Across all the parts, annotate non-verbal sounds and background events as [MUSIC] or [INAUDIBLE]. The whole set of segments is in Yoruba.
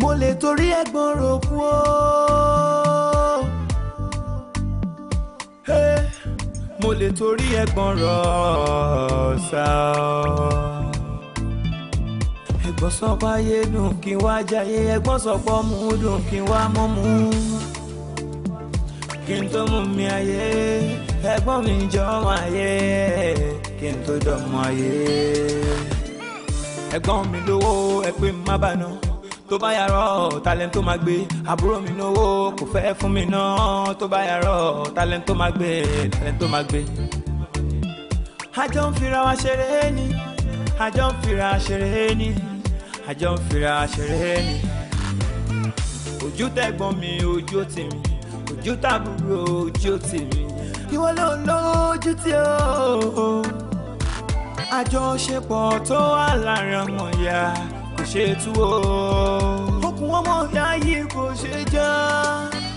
mo lè torí ẹ̀gbọ́n roku o. mo lè torí ẹ̀gbọ́n rọ ọ̀sà o. ẹ̀gbọ́n sọ pé ayé dùn kí n wá jayé ẹ̀gbọ́n sọ pé ọmú dùn kí n wá mọ́ mú. kí n tó mú mi ayé ẹ̀gbọ́n mi jọ ọmọ ayé kí n tó dọ̀mọ́ ayé. ẹ̀gbọ́n mi lówó ẹ pé má bàa náà tó bá yàrá talent tó máa gbé àbúrò mi náwó kò fẹ́ fún mi náà tó bá yàrá talent tó máa gbé talent tó máa gbé. àjọ ń fira wa ṣeré ni àjọ ń fira ṣeré ni àjọ ń fira ṣeré ni ojú tẹ̀gbọ́n mi ojú tì mí ojú tàbúrò ojú tì mí ìwọ ló ń lójú tí o àjọṣepọ̀ tó wà láàrin ọmọ ìyá ṣe tú o. okùn ọmọ ìyá yìí kò ṣe jọ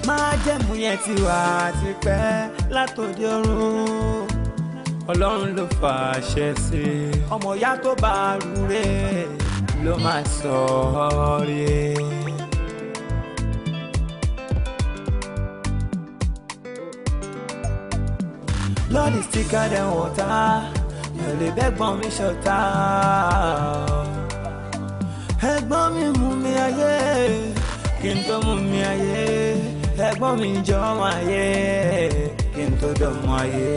máa jẹ́mu yẹn ti wà tipẹ́ látòdì ọ̀run ọlọ́run ló fàṣẹ sí ọmọ ìyá tó bá rúre ló máa sọ ọ́ rí i. Blood is thicker than water. Yóò lè bẹ́gbọ́n mi ṣọ̀tá ẹ̀gbọ́n mi mú mi ayé kí n tó mú mi ayé ẹ̀gbọ́n mi jọmọ ayé kí n tó dọmọ ayé.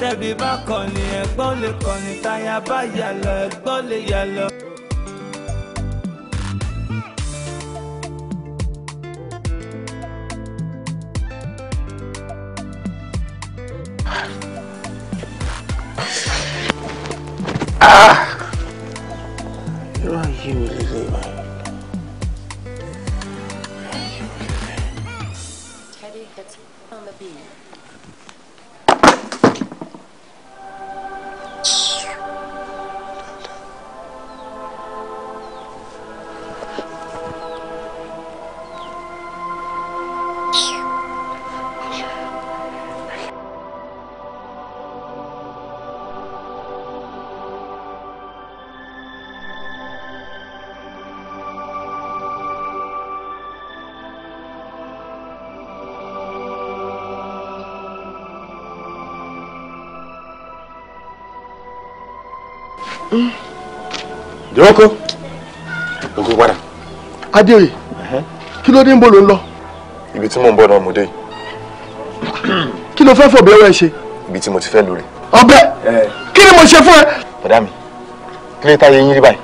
tẹ̀bí bá kọ̀ ni ẹ̀gbọ́n lè kọ̀ ni táyà bá yà lọ ẹ̀gbọ́n lè yà lọ. Ah! kọ́. mo gbé padà. adéoyè kí ló dé ń bò ló ń lọ. ibi tí mò ń bọ̀ náà mo dé yìí. kí ló fẹ́ fọ̀bẹ ọwọ́ ẹ ṣe. ibi tí mo ti fẹ́ lórí. ọ̀bẹ kí ni mo ṣe fún ẹ. bọ̀dá mi kí ló táyé yín rí báyìí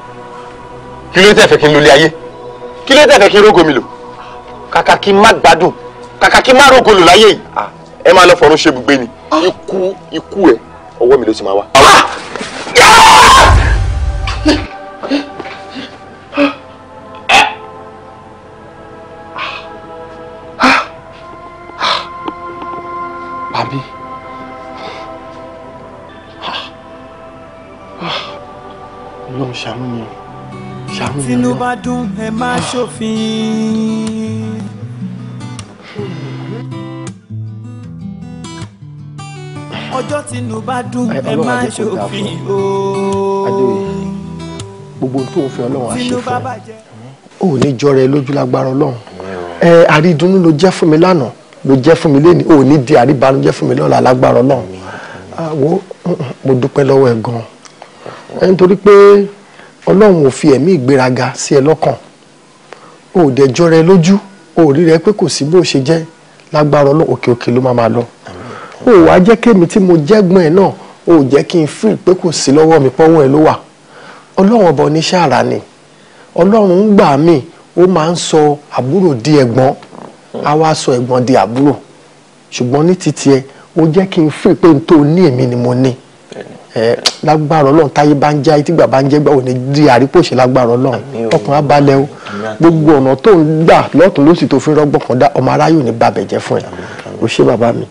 kí ló tẹ̀ fẹ́ kí n lólé ayé kí ló tẹ̀ fẹ́ kí n rógo mi lò kàkà kí n má gbádùn kàkà kí n má rógo lò láyé yìí ẹ máa lọ fọ̀run ṣe gbùgbé ni ah. ikú ikú ẹ ọwọ́ mi ló ti máa wá. Ah! tínú bá dùn ẹ má ṣòfin. ọjọ́ tínú bá dùn ẹ má ṣòfin o. gbogbo tó ń fẹ́ ọlọ́run àṣẹ fún ẹ ò ní jọrẹ lójú lágbára ọlọ́run ẹ àrídùnnú ló jẹ́ fún mi lánàá ló jẹ́ fún mi lẹ́ni ò ní di àríbànújẹ́ fún mi lọ́la lágbára ọlọ́run ah, wo mo dúpẹ́ lọ́wọ́ ẹ gan-an nítorí pé ọlọ́run ò fi ẹ̀mí ìgbéraga sí ẹ lọ́kàn o ò dẹjọ́ rẹ lójú o ò rí rẹ pé kò sí bó ṣe jẹ́ lágbára ọlọ́run òkè òkè ló máa máa lọ o ò wá jẹ́ kémi tí mo jẹ́gbọ́n ẹ̀ náà o ò jẹ́ kí n fi pé kò sí lọ́wọ́ mi pọ́wọ́ ẹ ló wà ọlọ́run ọba oníṣàrà ni ọlọ́run ń gbà mí ó máa ń sọ àbúrò di ẹ̀gbọ́n á wá sọ ẹ̀gbọ́n di àbúrò ṣùgbọ́n ní titi ẹ o jẹ́ kí n fi pé n tó ní èmi ni mo ní lágbára Ọlọ́run táyé bá ń jẹ ayé tígbà bá ń jẹ gbà ò ní di àrípòṣe lágbára Ọlọ́run ọkùnrin abalẹ̀ o gbogbo ọ̀nà tó ń gbà lọ́tún lósì tó fi rọ́gbọ̀n kan dá ọmọ aráyò ní babẹ̀ jẹ́ fún ẹ o ṣé bàbá mi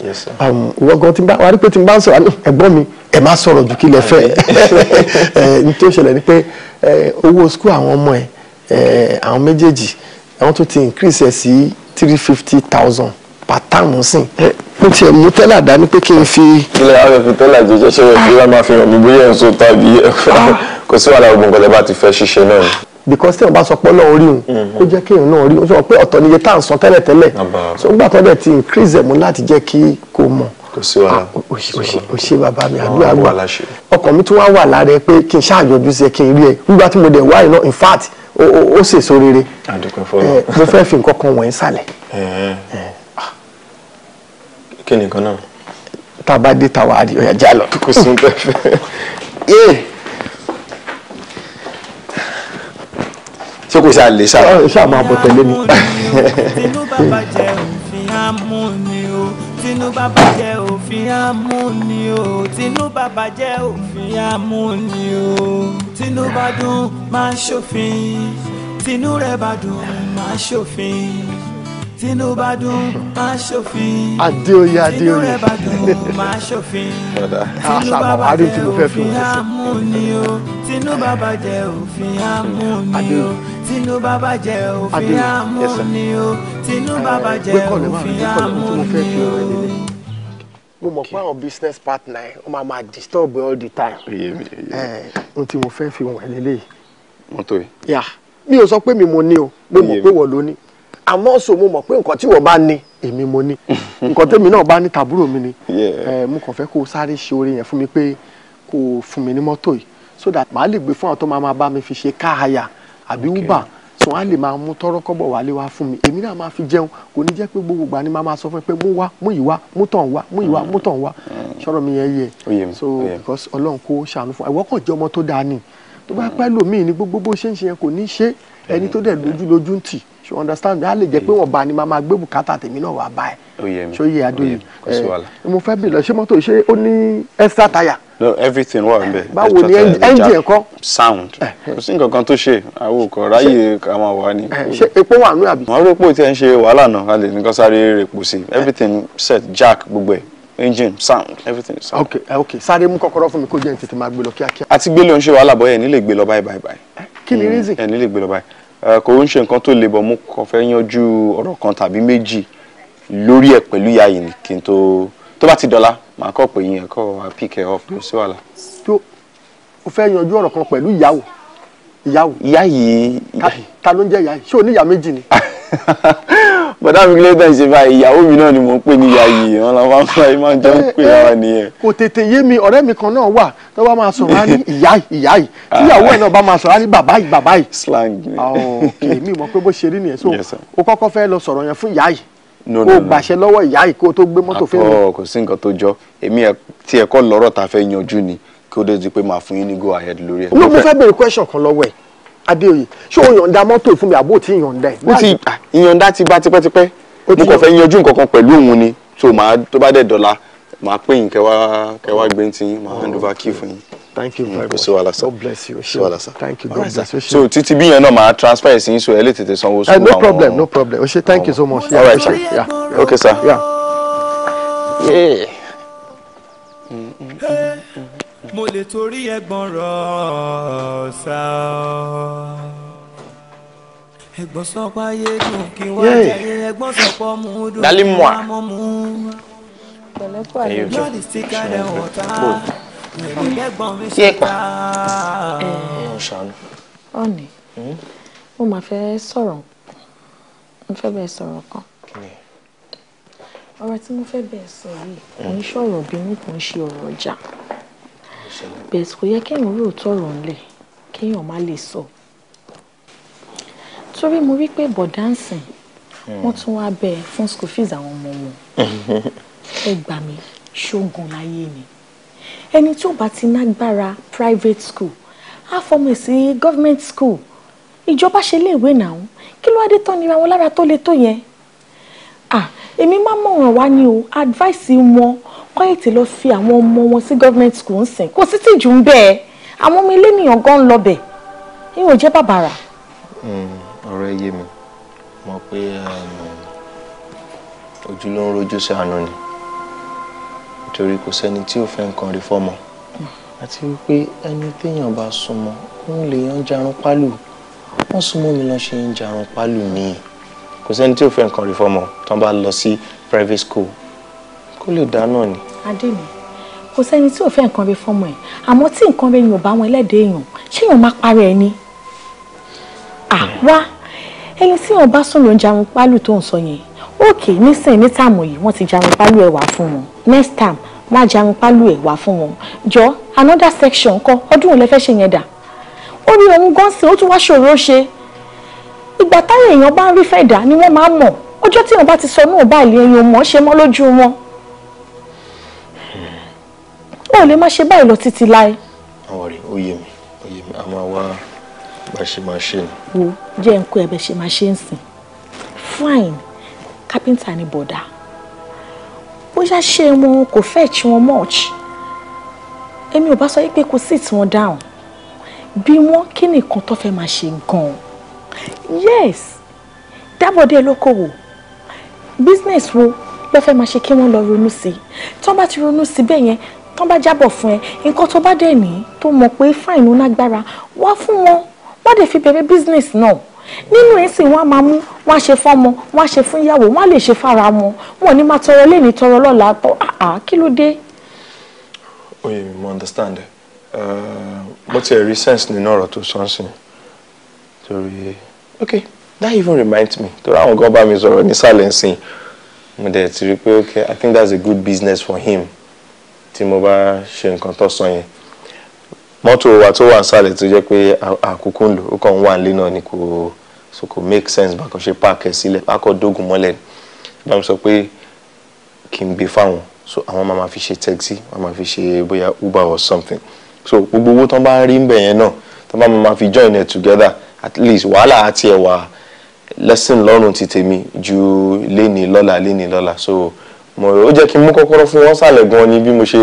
wọ́gọ́ tí wàá rí pé tí n bá ń sọ̀rọ̀ ẹ̀gbọ́n mi ẹ̀ má sọ̀rọ̀ jù kí lẹ fẹ́ ní [LAUGHS] tó ṣẹlẹ̀ ni pé owó skul àwọn ọmọ ẹ̀ àwọn méjèèjì àwọn tó ti increase ẹ̀ sí three fifty thousand pàtàmù sìn mo tiẹ̀ mú tẹ́lá dání pé kí n fi. ilé ayọ̀ fi tẹ́lá jẹjẹ ṣe wẹ̀ bí wọ́n máa fi hàn mí bóyá èso tàbí ah! [LAUGHS] kò sí wàhálà ogun kọ́lẹ́ bá ti fẹ́ ṣiṣẹ́ náà. because tí wọn bá sọ pé Ọlọ́run rí òun kó mhm. jẹ́ kí èèyàn náà rí òun sọ pé ọ̀tọ̀ níye tá à ń sọ tẹ́lẹ̀ tẹ́lẹ̀ ah, so gbà tó dẹ̀ ti increase ẹ̀ mú láti jẹ́ kí kò mọ̀ kò sí wàhálà ah, o ṣe bàbá mi àdúrà gbà ọkàn mi tún wá wà lára ẹ pé kí n ṣàjọjú sí ẹ kí n rí ẹ nígbà tí mo dẹ̀ wá iná in fact ó ṣèso rere eh, mo fẹ́ fi nǹkan kan wọ̀nyí sàlẹ̀. Eh. Eh kí nìkan náà. tá a bá dé tàwa àdìo ẹ̀ kò sí nǹkan fẹ́. ṣé kò ṣáà lè ṣáà. ẹ ṣáà máa bọ̀ tẹ̀lé mi. tinú bàbá jẹ́ òfin àmúni o tinú bàbá jẹ́ òfin àmúni o o tinú bá dùn máa ṣòfin tinú rẹ̀ bá dùn tínú bá dùn máa ṣòfin. adéoyè adéoyè tínú rẹ bá dùn máa ṣòfin. tínú bá bàjẹ́ òfin àmúni o tínú bá bàjẹ́ òfin àmúni o tínú bá bàjẹ́ òfin àmúni o tínú bàjẹ́ òfin àmúni o. mo mọ̀ pé àwọn business partner ó máa máa disturb all the time. ohun eh, tí mo fẹ́ fi wọ̀n lélẹ́yìí. mọ́tò yìí. mi ò sọ pé mi mo ní o mo mọ̀ pé wọ́n ló ní àmọ́ sọ mo mọ̀ pé nǹkan tí wọ́n bá ní èmi mo ní [LAUGHS] nǹkan tèmi náà bá ní tàbúrò mi ni mo kàn fẹ́ kó o sáré ṣe oore yẹn fún mi pé kó o fún mi ní mọ́tò yìí so that màá lè gbé fún àwọn tó máa bá mi fi ṣe káàyà àbí uber so wọn á lè máa mú tọrọ kọ́bọ̀ wálé wá fún mi èmi náà máa fi jẹun kò ní jẹ́ pé gbogbo ìgbà ni màá máa sọ fún mi pé mú wá mú ìwá mú tàn wá mú ìwá mú tàn wá sọ̀rọ̀ mm. mi yẹn yẹ so because Ọlọ́run kó ṣàánú fún ìwọ kàn jẹ́ ọmọ tó dáa ni tó bá pẹ́ lòmíì ni gbogbo bó ṣe ń ṣe yẹn kò ní ṣe mm. ẹni tó dẹ̀ lójú lójú ń tì ṣe understand a lè jẹ pé hmm. wọn bá ni màá máa gbé bùkátà tèmi náà wà báyìí So yẹ adóyè ẹ eh, mo fẹ́ bí lọ ṣé mọ́tò ṣé ó ní extra tire. no everything wà nbẹ. báwo ni engine ńkọ́. sound eh, eh. kò sí nǹkan kan tó ṣe àwọn òkò ráyè ká máa wà ní. ṣé epo wà nù àbí. àwọn rògbò tí ẹ ń ṣe wàhálà náà a lè nìkan sáré rèpò sí everything set jack gbogbo ẹ engine sound everything sound. ok ok sáré mú kọ́kọ́rọ́ fún mi kó jẹ́ ní tètè máa gbé lọ kíákíá. àti gbélé ń ṣe wàhálà bọ́yẹ̀ ní lè gbé lọ báyìí báyìí báyìí. kí ni hmm, reason. ẹ̀ ní lè gbé lọ báyìí Eh, kò ń ṣe nǹkan tó le bọ̀ mo kàn fẹ́ yanjú ọ̀rọ̀ kan tàbí méjì lórí ẹ̀ pẹ̀lú ìyá yìí kí n tó tó bá ti dọ́là màá kọ́ pé yín ẹ̀kọ́ wa pick ẹ̀ up sí wàhálà. tó o fẹ́ yanjú ọ̀rọ̀ kan pẹ̀lú ìyàwó ìyàwó. ìyá yìí. ta ló ń jẹ́ ìyá yìí ṣé o ní ìyá méjì ni. [LAUGHS] bọ̀dá mi kílẹ̀ tẹ̀ ṣe báyìí ìyàwó mi náà ni mò ń pè ní yàyì wọn la máa ń fà yín máa ń jọ ń pè eh, wọn nìyẹn. kò tètè yé mi ọ̀rẹ́ mi kan náà wà tó bá máa sọ̀rọ̀ á ní ìyá [LAUGHS] ìyá yìí tíyàwó ẹ̀ náà bá máa sọ̀rọ̀ á ní bàbá yìí bàbá yìí. slang ni. ọ̀kẹ́ ah, mi mọ̀ pé bó ṣe rí nìyẹn so o kọ́kọ́ fẹ́ lọ sọ̀rọ̀ yẹn fún ìyá yìí kó o gbàṣẹ lọ́wọ́ ìyá yìí kó o tó gbé mọ́tò fún mi. kò sí nǹkan tó jọ èmi tí ẹ̀kọ́ lọ́rọ̀ ta fẹ́ yanjú ni kí ó dé di pé màá fún yín ní go ahead lórí ẹ̀. ló mo fẹ́ béèrè question kan lọ́wọ́ ẹ̀ Adéoyè ṣé o yọ̀ǹda mọ́tò fún mi àbó tí yọ̀ǹda ẹ̀. mo ti ìyọ̀ǹda ti bá tipẹ́tipẹ́ mo kàn fẹ́ yanjú nǹkan kan pẹ̀lú òun ni tó máa tó bá dẹ̀ dọ́là máa pè yín kẹwàá kẹwàá gbé tí yín máa hand over key fún yín. thank you very much God bless you ṣe wàhálà sá thank you God bless you ṣe. so títí bí yẹn náà máa transfer sí yín so ẹ lè tètè sanwó eh, sùn àwọn. no problem no problem ṣe thank you so much. all right sir yeah. okay sir. Yeah. Yeah mo lè torí ẹ̀gbọ́n rọ̀ ṣá ọ́. ẹ̀gbọ́n sọpá yé dùn kí wọ́n jẹ́ ẹ̀gbọ́n sọpọ̀ mú dùn kí wọ́n mọ̀ mú. lọ́ọ̀dì síkà rẹ̀ ọ̀tá ẹ̀gbọ́n mi ṣe ká. ọ̀nì hmm? mo máa fẹ́ sọ̀rọ̀ mo fẹ́ bẹ́ẹ̀ sọ̀rọ̀ kan ọ̀rọ̀ tí mo fẹ́ bẹ́ẹ̀ sọ yìí kò ń hmm. ṣọ̀rọ̀ bínú kò ń ṣe ọ̀rọ̀ ọjà bẹ́ẹ̀ kò yẹ kéèyàn rò tọ̀rọ̀ ńlẹ̀ kéèyàn má lè sọ torí mo rí pé bọ̀dá ń sìn hmm. wọ́n tún wá bẹ fún school fees àwọn ọmọ wọn [LAUGHS] ẹ gbà mí ṣógun láyé ni ẹni tí ò bá ti nágbára private school á fọmọ sí government school ìjọba ṣe léèwé náà kí ló wá dé tán nira wọn lára tó le tó yẹn èmi máa mọ̀ràn wá ni o advice wọn kọ́yẹ̀tì lọ fi àwọn ọmọ wọn sí government school ń sìn kò sí tìjú ń bẹ́ẹ̀ àwọn ọmọ ilé nìyàn gan ń lọbẹ̀ ìwọ jẹ́ bàbàrà. Hmm, ọ̀rọ̀ ẹ yé mi mọ̀ pé um, ojú ló ń rojú ṣàánú ni nítorí kò sẹ́ni tí ò fẹ́ nǹkan rí fọ́mọ àti wípé ẹni téèyàn bá súnmọ́ òun lèèyàn jarun pálù wọ́n súnmọ́ mi lọ ṣe ń jarun pálù nìyí kò sẹ́ni tí ò fẹ́ nǹkan rí fọ́mọ tó ń bá lọ sí private school kó lè dáná ni. adé mi kò sẹ́ni tí ò fẹ́ nǹkan rẹ fọ́mọ ẹ̀ àmọ́ tí nǹkan rẹ yàn bá wọn ẹlẹ́dẹ̀ẹ́ èèyàn ṣé èèyàn máa parẹ́ ẹ ni. àwa ẹni tí wọn bá sùn ló ń jarun pálù tó ń sọ yẹn òkè nísìnyí ní tààmù yìí wọ́n ti jarun pálù ẹ̀ wá fún wọn next time wọ́n á jarun pálù ẹ̀ wá fún wọn jọ another section kọ ọdún òun lè fẹ́ ṣe yẹn dà ó rí òun gan sí ó tún wá ṣòro ṣe ìgbà táyà èèyàn bá ń rí fẹ́ dà ni wọ́n máa mọ̀ ọjọ́ tí wọn bá ti sọ náà báyìí èèyàn mọ̀ ṣe mọ́ lójú wọn ó le má ṣe báyìí lọ títí láé. àwọn ọ̀rẹ́ ó yé mi ó yé mi a máa wá bá ṣe máa ṣe ni. wo jẹ́ ń kó ẹ̀bẹ̀ ṣe máa ṣe fine kápẹ́ńtà ni bọ̀dá bóyá ṣe mo kò fetch wọn much Emi ò bá sọ pé kò sit wọn down Bi wọn kini nìkan tó fẹ́ máa ṣe gan-an yes dábọ̀dé lókòwò business wo lo fe máa ṣe kí wọ́n lọ ronú sí i tí ti ronú sí bẹ́ẹ̀ tán bá jábọ̀ fún ẹ nǹkan tó bá dẹ̀ ní tó mọ̀ pé fáìnì onágbára wá fún wọn wọ́n dẹ̀ fi bẹ̀rẹ̀ business náà nínú ẹ̀sìn wọn a máa mú wọn a ṣe fọ́mọ wọn a ṣe fún ìyàwó wọn a lè ṣe fara wọn wọn ò máa tọrọ lẹ́ni tọrọ lọ́la tọ́ àá kí ló dé. oye mo understand mo eh, ti rí sense nínú ọ̀rọ̀ tó sọ́nsìn torí ok that even reminds me torí àwọn gan bá mi sọ̀rọ̀ nísàlẹ̀ nsìn mo dẹ̀ ti rí pé ok i think that's a good business for him tí mo bá ṣe nǹkan tó sọ yẹn mọ́tò wa tó wà sálẹ̀ tó jẹ́ pé àkókò ń lò ó kàn ń wà nílé náà ni kò so kò make sense bákan ṣe páàkì sílẹ̀ akọ dógùn mọ́lẹ̀ ni bá mi sọ pé kí n gbé fáwọn so àwọn máa ma fi ṣe taxi máa ma fi ṣe bóyá uber or something so gbogbo owó tán bá ń rí mbẹ̀ náà tán bá ma fi join it together at least wàhálà àti ẹ̀wà lesson lọ́rùn ti tèmi ju léni lọ́la léni lọ́la so mo ó jẹ́ kí n mú kọ́kọ́rọ́ fún wọn sàlẹ̀ gan ni bí mo ṣe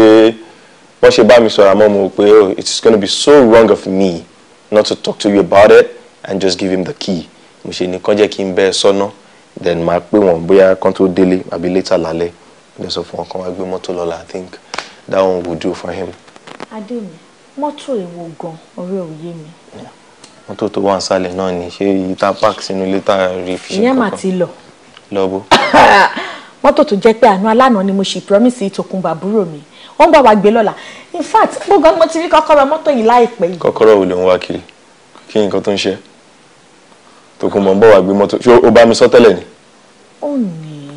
wọ́n ṣe bá mi sọ̀rọ̀ àmọ́ mo pé oh it is gonna be so wrong of me not to talk to you about it and just give him the key mo ṣe nìkan jẹ́ kí n bẹ́ẹ̀ sọ́nà then máa pé wọn bóyá kan tó délé àbí later lálẹ́ lè sọ fún wọn kan wá gbé mọ́tò lọ́la i think that one will do for him. adé mi mọ́tò èwo gan ọ̀rẹ́ ò yé mi. mọ́tò tó wà nísàlẹ̀ náà ni ṣé ìta park sínú ilé rí fi ṣe kọ́kọ́ ìyẹn mà ti lọ. lọ bó. [LAUGHS] mọ́tò tó jẹ́ pé àánú alánà ni mo ṣì promise ìtòkùn bàbúrò mi wọ́n gbà wá gbé lọ́la in fact gbogbo ọmọ ti rí kọ́kọ́rọ́ mọ́tò yìí láìpẹ́ yìí. kọ́kọ́rọ́ wo ló ń wá kiri kí nǹkan tó ń ṣe tòkùn mọ̀ ń bọ̀ wá gbé mọ́tò ṣé o bá mi sọ tẹ́lẹ̀ ni. ó ní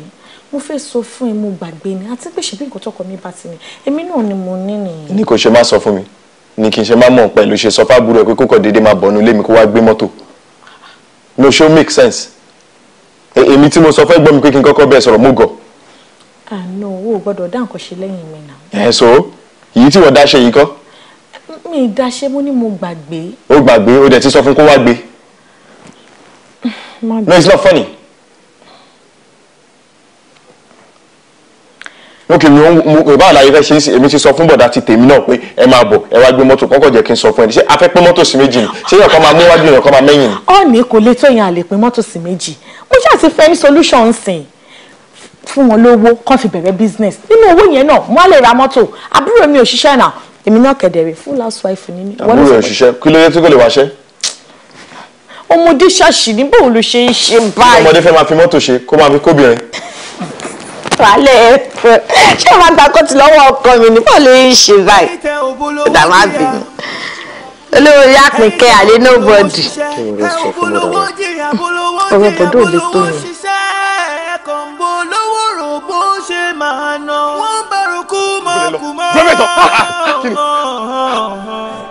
mo fẹ́ sọ fún ẹ gbàgbé ni àti pé ṣèbí nǹkan tọkọ mi bá ti ní èmi náà ni mo ní nìyí. ní kò ṣe má sọ fún mi ní kí n ṣe má mọ̀ pẹ̀lú ṣe sọ fábúrò ẹ pé kókò déédéé máa bọ̀ nulẹ̀ mi kó wá gbé mọ́tò no show make sense èmi tí mo sọ fẹ́ gbọ́ mi pé kí n kọ́kọ́ bẹ́ẹ̀ sọ̀rọ̀ mo gọ̀. àná ah, owó ò gbọ́dọ̀ dá nǹkan ṣe lẹ́yìn mi náà. ẹ so èyí tí wọ́n dáṣe yìí kọ́. mi ì dáṣe mo ní mo gbàgbé. ó gbàgbé ó dẹ̀ ti sọ fún kó wá gbé. no it's not funny. lókè mi ò bá àlàyé fẹ́ ṣe é sí èmi ti sọ fún bọ̀dá ti tèmi náà pé ẹ máa bọ̀ ẹ wá gbé mọ́tò kọ́kọ̀ jẹ́ kí n sọ fún ẹ ṣé afẹ́ pé mọ́tò sí méjì ni ṣé yọ̀ọ̀kan máa mú wájú yọ̀ọ̀kan máa mẹ́yìn ni. ọ̀ọ́nì kò lè tó yẹn àlè pé mọ́tò sí méjì ti fẹ́ ní solution sìn fún wọn lówó kán fi bẹ̀rẹ̀ business nínú owó yẹn náà mo á lè ra mọ́tò àbúrò mi ò ṣiṣẹ́ náà èmi náà kẹ̀dẹ̀rẹ̀ full housewife ni mí. àbúrò yẹn ò ṣiṣẹ́ kí ló dé tí kò lè wáṣẹ́. ọmọdé ṣàṣì ní bóun ló ṣe é ṣe báyìí. ọmọdé fẹ́ máa fi mọ́tò ṣe kó máa fi kóbìnrin. wàhálẹ̀ ẹ fẹ́ ṣé màá gbà kó ti lọ́wọ́ ọkọ mi ní bóun ló ṣe báyìí. ìdààmú àbí mi olówó yá pín kẹ́ àlẹ́ nobody. ọ̀rọ̀ bọ̀dọ̀ ò lè tó yẹn.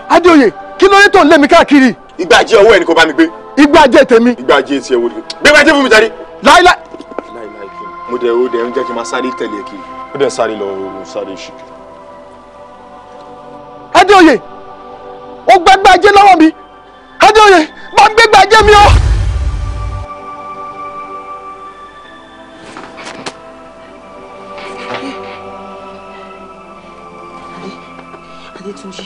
Adéoyè kí ló dé tó ń lé mi káàkiri. ìgbà jẹ ọwọ́ ẹ ni kò bá mi gbé. ìgbà jẹ tèmi. ìgbà jẹ tiẹ̀ wo ni. gbé bá jẹ fún mi jáde. láíláí. láíláí kí ni mo dẹ̀ o dẹ̀ ń jẹ́ kí n máa sáré tẹ̀lé kiri ó dẹ̀ sáré lọ sáré ṣìkì. Adéoyè ó gbẹgbẹ ajé lọ́wọ́ mi adéoyè bá ń gbẹgbẹ ajé mi o. Adétúnjí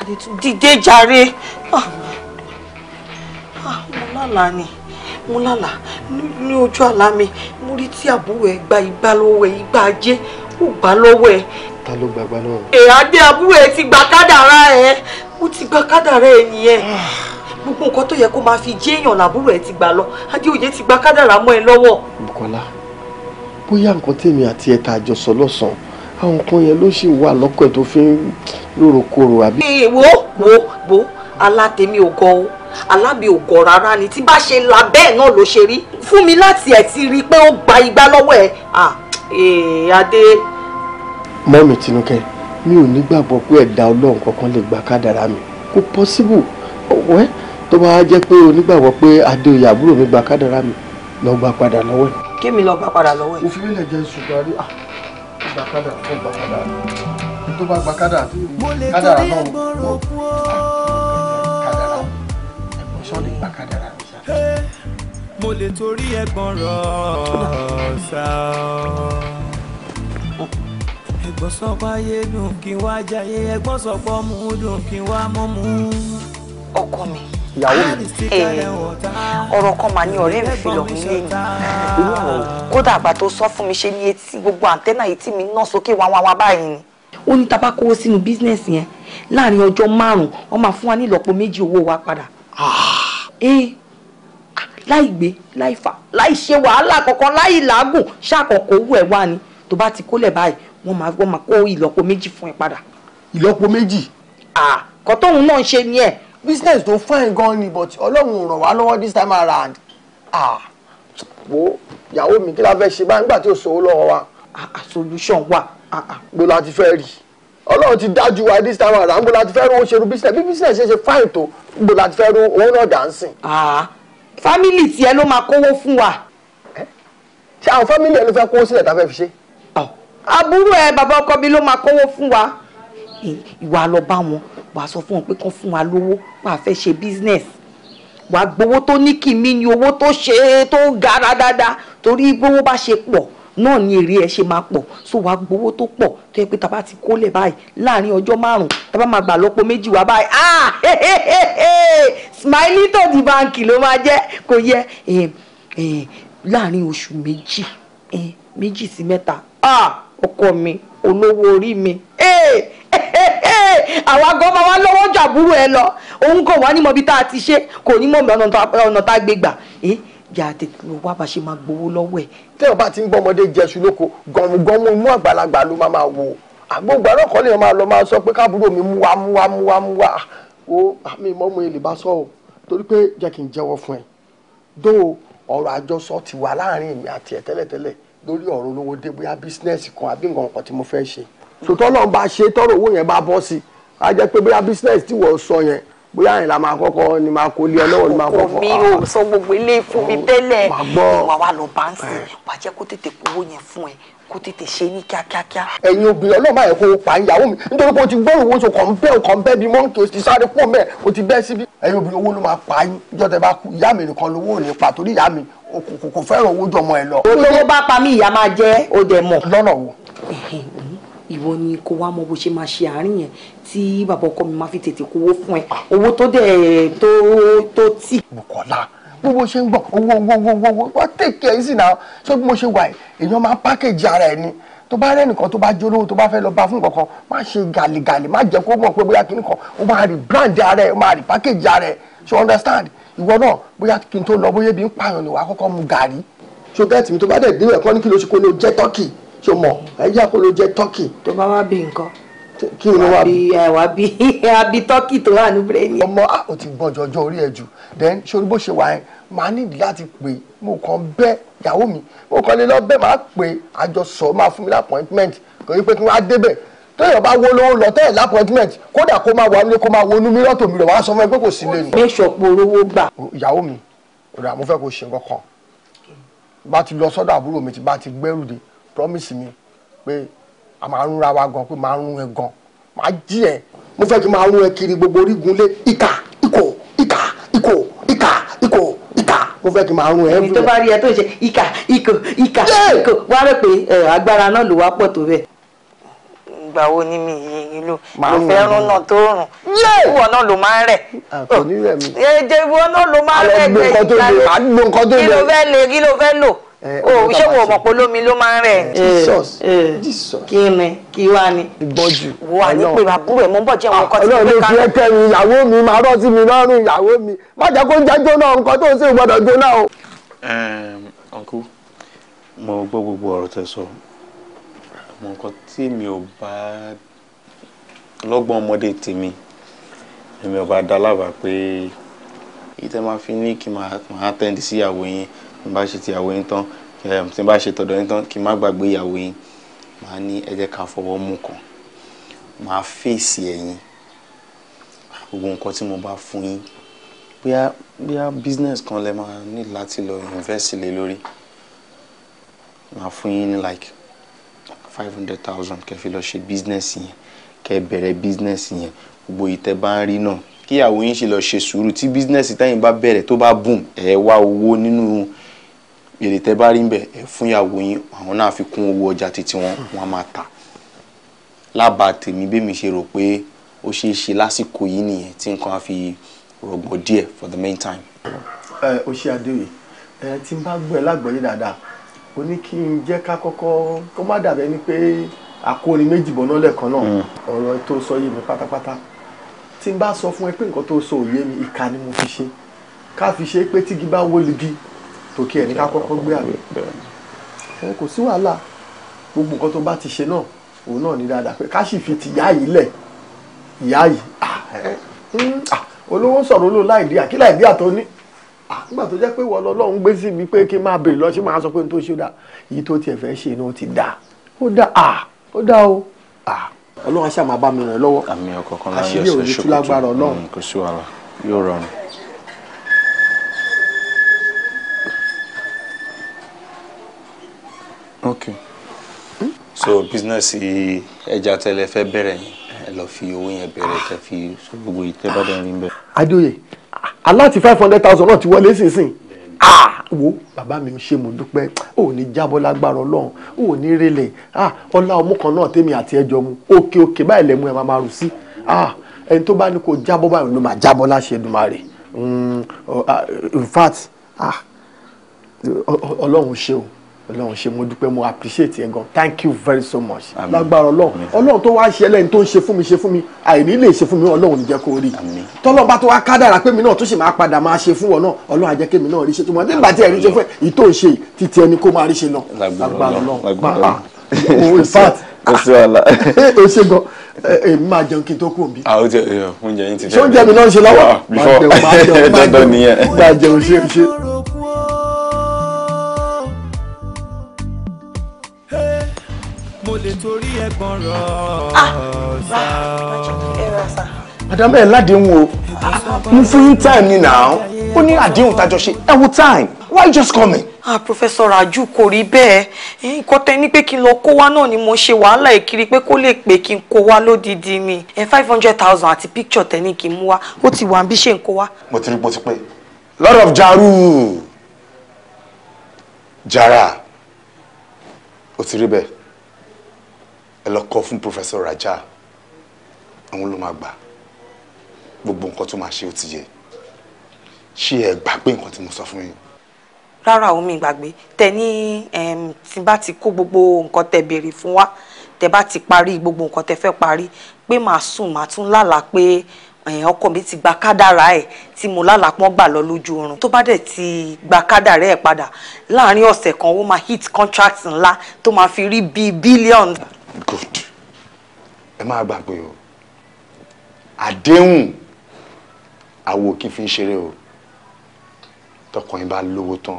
Adétúnjí dìde jàre ah, ah, mo lálà ni mo lálà ní ojú àlá mi mo rí tí àbúrò ẹ gba igbá lọ́wọ́ ẹ igbá ajé ó gbà lọ́wọ́ ẹ ta ló gbàgbá náà. èèyàn abúrò ẹ ti gba kádàrá ẹ ó ti gba kádàrá ẹ nìyẹn ah. gbogbo nǹkan tó yẹ kó máa fi jéèyàn làbúrò ẹ ti gbà lọ adéoyè ti gba kádàrá mọ́ ẹ lọ́wọ́. Bukola bóyá nǹkan tèmi àti ẹ̀ta àjọsọ lọ́sàn-án àwọn nǹkan yẹn ló sì wà lọ́kọ̀ ẹ̀ tó fi ń lórokoro àbí. wo wo wo alátèmi ò gan o alábi ò gọ̀ rárá ni tí bá ṣe la bẹ́ẹ̀ náà ló ṣe rí fún mi láti ẹ̀ ti rí i pé ó gba igbá lọ́wọ́ ẹ̀ ah ee adé mọ́mì tinúkẹ́ mi ò nígbàgbọ́ pé ẹ̀dá ọlọ́run kankan lè gba kádàrá mi kò pọ́síbù ọ̀wẹ́ tó bá jẹ́ pé onígbàgbọ́ pé adé oyè àbúrò mi gba kádàrá mi lọ gba padà lọ́wọ́ ẹ̀. kémi lọ gba padà lọ́wọ́ ẹ̀. òfin mi jẹ́ ṣùgbọ́n àrí ah, gba kádàrá gba kádàrá tó bá gba kádàrá tó kádàrá náà wọ́n ah, kádàrá ẹ̀gbọ́n sọ́ọ̀lì gba kádàrá mi sá. mo lè torí ẹ̀gbọ́n rọ̀ ṣáá ẹ̀gbọ́n sọ ayé dùn kí wá jayé ẹ̀gbọ́n sọ pé dùn kí n wá mọ́mú. ọkọ mi ìyàwó mi ọ̀rọ̀ kan mà ní ọ̀rẹ́ mi fi lọ mí lẹ́yìn kódà àgbà tó sọ fún mi ṣe ní etí gbogbo àǹtẹ́nà etí mi ná sókè wá wá wá báyìí ni. ó ní tá bá kówó sínú bísínẹ́sì yẹn láàrin ọjọ́ márùn-ún wọ́n máa fún wa ní ìlọ́po méjì owó wa padà. Ah. Eh, láì gbé láì fà láì ṣe wàhálà kankan láì làágùn ṣàkọkọ owó ẹ̀ wá ni tó bá ti kólẹ̀ báyìí wọ́n máa wọ́n máa kó ìlọ́po méjì fún ẹ padà. ìlọ́po méjì. ah kọ́ tóun náà ṣe ni ẹ̀. business tó fine gan ni but ọlọ́run ràn wá lọ́wọ́ this time around. ah wo ìyàwó mi kí la fẹ́ ṣe báyìí nígbà tí ò sọ lọ́wọ́ wa. ah solution wà. gbọ́dọ̀ láti fẹ́ rí ọlọ́run ti dájú wa this time around gbọ́dọ̀ láti fẹ́ rún oṣèlú business bí business ṣe ṣe fine tó gbọ́dọ̀ láti fẹ́ rún owó náà dancing. ah family tiẹ̀ ló máa kówó fún wa. ṣé àwọn family ẹ ló fẹ́ kó sílẹ̀ tá a fẹ́ fi ṣe àbúrò ẹ bàbá ọkọ mi ló máa kówó fún wa ìwà lọ bá wọn wàá sọ fún wọn pé kán fún wa lówó wàá fẹ́ ṣe business wàá gbowó tó ní kìmí ni owó tó ṣe tó gara dáadáa torí gbowó bá ṣe pọ̀ náà ni èrè ẹ ṣe máa pọ̀ so wàá gbowó tó pọ̀ tó yẹ pé tá bá ti kólẹ̀ báyìí láàrin ọjọ́ márùn-ún máa gbà lọ́pọ̀ méjì wá báyìí ah smiley tó di báǹkì ló máa jẹ́ kò yẹ láàrin oṣù méjì méjì sí mẹ́ta ah ọkọ mi olówó orí mi àwa gan máa wá lọ́wọ́ jàbúrò ẹ lọ òun kò wá nímọ̀ bí tá a ti ṣe kò ní mọ̀ ọ̀nà tá a gbé gbà ìyá tètè ló wá bá ṣe máa gbowó lọ́wọ́ ẹ̀. tẹ́ ò bá ti ń gbọ́ ọmọdé jẹṣu lóko gọ̀mùgọ̀mù imú àgbàlagbà ló máa wò àgbóògbà náà kọ́ lèèyàn máa lọ máa sọ pé káàbúrò mi mú wa mú wa mú wa mú wa o àmì ìmọ̀mọ̀ èlè bá sọ o torí pé jẹ́ kí n jẹ́wọ́ fún ẹ dó ọ̀rọ̀ àjọsọ ti wà láàrin èmi àti ẹ̀ tẹ́lẹ̀tẹ́lẹ̀ lórí ọ̀rọ̀ olówó dé bóyá bísínẹ́sì kan àbí nǹkan kan tí mo fẹ́ ṣe so tọ́lọ́run bá ṣe tọ́rọ̀ owó yẹn bá bọ́ sí i á jẹ́ pé bóyá bísínẹ́sì tí wọ́n sọ yẹn bóyá àyìnlá máa kọ́kọ́ ni máa kó lé ọ lọ́wọ́ ni máa kọ́kọ́. mi ò sọ gbogbo ilé fún mi ah, tẹ́lẹ̀ wà wá lọ báńsì eh. wà jẹ́ kó tètè kówó yẹn fún ẹ kó tètè ṣe ní kíákíákíá. ẹ̀yin obìnrin ọlọ́mọ àyẹ̀kọ́ pa ìyàwó mi nítorí pé o ti gbọ́rọ̀ owó so kàn bẹ́ẹ̀ kàn bẹ́ẹ̀ bí mọ́ńkì o ti sáré pọ̀ mẹ́ẹ̀ o ti bẹ́ẹ̀ síbi. ẹ̀yin obìnrin owó ló máa pa yín ìjọ ìyá mi nìkan lówó ò ní pa torí ìyá mi kò fẹ́ràn owó jọmọ ẹ lọ. olówó bá pa mí ìyá máa jẹ́ ó dẹ̀ mọ̀. lọ́nà wo. ìwọ ni kó wá mọ bó ṣe máa ṣe àárín yẹn tí bàbá ọkọ mi máa fi tètè kówó fún ẹ owó tó dẹ̀ tó tó tì. Bùkọ́lá bó ṣe ń gbọ́ owó owó owó owó owó wá tèkè ẹ sì náà ṣé bí mo ṣe wà èèyàn máa pákéjì ara ẹ ni tó bá rẹ́ nìkan tó bá jólówó tó bá fẹ́ lọ bá fún nǹkan kan má ṣe gàlìgàlì má jẹ́ kó mọ̀ pé bóyá kí nìkan ó máa rí brand ara ẹ ó máa rí pákéjì ara ẹ ṣe understand ìwọ náà bóyá kí n tó lọ bóyá ebi ń pààyàn ni wàá kọ́kọ́ mu gàrí ṣo gẹ́ẹ̀tì mi tó bá dẹ̀ dín ẹ̀kọ́ ní kí ló ṣe kó ló jẹ́ tọ́kì ṣo mọ̀ ẹ̀yà kó ló jẹ́ tọ́kì. tó bá wá bí nǹkan kí ni wàá bí wàá bí wàá bí [LAUGHS] tọ́kì tó wà ní bírèmì. ọmọ a ah, ò ti gbọ́njọ ọjọ́ orí ẹ̀ jù then ṣorí bó ṣe wà yẹn màá nídìí láti pè mo kàn bẹ́ ìyàwó mi mo kàn lè lọ bẹ́ẹ̀ máa pè àjọsọ máa fún mi appointment kò ní pé kí wọ́n á débẹ̀ téèyàn bá wó lówó lọ téèyàn lápọ̀jùmẹ̀tì kódà kó máa wà nílé kó máa wọnú mílíọ̀n tó mílíọ̀n wàá sọ fún ẹ pé kò sí lé nu. mẹ́sọ̀ polówó gbà. ìyàwó mi rẹ̀ àmú fẹ́ ṣe nǹkan bá ti lọ sọ́dọ̀ àbúrò mi ti bá ti gbẹ́rù dé promise mi pé a máa ń ra wa gan pé máa ń rún ẹ gan máa jí ẹ mo fẹ́ kí máa rún ẹ kiri gbogbo orígun lé ìkà ìkò ìkà ìkò ìkà ìkò ìkà mo fẹ́ kí máa rún ẹ. èyí tó bá rí ẹ tó ń ṣe ìkà ìkò ìkà ìkò wá rẹ pé agbára náà ló wá pọ̀ tó bẹ́ẹ̀ ìgbà wo ni mi yìí ìlú mo fẹ́ rún náà tó rùn ìwọ náà ló máa ń rẹ̀ kò ní rẹ̀ mi ẹ̀jẹ̀ ìwọ náà ló máa ń rẹ̀ jẹ́ ìgbà kí ló fẹ́ lè kí ló fẹ́ lò o ṣé wo mọ̀ pé olómi ló máa ń rẹ̀ eh, eh, eh, kí ni kí wá ni ìbọ̀jù wà ní pé àbúrò ẹ̀ mọ́ bọ̀ jẹ́ ah, nǹkan tí mo fẹ́ ká lọ́ọ́ kẹrin ìyàwó mi máa rọ́ sí mi lọ́rùn ìyàwó mi má jẹ́ kó ń jẹ́ jóná nǹkan tó ń ṣe gbọ́dọ̀ jóná o. uncle mo gbọ́ gbogbo ọ̀rọ̀ tẹ́ sọ mo nǹkan tí mi ò bá lọ́gbọ́n ọmọdé tèmi èmi ò bá dá lábàá pé èyí tẹ́ máa fi ní kí máa tẹ́ǹdì sí ìyàwó yín tí n bá ṣe ti ìyàwó yín tán eh, tí n bá ṣe tọ̀dọ̀ yín tán kí n má gbàgbé ìyàwó yín màá ní ẹ jẹ́ ká fọwọ́ mú kan màá fèsì ẹ̀yìn gbogbo nǹkan tí mo bá fún yín bóyá bóyá business kan lẹ máa ní láti lọ invest lé lórí màá fún yín ní like five hundred thousand kẹ́ fi lọ ṣe bísínẹ́sì yẹn kẹ́ bẹ̀rẹ̀ bísínẹ́sì yẹn gbogbo ìtẹ́ bá ń rí náà kíyàwó yín ṣe lọ ṣe sùúrù tí bísínẹ́sì tẹ́yìn bá bẹ̀rẹ̀ tó bá boom ẹ̀ wá owó nínú èrè tẹ́ bá rí ń bẹ̀ ẹ̀ fúnyàwó yín àwọn náà fi kún owó ọjà títí wọn wọn máa tà lába tèmi bẹ́mi ṣe rò pé ó ṣeé ṣe lásìkò yìí nìyẹn tí nǹkan á fi rọgbọ díẹ̀ for the main time. ẹ o ṣe àdéhùn ẹ tí n bá gbọ́ ẹ lágbọ́yé dáadáa ó ní kí n jẹ́ ká kọ́kọ́ kó má dàbẹ́ ni pé àkóni méjì bọ̀ náà lẹ́ẹ̀kan náà mm. ọ̀rọ̀ tó sọ yé mi pátápátá tí n bá sọ fún ẹ pé nǹkan tó sọ òye mi ìka ni mo fi ṣe ká fi ṣe pé tígi bá wó ligi tòkí ẹ̀ ní ká kọ́kọ́ gbé àgbẹ̀ ẹ kò sí wàhálà gbogbo nǹkan tó bá ti ṣe náà òun náà ní dáadáa pé ká sì fi ti ìyá yìí lẹ̀ ìyá yìí ah, mm. ah, olówó sọ̀rọ̀ olóò láìdí àgbà ah, tó jẹ́ pé wọ́n lọ́lọ́run gbé sí mi pé kí n máa bèrè lọ sí màá sọ pé n tó ṣe dá yìí tó tiẹ̀ fẹ́ ṣe náà ti dá ó dá à ah, ó dá o à ah, ọlọ́run aṣáà máa bá mi ràn lọ́wọ́ àmì ọ̀kọ̀ọ̀kan láyé ọ̀sẹ̀ ṣòkòtò mm, kò sí wàhálà yóò rọrùn. okay hmm? so business ẹja tẹ́lẹ̀ fẹ́ bẹ̀rẹ̀ ẹ lọ fi owó yẹn bẹ̀rẹ̀ kẹ́ fi gbogbo ìtẹ́bàdàn rí bẹ́ẹ̀. adóye aláti five hundred thousand náà ti wọlé sísìn ah wo bàbá mi ṣe mo dúpẹ́ ò ní jábọ́ lágbára ọlọ́run ò ní relẹ̀ ah ọlá ọmú kan náà tèmi àti ẹjọ́ mu òkè òkè báyìí lẹ́mu ẹ̀ máa máa rù sí ah ẹni tó bá ní kó jábọ́ báyìí ló máa jábọ́ láṣẹ Èdùmàrè mm, ah, in fact ah ọlọ́run ṣe o ọlọ́run ṣe mo dúpẹ́ mo appreciate yẹn gan thank you very so much lágbára ọlọ́run ọlọ́run tó wá ṣe ẹlẹ́ni tó ń ṣe fún mi ṣe fún mi àìní lè ṣe fún mi ọlọ́run ní jẹ́ kó rí tọ́lọ́ bá tó wá kádàrà pé mi náà tó ṣe máa padà máa ṣe fún ọ náà ọlọ́run àjẹkẹ́ mi náà rí ṣe tó mọ nígbà tí ẹ̀rí ṣe fún ẹ̀ ìtò ṣe títí ẹni kó máa rí ṣe lọ lágbára ọlọ́run ah, ah. Oh, in fact kò sí wàhálà. Ah. [LAUGHS] o ṣe gan èmi máa jẹun kí n tó kú òbí. àwọn oúnjẹ oúnjẹ yín ti jẹ. ṣé oúnjẹ mi náà ń ṣe lọ́wọ́. before [LAUGHS] dandan nìyẹn. máa jẹun ṣe ṣe. lè torí ẹ̀gbọ́n rọ̀ ṣá. Ah, àdàmẹ́ ládéhùn o mo fún yín time ni now ó ní àdéhùn tájọ ṣe ẹ wo time why you just coming. ah professor raju kò rí bẹ́ẹ̀ nǹkan tẹ ní pé kí n lọ kó wá náà ni mo ṣe wàhálà ìkiri pé kó lè pè kí n kó wá lódìdí ni five hundred thousand àti picture tẹ ní kí n mú wá ó ti wà bí ṣe ń kó wá. mo ti rí bó ti pé lord of jaru jara ó ti rí bẹ́ẹ̀ ẹ lọ kọ fún Professor Raja àwọn ló máa gbà gbogbo nǹkan tó máa ṣe ó ti yẹ ṣé ẹ gbàgbé nǹkan tí mo sọ fún yín. rárá omi ìgbàgbé tẹ ní tí bá ti kó gbogbo nǹkan tẹ béèrè fún wa tẹ bá ti parí gbogbo nǹkan tẹ fẹ́ parí pé màá sùn màá tún lálàá pé ọkọ mi ti gba kádàrá ẹ tí mo lálàá pọ́n gbà lọ lójú oorun tó bá dẹ̀ ti gba kádàrá ẹ padà láàárín ọ̀sẹ̀ kan ó máa hit contract ńlá tó máa fi rí bíi bílíọ̀nù good ẹ má gbàgbé o àdéhùn àwo kì í fi ń ṣeré o tọkàn yín bá lówó tán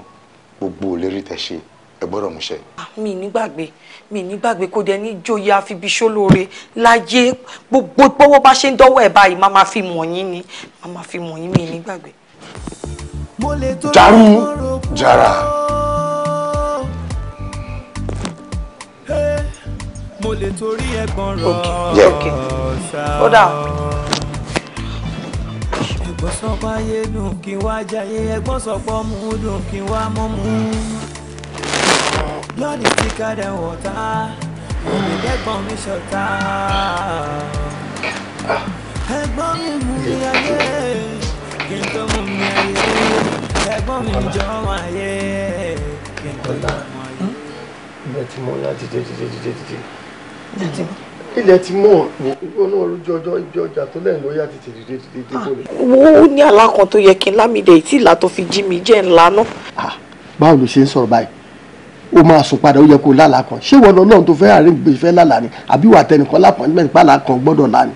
gbogbo òlérí tẹ́ ṣe ẹ gbọ́dọ̀ múṣẹ. Ah, mi nígbàgbé mi nígbàgbé kò dé ní joyè àfibiṣó lóore láyé gbogbo bọ́wọ́ bá ṣe ń dọ́wọ́ ẹ̀ báyìí máa fi mọ̀ yín ni máa fi mọ̀ yín mi nígbàgbé. Jara, jara. mo lè torí ẹ̀gbọ́n rọ̀ jẹ́ ẹ̀gbọ́n sọ pé dùn kí wá jayé ẹ̀gbọ́n sọ pé dùn kí wá mọ́ mú. lọ́ọ̀dì tí kádẹ wọ̀tá òní lẹ́gbọ̀n mi ṣọ̀tá. ẹ̀gbọ́n mi mú mi ayé kí n tó mú mi ayé ẹ̀gbọ́n mi jọ wọ́n ayé kí n tó mú mi ayé. Hmm? bẹ́ẹ̀ tí mo yá dìde dìde dìde dìde ilẹ̀ ti mọ̀ wọ́n náà lójú ọjọ́ ibi ọjà tó lẹ́yìn lóyà ti ti dìde dìde dìbò lẹ̀. Ah, wo ní alákan tó yẹ kí n lámìdẹ ìtì ìlà tó fi jí mi jẹ́ ńlá náà. Ah, báwo ló ṣe ń sọ̀rọ̀ báyìí o máa sùn padà ó yẹ kó lálàá kan ṣé wọn lọ́nà tó fẹ́ àárín gbèsè fẹ́ lálàá ni àbí wà tẹnìkan lápọ̀ nígbà tí pàlà kan gbọ́dọ̀ lánìí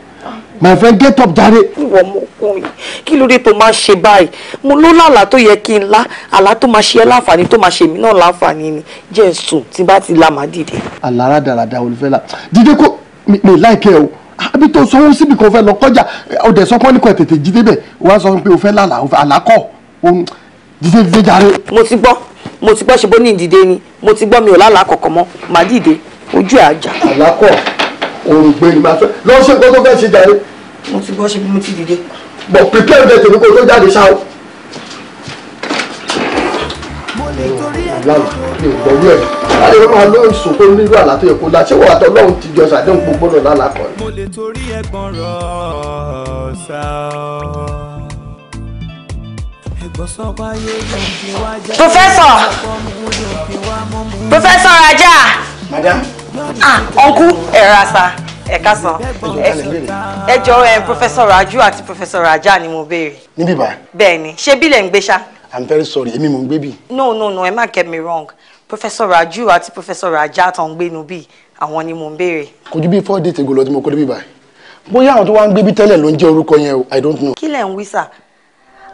my friend get up jàre. ìwọ ọmọkùnrin kí ló dé tó máa ṣe báyìí mo ló lálà tó yẹ kí n lá àlá tó máa ṣe ẹ́ láǹfààní tó máa ṣe mí náà láǹfààní ni jẹ́ tí bá ti la màá dìde. àlàra dàràdà olùfẹ́lá dídé kó mi láìkẹ́ o àbí tó sanwó síbi kan fẹ́ lọ kọjá ọ̀dẹ̀ sọ́kọ́ ní kò tètè jí débẹ̀ wọ́n á sọ pé o fẹ́ lálà àlákọ̀ dídé dídé jàre. mo ti gbọ́ mo ti gbọ́ ṣe bó ní ìdìde ni mo ti gbọ́ mi ò lálàá kọ̀ọ̀kan mọ́ màá dìde ojú àjà. àlákọ̀ òun gbé fẹ́ lọ́ọ́ ṣe nǹkan fẹ́ ṣe jàre mo ti bọ́ ṣe bí mo ti dìde. but prepare bẹ́ẹ̀ tèmi kó tó jáde ṣá o. mi ò gbọ́ wíwẹ̀ láyé ló máa lóyún sùn tó nílò àlá tó yẹ kó láti wà tó lọ́hùn ti jọ sàdéhùn gbogbo náà lálàkọ́. mo lè torí ẹ̀gbọ́n rọ̀ ṣá ọ́ professor professor ajá ah uncle ẹ̀rọ ẹ káàsán ẹ jọ ẹ professor Raju ati professor Raja ni mo béèrè. níbí bá. bẹ́ẹ̀ni ṣé bílẹ̀ ń gbé ṣá. i'm very sorry Emi mò ń gbé no no no ẹ má get me wrong professor Raju ati professor Raja tó ń gbénu bí àwọn ni mò ń béèrè. kò ju bí four days ago lọ tí mo kọ́ débí báyìí bóyá àwọn tó wá ń gbé bí tẹ́lẹ̀ ló ń jẹ́ orúkọ yẹn i don't know. kí lẹ̀ ń wí sà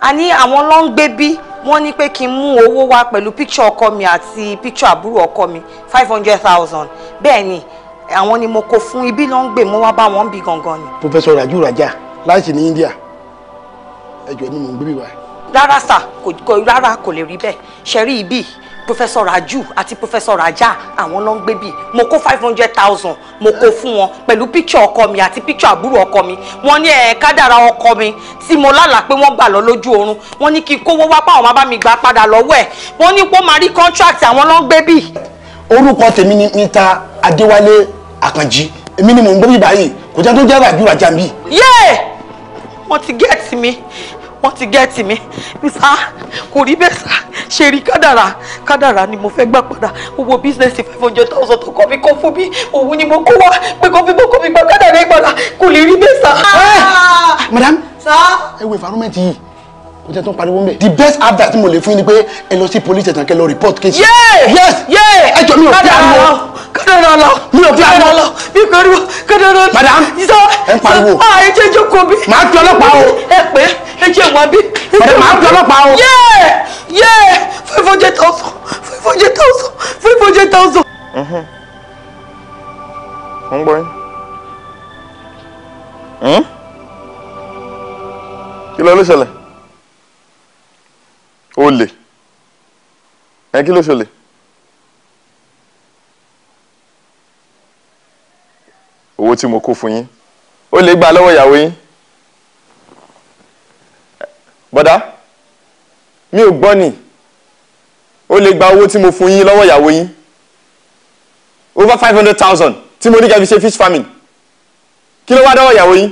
a ní àwọn ló ń gbé bí wọ́n ní n mú owó wá pẹ̀lú picture ọkọ mi ati picture àbúrò ọkọ mi five hundred thousand bẹ́ẹ̀ àwọn ni mo kó fún ibi ló ń gbé mo wá bá wọn bí gangan ni. Professor Raju Raja láìsí ní India ẹjọ ni mò ń gbé wá. rárá sà kò rárá kò lè rí bẹ́ẹ̀ ṣe rí ibi Professor Raju àti Professor Raja àwọn ló ń gbé bí mo kó five hundred thousand mo kó fún wọn pẹ̀lú picture ọkọ mi àti picture àbúrò ọkọ mi wọ́n ní ẹ̀ kádàrá ọkọ mi tí mo lálàá pé wọ́n gbà lọ lójú oorun wọ́n ní kí n kówó wá páwọn má bá mi gbà padà lọ́wọ́ ẹ̀ wọ́n ní pé máa rí contract àwọn ló ń gbé bí. orúkọ tèmi ni Mr Adéwálé Àkànjí èmi ni mò ń gbé bíbá yìí kò jẹ́ tó jẹ́ ràbí ìwàjà mi. yéè wọ́n ti gẹ́ẹ̀tì mi wọ́n ti gẹ́ẹ̀tì mi bísà kò rí bẹ́ẹ̀ sà ṣe rí kádàrà ni mo fẹ́ gbà padà owó bísínẹ́sì five hundred thousand tó kọ́ mi kó fún mi òun ni mo kó wá pé kó fi bó kó fi gba kádàrà ìgbàlà kò lè rí bẹ́ẹ̀ sà. Ah! Ah! madam ẹ wo environment yìí mo tẹ tún pariwo mbẹ. the best advice mo lè fún yín ni pé ẹ lọ sí police ẹ̀tàn kẹ lọ report case. yéé yéé ẹ jọ mi ò fi àná kádàrà lọ mi ò fi àná lọ mi pariwo kádàrà lọ. madam ẹ ń pariwo. a ah, ẹ jẹ́ jókòó bí. màá fi ọlọ́pàá o. ẹ pé ẹ jẹ́ wá bí. madam màá fi ọlọ́pàá o. yéé yéé five hundred thousand five hundred thousand five hundred thousand. Mm-hmm. mo ń gbọ́ yín. Hmm? kí ló ló ṣẹlẹ̀ olè ẹ kí ló ṣolè. owó tí mo kó fún yín ó lè gbà lọ́wọ́ ìyàwó yín bọ́dá mi ò gbọ́ ni ó lè gba owó tí mo fún yín lọ́wọ́ ìyàwó yín over five hundred thousand tí mo ní kẹ́ ṣe fish farming kí ló wá dọ́wọ́ ìyàwó yín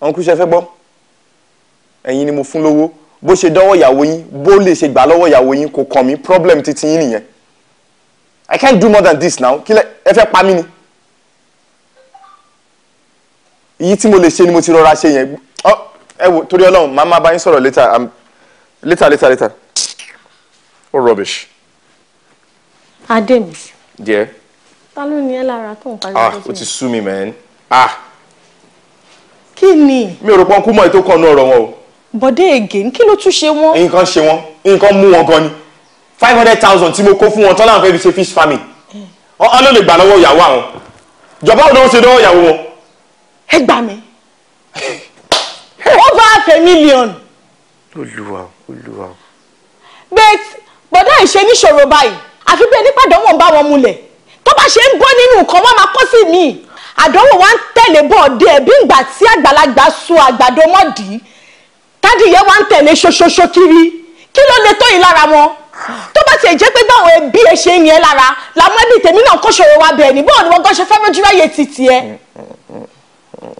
ọ̀nkú ṣe fẹ́ gbọ́ ẹ̀yin ni mo fún lówó bó ṣe dọ́wọ́ ìyàwó yín bó lè ṣe gbà lọ́wọ́ ìyàwó yín kò kàn mí problem titi yín nìyẹn i can't do more than this now kí lẹ ẹ fẹ́ pa mí ni èyí tí mo lè ṣe ni mo ti rọra ṣe yẹn ọ ẹ wo torí Ọlọ́run màá máa bá yín sọ̀rọ̀ later am later later later oh rubbish. ademi. díẹ̀. ta Talo ní ẹ lára tó ń parí ah o ti sú mi man ah. kí ni. mi ò rò pọ́n kú mọ́ ètò kan náà ọ̀rọ̀ wọn o bọ̀dé ègè kí ló tún ṣe wọ́n. nǹkan ṣe wọ́n nǹkan mú wọn gan ni five hundred thousand tí mo kó fún wọn tán láwọn fẹ́ fi ṣe fish farming eh. wọn ló lè gbà lọ́wọ́ ìyàwó àwọn ìjọba òdo ṣe lọ́wọ́ ìyàwó wọn. ẹ gbà mí over half a million. olúwa olúwa. bẹ́ẹ̀ bọ̀dá ìṣe níṣòro báyìí àfi bẹ́ẹ̀ nípa ìdánwò ń bá wọn múlẹ̀ tó bá ṣe ń bọ́ nínú nǹkan wọn máa kọ́ sí mi àdánwò wa ń tẹ̀lé bọ̀ọ̀dẹ bí ìgbà tí àgbàlagbà so àgbàdo mọ́ dì í tádìyẹ wa ń tẹ̀lé ṣoṣoṣo kiri kí ló lè tó yìí lára wọn tó bá tiẹ̀ jẹ́ pé báwọn ẹbí ẹ ṣe ń yẹn lára làwọn ẹbí tèmi náà kọ́ wa bẹ̀ ní bọ́ọ̀ ni wọ́n gọ́ ṣe fẹ́ lójú ráyè títì ẹ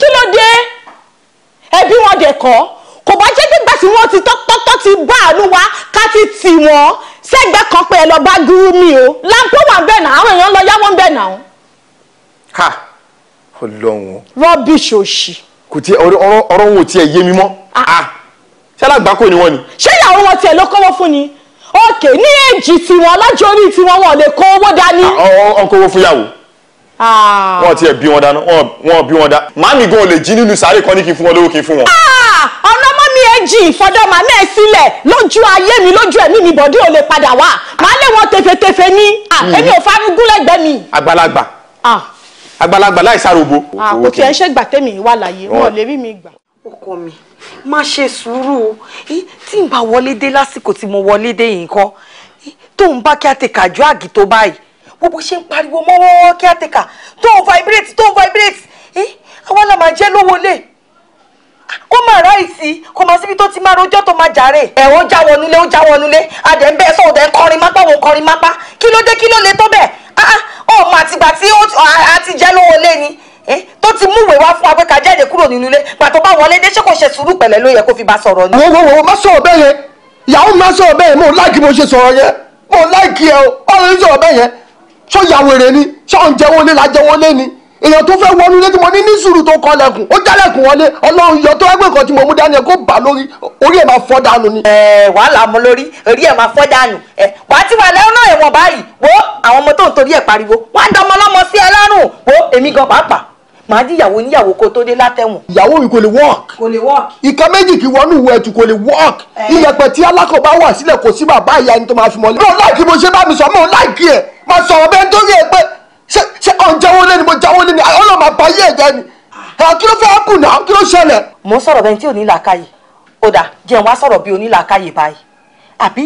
kí ló dé ẹbí wọn dẹ̀ kọ́ kò bá jẹ́ nígbà tí wọ́n ti tọ́tọ́tọ́ ti bá àánú wa ká ti tì wọ́n sẹ́gbẹ́ kan pé lọ bá gúrú mi o láńpó wà bẹ́ẹ̀ náà àwọn èèyàn lọ yáwó ń bẹ́ẹ̀ náà. ha Ọlọ́run. rọbìṣì òṣì. kò tí ọ̀rọ̀ wọn ò tiẹ̀ yé mi mọ́. Ah ṣé alágbàkó ni wọ́n ni. ṣé ìyàwó wọn tiẹ̀ ló kọ́wọ́ fún ni òkè ní èjì tiwọn lájọ orí tiwọn wọn lè kó owó dání. Ah, ọ̀n kówó fún ìyàwó ah. wọn tiẹ̀ bí wọn dáná wọn bí wọn dá màmí gan lè jí nínú sáré kan ní kí n fún wọn lówó kí n fún wọn. Ah, ọ̀nà mọ́ mi èjì ìfọ̀dọ́mà náà sílẹ̀ lójú ayé mi lójú ẹ̀mí mi bọ̀dí ò lè padà wá màá lé wọn tefetefe ní hmm. èmi ò farúgún lẹ́gbẹ̀ẹ́ mi. àgbàlagbà àgbàlagbà láì sárobo. kò tí ẹ ṣe gbà tẹ́mi wà láyé wọn ò lè rí mi gbà ọkọ mi má ṣe sùúrù tí n bá wọlé dé lásìkò tí mo wọlé dé yìí kọ́ tó ń bá kí á tẹ̀ka ju àgì tó báyìí gbogbo ṣe ń pariwo mọ́wọ́wọ́ kí á tẹ̀ka tó ń vibrate tó ń vibrate àwọn la máa jẹ́ lówó lè kó máa rà ìsì kó máa síbi tó ti máa rojọ́ tó máa jàre ẹ̀ ó já wọnúlé ó já wọnúlé adẹ̀ ń bẹ́ ẹ sọ̀dọ̀ ẹ kọrin mápá wo kọrin mápá kí ló dé kí ló le tó bẹ́ẹ̀ ah, ah, ọmọ àtìgbà tí ó lówó lé ni Eh, tó ti múwèé wá fún wa pé ká jáde kúrò nínú ilé pàtó bá wọlé dé ṣé kò ṣe sùúrù pẹ̀lẹ́ ló yẹ kó fi bá sọ̀rọ̀ ni. wo wo wo má sọ̀rọ̀ bẹ́ẹ̀ yẹn ìyàwó má sọ̀rọ̀ bẹ́ẹ̀ yẹn mo láìkí mo ṣe sọ̀rọ̀ yẹn mo láìkí ẹ o ọ̀rẹ́ sọ̀rọ̀ bẹ́ẹ̀ yẹn ṣó ya wèrè ni ṣó ń jẹ wọlé la jẹ wọlé ni èèyàn tó fẹ́ wọnú ilé tí mo ní ní sùúrù tó kọlẹ̀kùn ó jálẹ̀kùn wọlé ọlọ́run yọ tó ẹgbẹ́ nǹkan tí mo mú dání kó bà lórí orí ẹ̀ máa fọ́ dànù ni. ẹ wàá là mọ lórí orí ẹ̀ máa fọ́ dànù ẹ wà á ti wà lẹ́rú náà ẹ̀wọ̀n báyìí wo àwọn ọmọ tó ń torí ẹ̀ pariwo wọ́n á dọmọ lọ́mọ sí ẹ lọ́rùn wo èmi gan pàápàá màá di ìyàwó níyàwó kó tó dé látẹ̀wọ̀n. ìyàwó mi kò lè work. kò lè work. ìka méjì kì í wọnú ìwé ẹ̀tù kò lè work. iyẹ̀pẹ̀ tí alákọ̀ọ́bá wà sílẹ̀ kò sí bàbá ìyá ẹni tó máa fi mọ́lẹ̀. mi láìkí mo ṣe bá mi sọ mi láìkí ẹ̀ máa sọ̀rọ̀ bẹ́ẹ̀ nítorí ẹ pé ṣe ṣe ọ̀ ń jáwọ́ lé ni mo jáwọ́ lé ni ọlọ́mọ àbáyé ẹ̀jẹ̀ ni kí ló fẹ́ kù náà kí ló ṣẹlẹ̀. mo ń sọ̀rọ̀ bẹ́ẹ̀ tí ò ní làákàyè ó dà jẹun wá sọ̀rọ̀ bí onílàákàyè báyìí àbí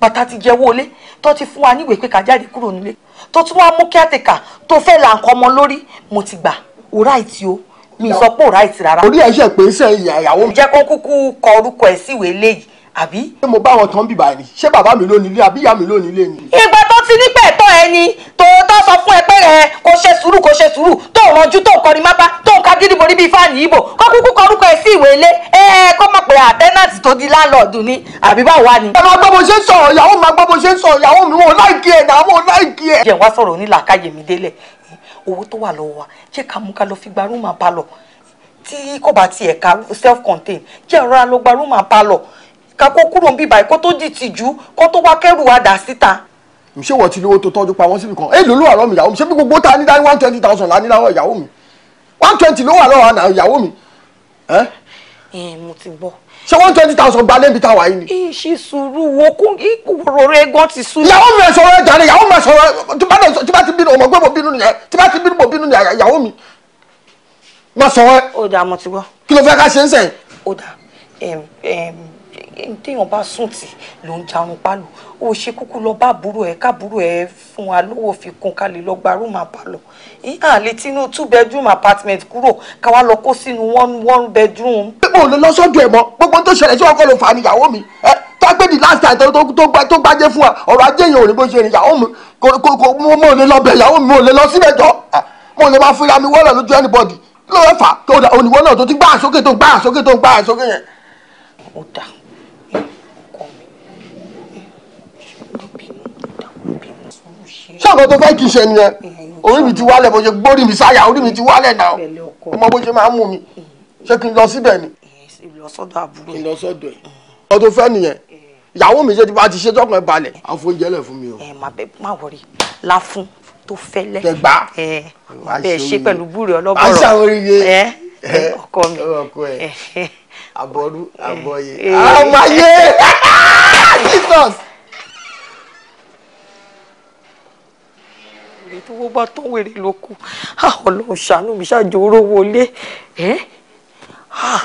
bàtà ti jẹ́ wọlé tó ti fún wa níwèé pé ká jáde kúrò nílé tó tún wá mú kíátìkà tó fẹ́ là nǹkan ọmọ lórí mo ti gbà ó ráìtì o mi sọ pé ó ráìtì rárá. orí ẹ̀ ṣe pé ìyàwó. jẹ́ kó kúkú kọ orúkọ ẹ̀ síwèé léyìí àbí. ṣé mo bá àwọn tán bìbà ni ṣé bàbá mi ló nílé àbí ìyá mi ló nílé ni. ìgbà tó ti ní pẹ̀tọ́ ẹ ni tòótọ́ sọ fún ẹ pé rẹ kò ṣe sùúrù kò ṣe sùúrù tó rànjú tó kọrin mápá tó ń ka gídìbò níbi fáàní ibo kó kúkú kọ orúkọ ẹ sí ìwé ilé ẹ ẹ kó mọ̀ pé àtẹ́nàtì tó di láńlọ́ọ̀dù ni àbí báwa ni. ẹ máa gbọ́ bó ṣe ń sọ̀rọ̀ ìyàwó mi máa ṣe ń sọ̀rọ̀ ìyàwó mi wọn láìkí ẹ̀ náà láìkí ẹ̀. jẹ́ wá sọ̀rọ̀ onílàkàyè mi délẹ̀ owó tó wà lọ́wọ́ wa jẹ́ ká mú ká lọ fi gba rúùmù àbálọ̀ tí kò bá tiẹ̀ ka self contained jẹ́ ọ̀rọ̀ alógba rúùmù àbálọ̀ kakó kúrò níbí báyìí kó tó jì tìjú kó tó wá kẹ́rù wa dà síta. ṣé wọ́n ti lówó tó tọ́jú pa wọ́n síbi kan èèlò ló wà lọ́mọ ìyàwó mi ṣé bí gbogbo ta ní dání one twenty thousand la ní ìyàwó mi one twenty ló wà lọ́wọ́ ìyàwó mi. ẹ mo ti gbọ́ ṣe one twenty thousand gba lébi táwa yìí ni. ìṣe sùúrù wo kún ìkòrò rẹ gan ti sùn. ìyàwó mi ẹ̀sọ́ rẹ jàre ìyàwó mi ẹ̀sọ́ rẹ tí bá ti bínú ọmọ gbé mo bínú nìyẹn tí bá ti bínú mo téèyàn bá sùn tì ló ń jarun pálọ ó ṣe kúkú lọ bá àbúrò ẹ káàbúrò ẹ fún wa lówó fi kún ká lè lọ gba rúùmù àbálọ ìhà lè tinú two bedroom apartment kúrò ká wá lọ kó sínú one one bedroom. pípò ló lọ sọ́dọ̀ ẹ̀ mọ́ gbogbo tó ṣẹlẹ̀ sí ọkọ ló fà á mi ẹ tágbé di last time tó gbájé fún wa ọ̀rọ̀ ajé yẹn ò ní bó ṣe níyàwó mi kò mo lè lọ bẹ̀ ìyàwó mi mo lè lọ síbẹ̀ jọ mo lè máa fúnra mi wọ́ọ̀lọ̀ lójú anybody lọ́wọ́ fà òníwọ́ náà tó ti gbà sókè tó gbà sókè tó gbà sókè yẹn. ṣọ́ọ̀kan tó fẹ́ kì í ṣe nìyẹn orí mi ti wálẹ̀ bó ṣe gbórí mi sáyà orí mi ti wálẹ̀ náà ọmọ bó ṣe máa ń mú mi ṣé kí n lọ síbẹ̀ ni. ìlọsọ́dọ̀ àbúrò ẹ̀ ìlọsọ́dọ̀ ẹ̀ ọkọ tó fẹ́ nìyẹn ìyàwó mi ṣe ti bá ti ṣe tọkàn ẹ balẹ̀ àfojẹ́lẹ̀ fún mi o. ẹ má bẹ má wọrí la fún tó fẹ́lẹ́. tẹgbà ẹ bẹ ṣe pẹ̀lú búrẹ ọlọbọrọ àṣà oríire ẹ ọkọ mi ọkọ ẹ abọrú abọyé àmàyé [LAUGHS] Jesus. wèrè tó wọ́n bá tán wèrè ló kù ah, ọlọ́run ṣàánú mi ṣáàjò oró wọlé ah,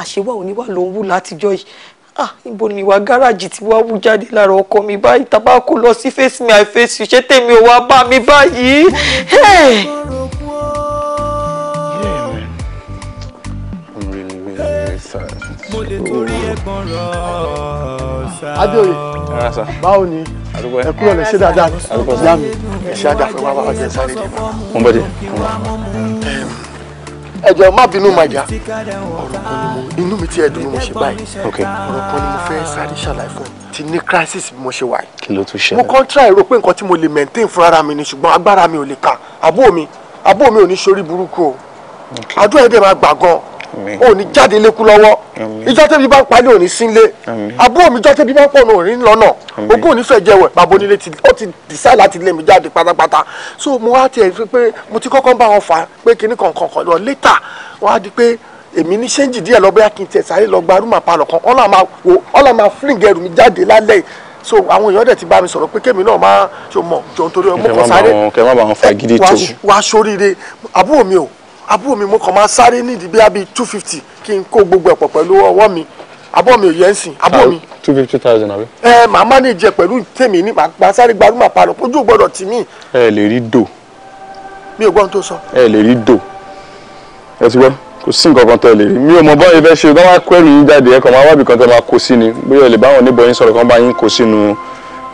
àṣewà òní wà ló ń wù látijọ́ yìí ah, níbo ni ìwà gáràjì tí wàá wú jáde lára ọkọ mi báyìí tá a lọ sí face me i you ṣé tèmi ò wá bá mi báyìí. mo lè torí ẹ̀gbọ́n rọ̀ ṣá. adéoyè báwo ni ẹ kúrò lè ṣe dáadáa ìyá mi ìṣe àdàfẹ́ wà wà jẹ sáré dì mọ́. mo ń bọ̀ dé. ẹ má bínú máa jà ọ̀rọ̀ kan ni mo inú mi ti ẹ̀ dùn mo ṣe báyìí ọ̀rọ̀ kan ni mo fẹ́ sáré ṣàlàyé fún ti ní crisis bí mo ṣe wà yìí. kí ló tún ṣẹlẹ̀. mo kàn try rò pé nǹkan tí mo lè maintain fún ara mi ni ṣùgbọ́n agbára mi ò lè kà àbó mi àbó mi ò ní ṣorí burúkú o àdúrà ẹ̀ dẹ̀ máa gbà gan-an ò ní jáde lékú lọ́wọ́ ìjọ tẹ́bi bá ń pa ní òní sínlé àbúrò mi ìjọ tẹ́bi bá ń pọ̀ ní òní lọ́nà ogún òní fẹ́ jẹ́wẹ̀ bàbá onílé ó ti decide láti lé mi jáde pátápátá so mo wá tiẹ̀ fi pé mo ti kọ́kọ́ bá wọn fà á pé kinní kankan kan lọ later wọ́n á di pé èmi ní ṣéǹjì díẹ̀ lọ bóyá kí n tiẹ̀ sáré lọ gba rúmà palọ̀ kan ọ̀là máa wò ọ̀là máa fling ẹrù mi jáde lálẹ́ yìí so àwọn èèyàn dẹ̀ ti bá mi sọ̀rọ̀ pé kémi náà máa ṣe mọ̀ jọ̀ nítorí ọmọ kan sáré wàá sóríire àbúrò mi o àbúrò mi mo kàn máa sáré nídìí bí abi two fifty kí n kó gbogbo ẹ̀pọ̀ pẹ̀lú ọwọ́ mi àbúrò mi ò yẹ ń sìn àbúrò mi. Ah, two fifty thousand àbí. ẹ màá manage pẹ̀lú tèmi ní màá sáré gbarumọ̀ parọ́ ojú ò gbọ́dọ̀ tì mí. ẹ lè rí dò. mi ò gbọ́n tó sọ. ẹ lè rí dò ẹ ti gbọ́ kò sí nǹkan kan tẹ́ lè rí mi ò mọ báyìí fẹ́ ṣe bá wá kó ẹrù yín jáde ẹ máa wábì kan tẹ́ máa kó sí ni bóyá ẹ lè báwọn oníbọ̀ yín sọ̀rọ̀ kan bá yín kó sínú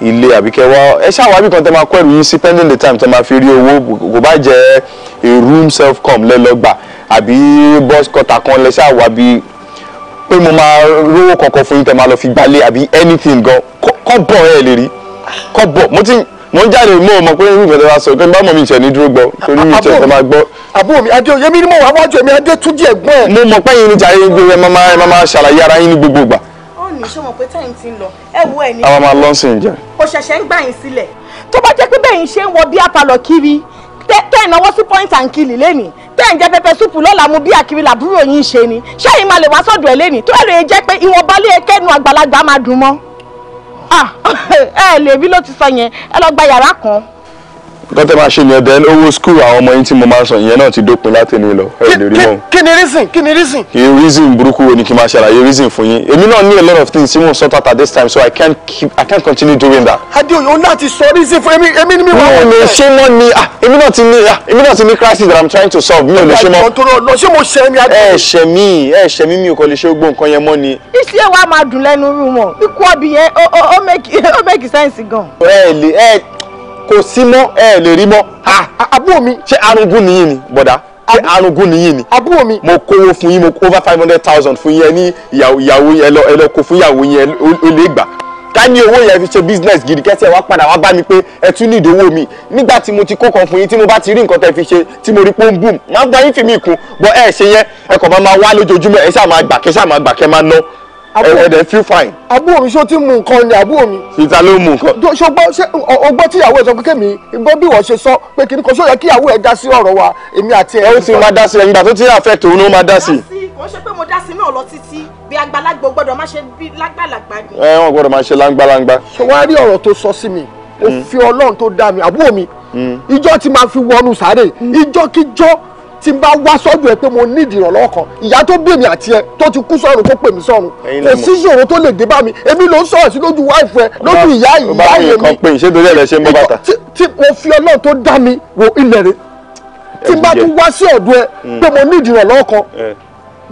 ilé àbíkẹ́ wá ẹ ṣáà wábì kan tẹ́ máa kó ẹrù yín sí pending the time tẹ́ máa fi rí owó kò bá jẹ́ A èrú self com lẹ́lọ́gbà àbí bus cutter kan lẹ́sẹ̀ àwọn àbí pé mo máa rówó kankan fún yín tẹ́ máa lọ fi gbalé àbí anything gan kọ́ bọ̀ ẹ̀ lè rí kọ́ bọ̀ mo ti mo ń jáde mo mọ̀ pé irú ìgbà tó bá sọ pé bá mọ̀ mi ìṣẹ̀ ní dúró gbọ́ torí mi ìṣẹ̀ tó máa gbọ́. àbúrò mi adé oyè mi ni mo wà wájú èmi adé tún jẹ́ ẹ̀gbọ́n ẹ̀. mo mọ̀ pé yín níjà yín gbé máa ẹ máa ṣàlàyé ara yín ní gbogbo ìgbà. ó ní sọ mọ̀ pé táyì ti ń lọ ẹ wo ẹ̀ ní. àwa máa lọ́sìn jẹ. kò ṣẹ̀ṣẹ̀ ń gbà yín sílẹ̀ tó bá jẹ́ pé bẹ́ẹ̀ ń ṣe ń wọ bí apalọ̀ kiri tẹ́ ẹ̀ náwó sí point and kill lẹ́nìí tẹ́ ẹ̀ ń jẹ pẹpẹ súpù lọ́la mu bí àkiri làbúrò yín ṣe ni ṣé ẹ̀yin máa lè wá sọ̀dọ̀ ẹ̀ lẹ́nìí tó ẹ̀rọ jẹ́ pé ìwọ̀nba lé ẹkẹ́nu àgbàlagbà máa dùn mọ́ ah, [LAUGHS] ẹ lèmi ló ti sọ yẹn ẹ lọ gba yàrá kan dọ́tẹ́ máa ṣe yẹn then owó school àwọn ọmọ yín tí mo máa sọ ìyẹn náà ti dópin láti ní lọ ẹ lè rí mọ́. kí ni reason kí ni reason. kì í reason burúkú wo ni kí n máa ṣàlàyé reason fún yín èmi náà ní a lot of things tí mò ń sort out at this time so i can't keep i can't continue doing that. adéoyè o náà ti sọ reason fún èmi èmi ni mi wà wọ́n. mi ò lè ṣe mọ́ ni ah, èmi náà ti ní ah, èmi náà ti ní crisis that i'm trying to solve mi ò lè ṣe mọ́. lọ ṣé mo ṣẹ mi adé. ẹ ṣẹ mi ẹ ṣẹ mi mi ò kọ lè ṣe gbogbo nǹkan yẹn mọ́ ni. iṣẹ́ wa máa dùn lẹ́nu rú mọ̀ kò sí mọ́ ẹ lè rí mọ́. Ah, ah, àbúrò mi. ṣé arúgbó nìyí ni bọ̀dá ṣé arúgbó nìyí ni. àbúrò mi. mo kówó fún yín mo kó over five hundred thousand fún yín ẹ ní ìyàwó yẹn ẹ lọ kó fún ìyàwó yẹn ó lè gbà ká ní owó yẹn fi ṣe business gidi kẹ́sì ẹ̀ wá padà wá bá mi pé ẹ tún ní ìdówó mi nígbà tí mo ti kó kan fún yín tí mo bá ti rí nǹkan tẹ́ fi ṣe tí mo rí pé ó ń boom máa ń gba yín fèmí ìkun bọ́ ẹ ṣe yẹn ẹ kàn máa wá lójoojúmọ́ ẹ ṣáà máa gbà kẹ́ ṣáà máa gbà kẹ́ máa ná ẹ̀ẹ́dẹ̀ feel fine. àbúrò mi ṣó ti mú nǹkan ni àbúrò mi. ìta ló mú nǹkan. ṣùgbọ́n ṣé ọgbọ́n tíyàwó ẹ̀ sọ pé kémi gbọ́ bí wọ́n ṣe sọ pé kí ni kò sóyà kíyàwó ẹ̀ dá sí ọ̀rọ̀ wa èmi àti ẹ̀. ó ti máa dá sí ẹ̀yìn ìgbà tó ti àfẹ́ tòun ló máa dá sí. kò ṣe pé mo dá sí náà lọ títí bí àgbàlagbà gbọ́dọ̀ má ṣe bí lágbàlagbà ẹ wọn gbọ́dọ̀ má ṣe lágbàlagbà. ṣé tí n bá wá sọ́dọ̀ ẹ pé mo ní ìdìrànlọ́wọ́ kan ìyá tó bí èmi àti ẹ tó ti kú sọ́run kó pè mí sọ́run kò sí ìṣòro tó lè dé bá mi èmi ló ń sọ̀rọ̀ sí lójú wáìfù ẹ lójú ìyá ìyá yẹn mi. ọba mi kan pè ṣé torí ẹ lẹ ṣe ń bọ́ bàtà. tí mo fi ọlọ́run tó dá mi wo ilẹ̀ rẹ̀ tí n bá tún wá sí ọ̀dọ̀ ẹ mm. pé mo ní ìdìrànlọ́wọ́ kan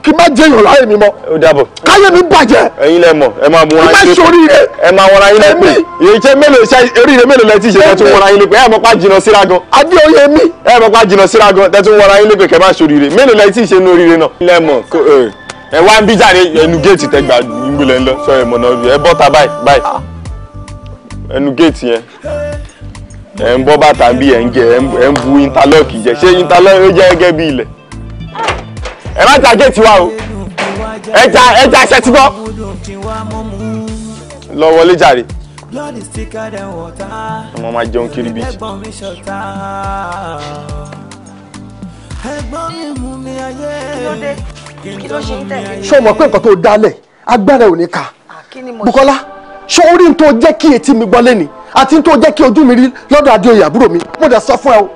kí n má jẹ́ èèyàn láyé mi mọ́. ó dabọ. káyé mi bàjẹ́. ẹ̀yin lẹ mọ, ẹ máa bu wọn ayé sórí ẹ máa wọn ayé lẹpẹ. èyí jẹ́ mélòó iṣẹ́ eríire mélòó lẹ ti ṣe tẹ́tún wọn ayé lẹpẹ. ẹ pa jìnnà síra gan. adéoyè mi. ẹ mọ pa jìnnà síra gan tẹ́tún wọn ayé lẹpẹ kẹ́ máa ṣoríire mélòó lẹ ti ṣe ní oríire náà. lẹ ẹ wá ń bí ẹnu géètì tẹ gbà ńlọ sọ ẹ náà ẹ ẹ má ta géètì wa o ẹ ja ẹ ja ṣe ti gbọ́. lọ wọlé jàre. ọmọ máa jẹun kiri bíi. ṣé o mọ̀ pé nǹkan tó dálẹ̀ agbára ò ní ka Bukola ṣé orí n tó jẹ́ kí etí mi gbọ́ lẹ́ni àti n tó jẹ́ kí ojú mi rí lọ́dọ̀ adé oyè àbúrò mi mo dẹ̀ sọ fún ẹ o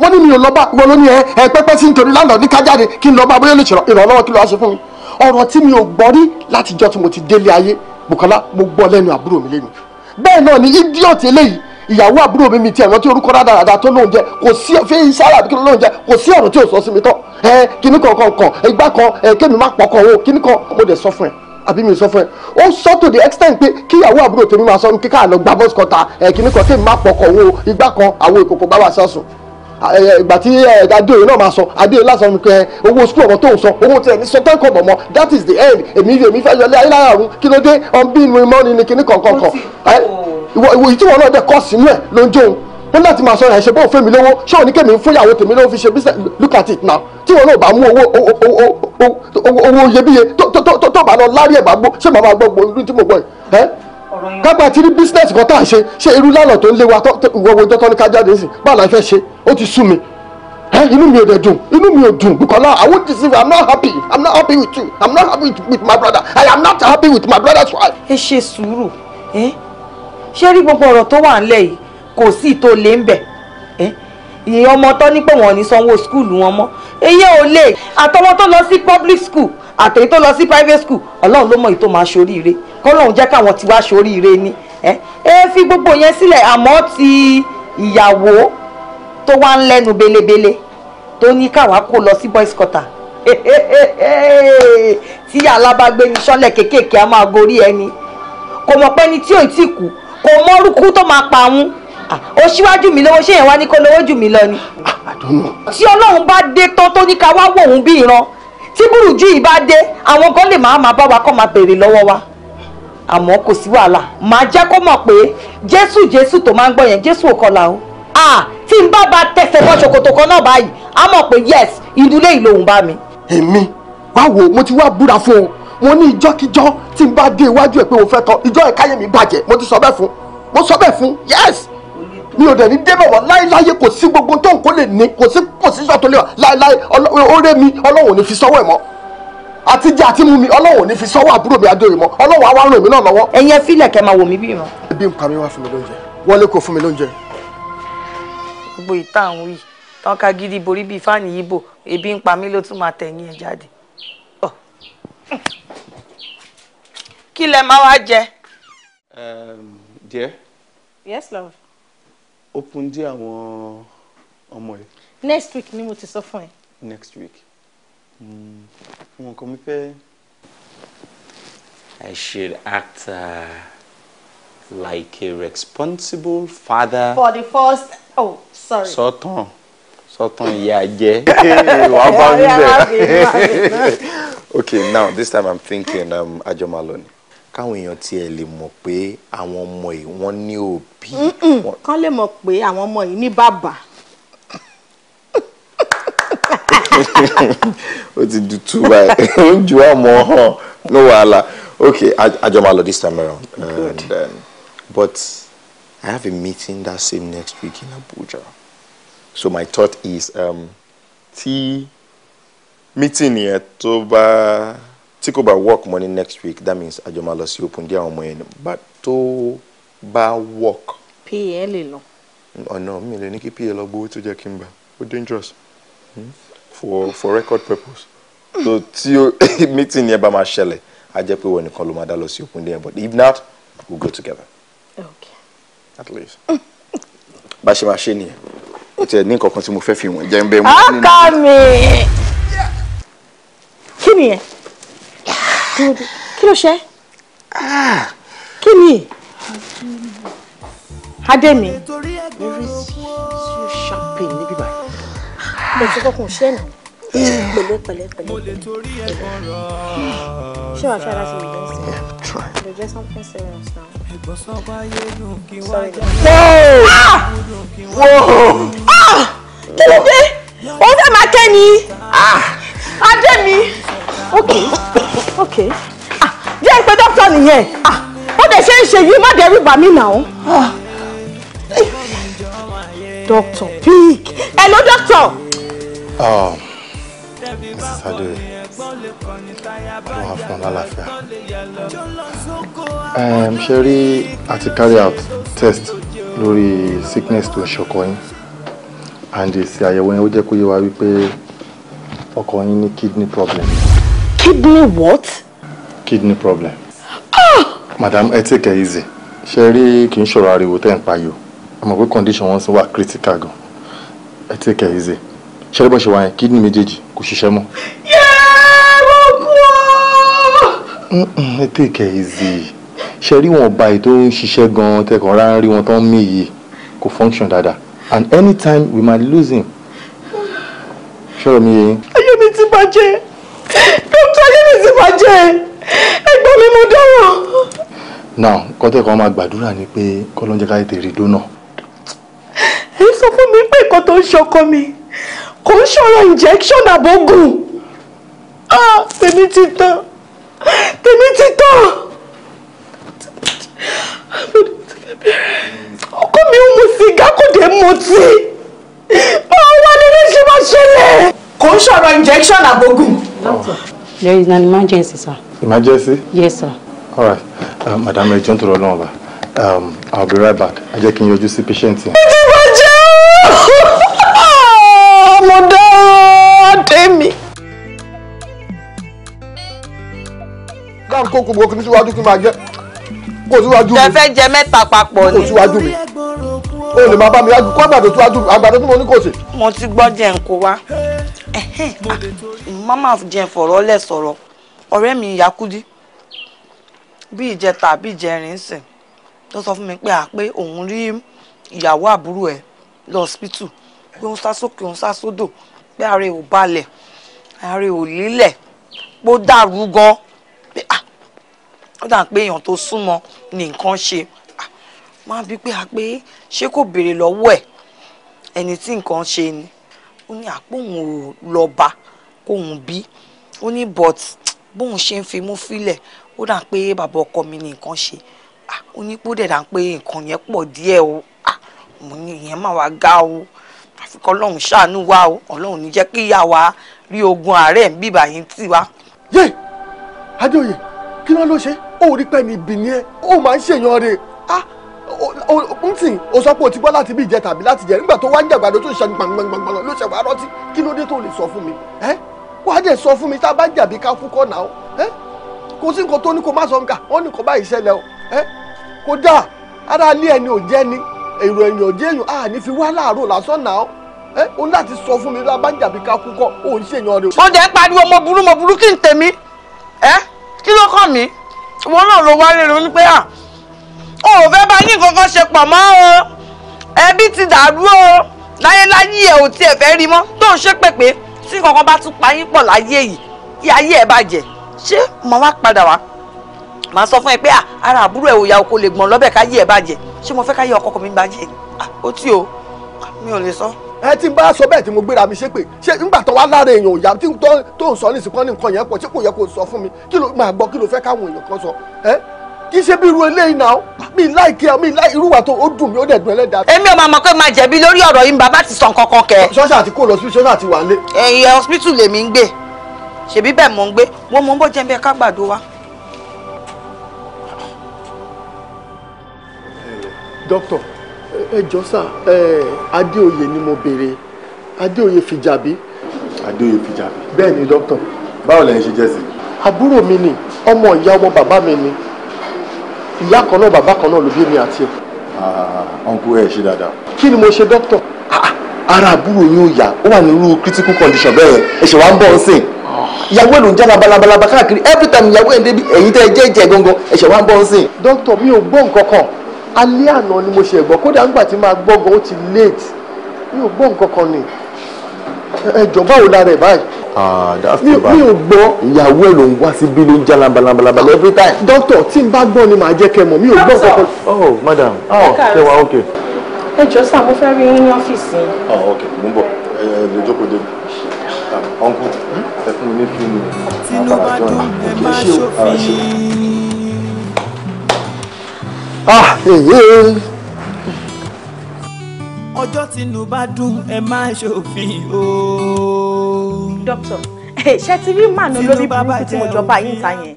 wọ́n ní mi ò lọ́ba wọ́n ló ní ẹ ẹ pẹ́pẹ́ sí nítorí lánàá ní kájáde kí n lọ́ba bóyá lè ṣèrọ ìrànlọ́wọ́ kí ló wá ṣe fún mi ọ̀rọ̀ tí mi ò gbọ́ rí látijọ́ tí mo ti délé ayé Bùkọ́lá mo gbọ́ lẹ́nu àbúrò mi lẹ́nu bẹ́ẹ̀ náà ni idiot eléyìí ìyàwó àbúrò mi mi tiẹ̀ rántí orúkọ rádaràda tó lóun jẹ kò sí fẹ́yìn sára àbí kí lóun jẹ kò sí ọ̀rọ̀ tí ò sọ sí mi tán ẹ kíní kan kan kan ìgbà kan ẹ kémi má pọkàn o kíní kan mo dẹ̀ sọ fún ẹ àbí mi sọ fún ẹ ó sọ to the extent pé kíyàwó àbúrò tèmi máa sọ kíkà lọ gbà bọ́sì ẹ kíní kan kémi má pọkàn o ìgbà kan àwọn ìkòkò bá wà sọ́sùn Eh, ìgbà tí eh, adéoyè náà máa sọ adéoyè lásán mi pé eh, owó sukúl ọmọ tó ń sọ owó tiẹ̀ ní sọ tán kọ̀ bọ̀ that is the end èmi èmi fẹ́ yọlé ayé lára àrùn kí ló dé ọ̀nbí mi money. ni kíní kọ̀ọ̀kọ̀ọ̀kọ̀ ìwọ ìtìwọ́ náà dẹ̀ kọ́ sínú ẹ̀ ló ń jóun wọ́n láti máa sọ ẹ̀ ṣe bóun fún mi lówó ṣé òní kẹ́mi fún ìyàwó tèmi lówó fi ṣe business look at it now tí wọn náà bá mú owó owó iyebíye tó bá lọ lárí ẹ̀ bá gbó ṣé màá máa gbọ́ gbòòrùn tí mo gbọ́ yìí kápá tí ní bísínẹ́sì kan tá à ń ṣe ṣé irú lálọ́ tó ń lé wa ìwọ́wọ́ ọjọ́ tó ní ká jáde sí báà la fẹ́ ṣe ó ti sú mi inú mi ò dẹ̀ dùn inú mi ò dùn Bukola I won't deceive you I'm not happy I'm not happy with you I'm not happy with, with my brother I am not happy with my brother's wife. ẹ ṣe sùúrù ṣé rí gbogbo ọ̀rọ̀ tó wà ńlẹ̀ yìí kò sí ìtò lè ń bẹ̀ ìyẹn ọmọ tó ní pé wọn ò ní sanwó skul wọn mọ́ èyí ò lè àtọwọ́ tó lọ sí public school àtẹ̀yí tó lọ sí private school ọlọ́run ló mọ̀ èyí tó máa ṣoríire kọ́lọ́run jẹ́ káwọn ti wá ṣoríire ni ẹ ẹ fi gbogbo yẹn sílẹ̀ àmọ́ ti ìyàwó tó wá ń lẹ́nu belebele tó ní káwa kó lọ sí boys quarter [LAUGHS] tí alábàgbé ní sọ́lẹ̀ kéékèèké a máa gorí ẹni kò mọ̀ pé ni tí ò tí kú kò mọ́rúkú tó máa pa àwọn ó ṣíwájú mi lówó ṣé yẹn wá ní kó lówó jù mí lọ ni. Ah, tí ọlọ́run bá dé tán tó ní ká wá wò òun bí ìran tí burújú yìí bá dé àwọn kan lè máa máa bá wa kọ́ máa béèrè lọ́wọ́ wa àmọ́ kò sí wàhálà màá jẹ́ kó mọ̀ pé jésù jésù tó máa ń gbọ́ yẹn jésù ò kọlà o tí n bá ba tẹsẹ̀ bọ́ ṣòkòtò kan náà báyìí á mọ̀ pé yes ìdúlé yìí lòun bá mi. èmi báwo mo ti wá búra fún ọ mo ní ìjọ́kíjọ́ tí n bá dé iwájú ẹ̀ pé mo fẹ́ tọ́ ìjọ́ ẹ̀káyé mi bàjẹ́ mo ti sọ bẹ́ẹ̀ fún mo sọ bẹ́ẹ̀ fún yes mi ò dẹ̀ ní débẹ̀ wá láéláyé kò sí gbogbo tó nǹkan lè ní kò sí kò sí sọ́tò lè wà láéláé ọ̀rẹ́ mi ọlọ́wọ̀n ò ní fi sọ́wọ́ ẹ̀ mọ́ àti jẹ́ àti mú mi ọlọ́wọ̀n ò ní fi sọ́wọ́ àbúrò mi adóyè mọ́ ọlọ́wọ̀n á wá ràn náà lọ́wọ́. ẹyin ẹ fílẹ̀ kẹ́ máa wò mí bí mọ́. ebi ń mi wá fún mi lóúnjẹ wọlé kò fún mi lóúnjẹ. gbogbo ìta àwọn yìí tán ká gidi borí bíi fáànì yìí bò ebi ń pa mí ló tún máa tẹ̀yìn ẹ̀ jáde. kí lẹ máa wá jẹ. díẹ̀. yes love open dé àwọn ọmọ ẹ. next week ni mo ti sọ fún ẹ. next week hmm, wọn kò mi fẹ́. I should act uh, like a responsible father. for the first oh sorry. sọtàn sọtàn ìyá jẹ [LAUGHS] wàá bá mi bẹ. [LAUGHS] okay now this time I'm thinking um, ajomalo ni káwọn èèyàn tiẹ̀ lè mọ̀ pé àwọn ọmọ yìí wọ́n ní òbí. kán lè mọ̀ pé àwọn ọmọ yìí ní bàbá. [LAUGHS] ó ti du tú báyìí [LAUGHS] ó ń ju àmọ́ hàn no wahala okay àjọ máa lọ this time around Good. and, um, but I have a meeting that same next week in Abuja so my thought is um, tí meeting yẹn tó bá tí kò bá work mọ́ next week that means àjọ máa lọ sí open díẹ̀ àwọn ọmọ yẹn bá tó bá work. pa lè lọ. ọ̀nà mi lè ní kí pa lọ gbowó tó jẹ́ kí n gbà ó dangerous hmm? for for record purpose. so tí o [LAUGHS] meeting yẹn bá máa ṣẹlẹ̀ á jẹ́ pé wọ́n nìkan ló máa dá lọ sí open díẹ̀ but if not we we'll go together. okay. at least. bá a ṣe máa ṣe nìyẹn o tiẹ̀ ní nǹkan kan tí mo fẹ́ fi wọ̀n jẹ́ ń bẹ́ẹ̀ mú. ọkọ kí ni yẹn kí ló ṣe ah. kí ni ademi very serious sharp pain níbí báyìí bẹ́ẹ̀ tí kọkùn ṣe nà pẹ̀lẹ́ pẹ̀lẹ́ pẹ̀lẹ́ ṣé wàá fẹ́ láti rìn lẹ́sẹ̀ they get something serious now. sorry. no whoa. Ah! Ah! kí ló dé òun fẹ́ máa kẹ́ ni ademi okay. Okay. ah jẹ́ pé dókítà nìyẹn ah ó dẹ̀ ṣe ń ṣe yìí má dẹ́rù bà mí náà. Ah. dókítà pig hello dókítà. Mrs. Adé, ọ̀rọ̀ wà fún lálàáfíà. Sherry. rí to carry out test lórí sickness to ń ṣọkọ yín? And this àyẹ̀wò yẹn ó jẹ́ kó yé wa pay for yín kidney problem kidney what? kidney problem. Ah! madam ẹ take it easy ṣe rí kì í ṣòro ariwo tẹ́ ń payò àmọ́ pé condition wọn sì wà critical gan ẹ take it easy Sherry, rí bó ṣe kidney méjèèjì kò ṣiṣẹ́ mọ́. yẹ́ẹ̀rọ kú ọ́. take it easy Sherry, rí buy báyìí she ń ṣiṣẹ́ gan tẹkàn rárá rí wọn tó ń mí function dáadáa and anytime we might lose him. Show me. Are you ayé mi ti dókítà yẹmi ti bàjẹ́ ẹgbọ́n mi mo dáràn. now kọ́tẹ́ kan máa gbàdúrà ni pé kọ́lọ́njẹ́ ká tètè rí dóná. ẹ sọ fún mi pé nǹkan tó ń ṣọkọ mi kò ń ṣọ̀rọ̀ injection Ah, tèmi ti tán tèmi ti tán ọkọ mi ń mu sìgá kò dé mutí báwo wá lè lè ṣe máa ṣẹlẹ̀. kò ń ṣọ̀rọ̀ injection àbógùn. Doctor, oh. there is an emergency, sir. Emergency? Yes, sir. All right. Um, Madam, I'll jọ̀ọ́ nítorí Ọlọ́run ọba. Um, I'll be right back. Ẹ jẹ́ kí n yọjú sí patient yẹn. Ah, mo dáhùn tèmi. Dáhùn kó kò gbogbo kí n síwájú kí n máa jẹ́. Kò síwájú mi. Tẹ fẹ́ jẹ mẹ́ta papọ̀ ni. Kò síwájú mi o lè máa bá mi kó àgbàdo tó wájú àgbàdo tó mo ní kò sí. mo ti gbọ́ jẹ́ n kó wá mama ah, jẹ́ fọ̀rọ̀ lẹ̀ sọ̀rọ̀ ọ̀rẹ́ mi yakudi bí ìjẹta bí ìjẹrin sìn tó sọ fún mi pé à pé òun rí ìyàwó àbúrò ẹ̀ lọ hospital pé òun sá sókè òun sá sódò pé ààrẹ ò balẹ̀ ààrẹ ò lílẹ̀ pé ó dàrú gan-an ó dà pé èèyàn tó súnmọ́ ní nǹkan ṣe máa bí pé a pé ṣé kò béèrè lọ́wọ́ ẹ̀ ẹni tí nǹkan ṣe ni ó ní àpòhùn ò lọ bá kóhùn bí ó ní but bóun ṣe ń fimú fílẹ̀ ó dà pé bàbá ọkọ mi ni nǹkan ṣe ó ní pé ó dẹ̀ dà pé nǹkan yẹn pọ̀ díẹ̀ o mo ní ìyẹn máa wá ga o àfikọ́ ọlọ́run ṣàánú wa o ọlọ́run ní jẹ́ kí ìyá wa rí ogun àárẹ̀ ń bíbà yín tì wá. yé adéoyè kí ló ló ṣe ó rí pẹ́ ní ibi ni ẹ ó máa ń ṣèyàn rẹ̀ n o sọ pé o ti gbọ́ láti bí ìjẹ tàbí láti jẹ nígbà tó wá ń jàgbàdo tó ń ṣe gbàngbàngbàngbàng ló ṣe wàá rántí kí ló sọ fún mi ẹ wàá sọ fún mi tá a bá ń jàbí ká fún ẹ kò sí nǹkan tó ní kó má sọ nǹkan ní o ẹ ara ilé ẹni ò jẹ́ ni èrò ẹ̀yìn ò jẹ́ ní fi wá láàárọ̀ lásán ẹ o ní láti sọ fún mi tá a bá ń jàbí ká fún kọ́ ń ṣèyàn rẹ. ẹ kí ló o ò fẹ́ bá yín kankan ṣe pọ̀ mọ́ o ẹbí ti dàrú o láyéláyé ẹ̀ ò tiẹ̀ fẹ́ rí mọ́ tó ń ṣe pèpè tí kankan bá tún pa yín pọ̀ láyé yìí kí ayé ẹ̀ bàjẹ́ ṣé mo wá padà wá màá sọ fún ẹ pé ara àbúrò ẹ ò ya oko lè gbọ̀n lọ́bẹ̀ káyé ẹ̀ bàjẹ́ ṣé mo fẹ́ káyé ọkọ mi bàjẹ́ ó tí o mi ò lè sọ. ẹ ti bá sọ bẹ́ẹ̀ tí mo gbéra mi ṣe pé ṣé nígbà tó wá lára èèyàn òyà tí tó ń sọ nísìkọ́ ní nǹkan yẹn pọ̀ tí kò yẹ kó sọ fún mi kí ló máa gbọ́ kí ló fẹ́ káwọn èèyàn kan sọ kì í ṣe bí irú eléyìí náà mi láìkí ẹ mi láì irúwà tó ó dùn mí ó dẹ̀ dùn ẹlẹ́dàá. èmi ò máa mọ̀ pé máa jẹ̀bi lórí ọ̀rọ̀ yìí bàbá ti sàn kankan kẹ. ṣọ́ṣà àti kò lọ sí ṣọ́ṣà àti wà lé. ẹ̀yìn hospital lèmi ń gbé ṣèbí bẹ́ẹ̀ mò ń gbé wọ́n mọ̀ ń jẹ́ bí ẹ ká gbàdo wa. dókítà ẹ jọ sà ẹ adéoyè ni mo béèrè adéoyè fìjàbí. adéoyè fìjàbí. bẹ́ẹ̀ ni dókítà. báwo lẹ́yìn ìyá kan náà bàbá kan náà ló bí mi àti ẹ. ọ̀nkú ah, ẹ̀ ṣe dáadáa. kí ni mo ṣe dókítà. Ah, ah, ara àbúrò yín ò yá ó wà nínú critical condition bẹ́ẹ̀ ẹ̀ṣẹ̀ wa ń bọ̀ ń sìn. ìyàwó ẹ̀ ló ń jẹ́ labalabalaba káàkiri every time ìyàwó ẹ̀ ń débi ẹ̀yin tẹ́ ẹ jẹ́ ìjẹ́ gangan ẹ̀ṣẹ̀ wa ń bọ̀ ń sìn. dókítà mi ò gbọ́ nǹkan kan alẹ́ àná ni mo ṣe gbọ́ kódà ńgbà tí máa gbọ́ gan ó ti late mi ò gbọ́ nǹkan kan ni ẹ jọ báwo lára ẹ báyìí. Ah, mi ò gbọ́. ìyàwó ẹ ló ń wá síbí ló ń já lambalambalamba ah, every time. dókítà tí n bá gbọ́ ni màá jẹ́ kẹ́ mọ̀ mi ò gbọ́ kankan. oh madam oh ṣe wa ok. ẹ jọ sá mo fẹ́ rí yín ní ọ́fíìsì. oh ok mo ń bọ̀ ẹ ẹ lè jókòó dé ọ̀nkú ah, ẹ fún mi ní fíìmù mi. tinubu dùn ẹ ṣòfin. ah ee. Eh, eh. Hey, hey ọjọ́ tínú bá dùn ẹ má ṣòfin o. dókítà eh, ṣe ti rí màánú lórí burúkú tí mo jọba yìí ń ta yẹn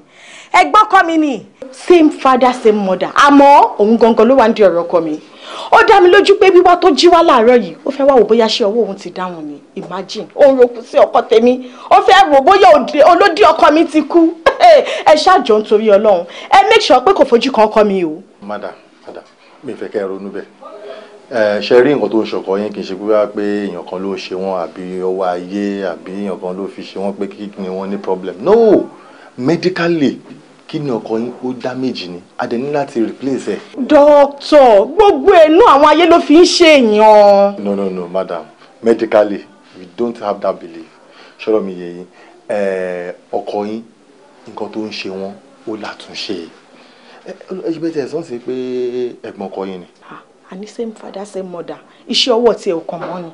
ẹgbọ́n kọ́ mi ni. same father same mother àmọ́ òun gangan ló wà ní ọ̀rọ̀ ọkọ mi ó dá mi lójú pé wíwá tó jí wá láàárọ̀ yìí ó fẹ́ wá wò bóyá ṣé ọwọ́ òun ti dáhùn ni imagine òun rokù sí ọkọ tèmi ó fẹ́ wò bóyá olódì ọkọ mi ti kú eh, ẹ ṣáàjọ nítorí Ọlọ́run ẹ make sure pé kò fojú kan ọkọ mi o. madam madam mi fẹ́ kẹ́ ẹ ronú bẹ́ẹ̀ ṣe rí nǹkan tó ń ṣọkọ yín kì í ṣe pé wá pé èèyàn kan ló ṣe wọn àbí ọwọ́ ayé àbí èèyàn kan ló fi ṣe wọn pé kí ni wọ́n ní problem no medically kidney ọkọ yín ó damage ni a dẹ̀ ní láti replace ẹ̀. dókítà gbogbo ẹnu àwọn ayé ló fi ń ṣe èèyàn. no no no madam medically we don't have that belief ṣọ́rọ̀ mi yẹ yín ọkọ yín nǹkan tó ń ṣe wọ́n ó látúnṣe ẹ ẹ ẹ ṣe bẹ́ẹ̀ tẹ̀ sọ́n sí pé ẹ̀gbọ́n ọkọ yín ni. Ani same father same mother iṣẹ́ ọwọ́ tiẹ̀ ò kàn mọ́ ni.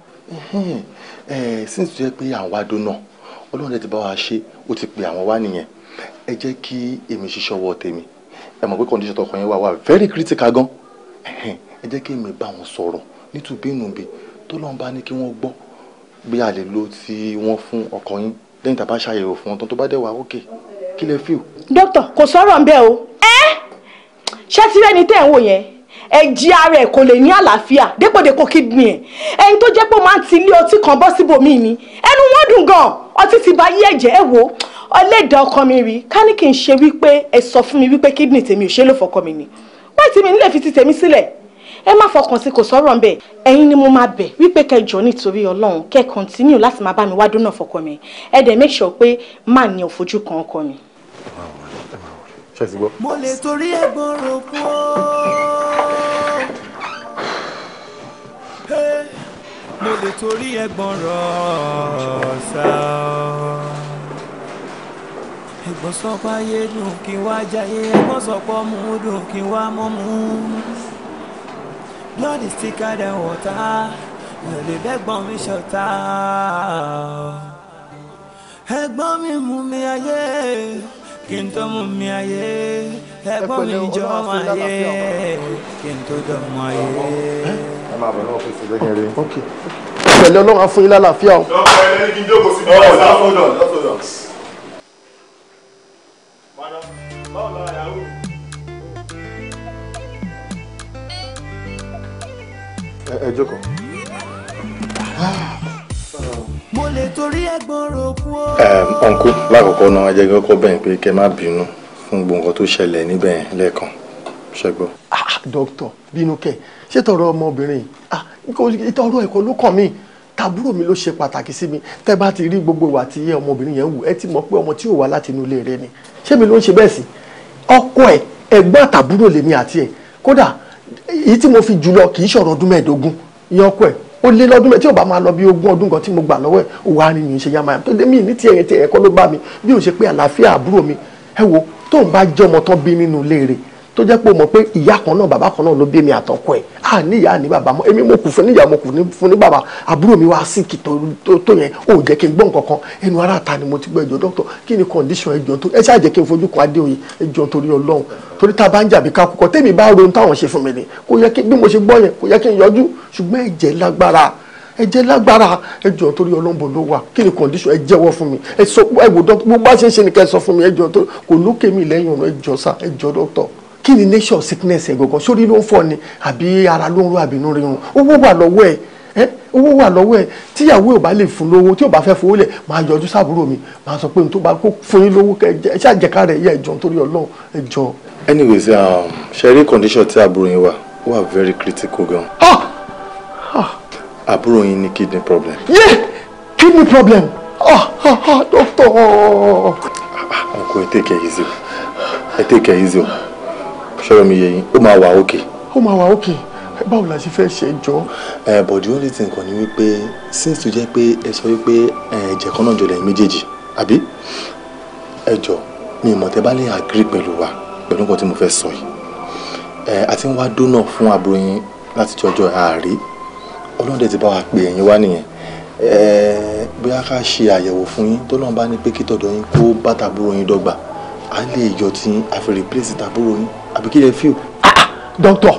since tó yẹ pé àwa dóná ọlọ́run ti bá wa ṣe ó ti pè àwọn wá nìyẹn ẹ jẹ́ kí èmi ṣiṣẹ́ ọwọ́ tèmi ẹ mọ̀ pé condition tọkọ yẹn wà wà very critical gan ẹ jẹ́ kí èmi bá wọn sọ̀rọ̀ nítubínúbi tó lọ́n bá ní kí wọ́n gbọ́ bí a lè lo tí wọ́n fún ọkọ yín lẹ́yìn tàbá ṣàyẹ̀wò fún ọtán tó bá dẹ̀ wá òkè kí lẹ fíw. dókítà kò sọ̀rọ̀ ń bẹ́ o ṣé tí rẹ́ni tẹ́ ń wò yẹn ẹ̀jẹ̀ ara ẹ̀ kò lè ní àlàáfíà dépòdépò kídìní ẹ̀ ẹni tó jẹ́ pé ó máa ń ti ilé ọtí kan bọ́ síbòmíì ni ẹnu wọn dùn gan ọtí ti bà yí ẹ̀jẹ̀ ẹ̀ wò ọlẹ́dàá ọkọ mi rí ká ní kí n ṣe wípé ẹ sọ fún mi wípé kídìní tèmi ò ṣe é lò fọkọ mi ni wáyé tí mi nílẹ̀ fi ti tèmi sílẹ̀ ẹ má fọkàn sí kò sọ̀rọ̀ ń bẹ̀ ẹ̀yin ni mo máa bẹ̀ wípé kẹjọ nítorí ọlọ́run kẹ́ continue láti máa bá mi wá dúnà fọkọ mi ẹ̀ dẹ̀ make sure pé má ní òfojú kan ọkọ mi ṣe ti gbọ́. mo lè torí ẹ̀gbọ́n rò pọ̀ mo lè torí ẹ̀gbọ́n rọ̀ ṣá ẹ̀gbọ́n sọpọ̀ ayé dùn kí n wá jayé ẹ̀gbọ́n sọpọ̀ mú dùn kí n wá mọ́ mú blood is thicker than water mi ò lè bẹ́gbọ́n mi ṣọ̀tá ẹ̀gbọ́n mi mú mi ayé kí n tó mú mi ayé ẹ̀gbọ́n mi jọ ọmọ ayé kí n tó dọmọ ayé. pẹ̀lú ọlọ́run á yín lálàáfíà o. ẹ ẹ jókòó. Ah mo lè torí ẹ̀gbọ́n roku o. ọ̀nkú lákọ̀ọ́kọ́ náà ajẹ́ kọ́kọ́ bẹ̀yìn pé kẹ́ má bínú fún gbogbo nǹkan tó ṣẹlẹ̀ níbẹ̀ lẹ́ẹ̀kan ṣẹ́gbọ́. Ah, ah, dókítà bínú kẹ ṣé tọrọ ọmọbìnrin ah, ìtọrọ ẹ̀kọ́ ló kàn mí tàbúrò mi ló ṣe pàtàkì sí mi tẹ́ bá ti rí gbogbo ìwà tí ọmọbìnrin yẹn wù ẹ ti mọ̀ pé ọmọ tí ò wá láti inú ilé rẹ ni ṣé mi ló ń ṣe bẹ́ẹ̀ sí ọkọ ẹ ẹ̀gbọ́n àtàbúrò lèmi àti ẹ kódà èyí tí mo fi jùlọ kì í ṣọ̀rọ̀ ọdún mẹ́ẹ̀ẹ́dógún ìyẹn ọkọ ẹ ó lé lọ́dún mẹ́tí ò bá máa lọ bí ogún ọdún kan tí mo gbà lọ́wọ́ ẹ̀ ó wá rìn yìí ṣe yá máa tó dé mí ní tiẹ̀ yẹn tiẹ̀ ẹ̀kọ́ ló bá mi bí ò ṣe pé àlàáfíà àbúrò mi ẹ wo tóun bá jẹ́ ọmọ tán bí nínú ilé rẹ̀ tó jẹ́ pé o mọ̀ pé ìyá kan náà bàbá kan náà ló bí mi àtọkọ ẹ̀ à ní ní bàbá mọ́ èmi mo kù fún níyà mo kù fún ní bàbá àbúrò mi wá sí kì tó yẹn ò jẹ́ kí n gbọ́ nǹkan kan ẹnu ara ta ni mo ti gbọ́ ẹjọ́ dókítà kí ni condition ẹjọ́ tó ẹ ṣáà jẹ́ kí n fojú kan Adéoyè ẹjọ́ torí Ọlọ́run torí tá a bá ń jàbí ká kúkọ tèmi bá ronú táwọn ṣe fún mi ni kò yẹ kí bí mo ṣe gbọ́ yẹn kò yẹ kí n yọjú ṣùgbọ́n ẹ̀jẹ̀ lágbára ẹ̀jẹ̀ lágbára ẹjọ́ torí Ọlọ́run ló wà kí ni condition ẹ jẹ́wọ́ fún mi ẹ sọ ẹ wò dókítà bó bá ṣe ń ṣe nìkan ẹ sọ fún mi ẹjọ́ tó kò lókè mi lẹ́yìn ọ̀nà ẹjọ́ sá ẹjọ́ dókítà kí ni nature sickness ẹ̀ gangan sórí ló ń fọ́ ni àbí ara ló ń ro àbínú rírun owó wà lọ́wọ́ ẹ̀ owó wà lọ́wọ́ ẹ̀ tíyàwó ò bá lè fún lówó tí ò bá fẹ́ fowó lẹ̀ máa yọjú sábúrò mi máa sọ pé n tó bá kó fún yín lówó kẹ ẹ ṣàjẹká rẹ̀ yẹ ẹ̀jọ̀ nítorí ọlọ́run ẹ̀jọ̀. anyways um, ṣeré condition tí àbúrò yín wà wà very critical gan. Ah! Ah! àbúrò yín ní kidney problem. yé kidney problem ah! doctor. ọkọ ẹ take it easy ẹ take it easy o ṣọ́rọ̀ mi yẹ yín ó máa wà òkè. ó máa wà òkè báwo la ṣe fẹ́ ṣe jọ. ẹ but the only thing kan ni wípé since tó jẹ́ pé ẹ sọ wípé ẹ̀jẹ̀ kan náà jọ lẹ́yìn méjèèjì àbí ẹ jọ mi ìmọ̀ tẹ́ bá lè agree pẹ̀lú wa pẹ̀lú nǹkan tí mo fẹ́ sọ yìí ẹ àti ń wá dónà fún àbúrò yín láti jọjọ ààrí ọlọ́dẹ ti bá wa pè ẹ̀yin wá nìyẹn bóyá ká ṣe àyẹ̀wò fún yín tó náà bá ní pé kí tọ̀dọ̀ yín kó bàtà àbúrò yín dọ́gba á lè yọ tí a fi replace tàbúrò yín àbí kí lè fi o. dókítà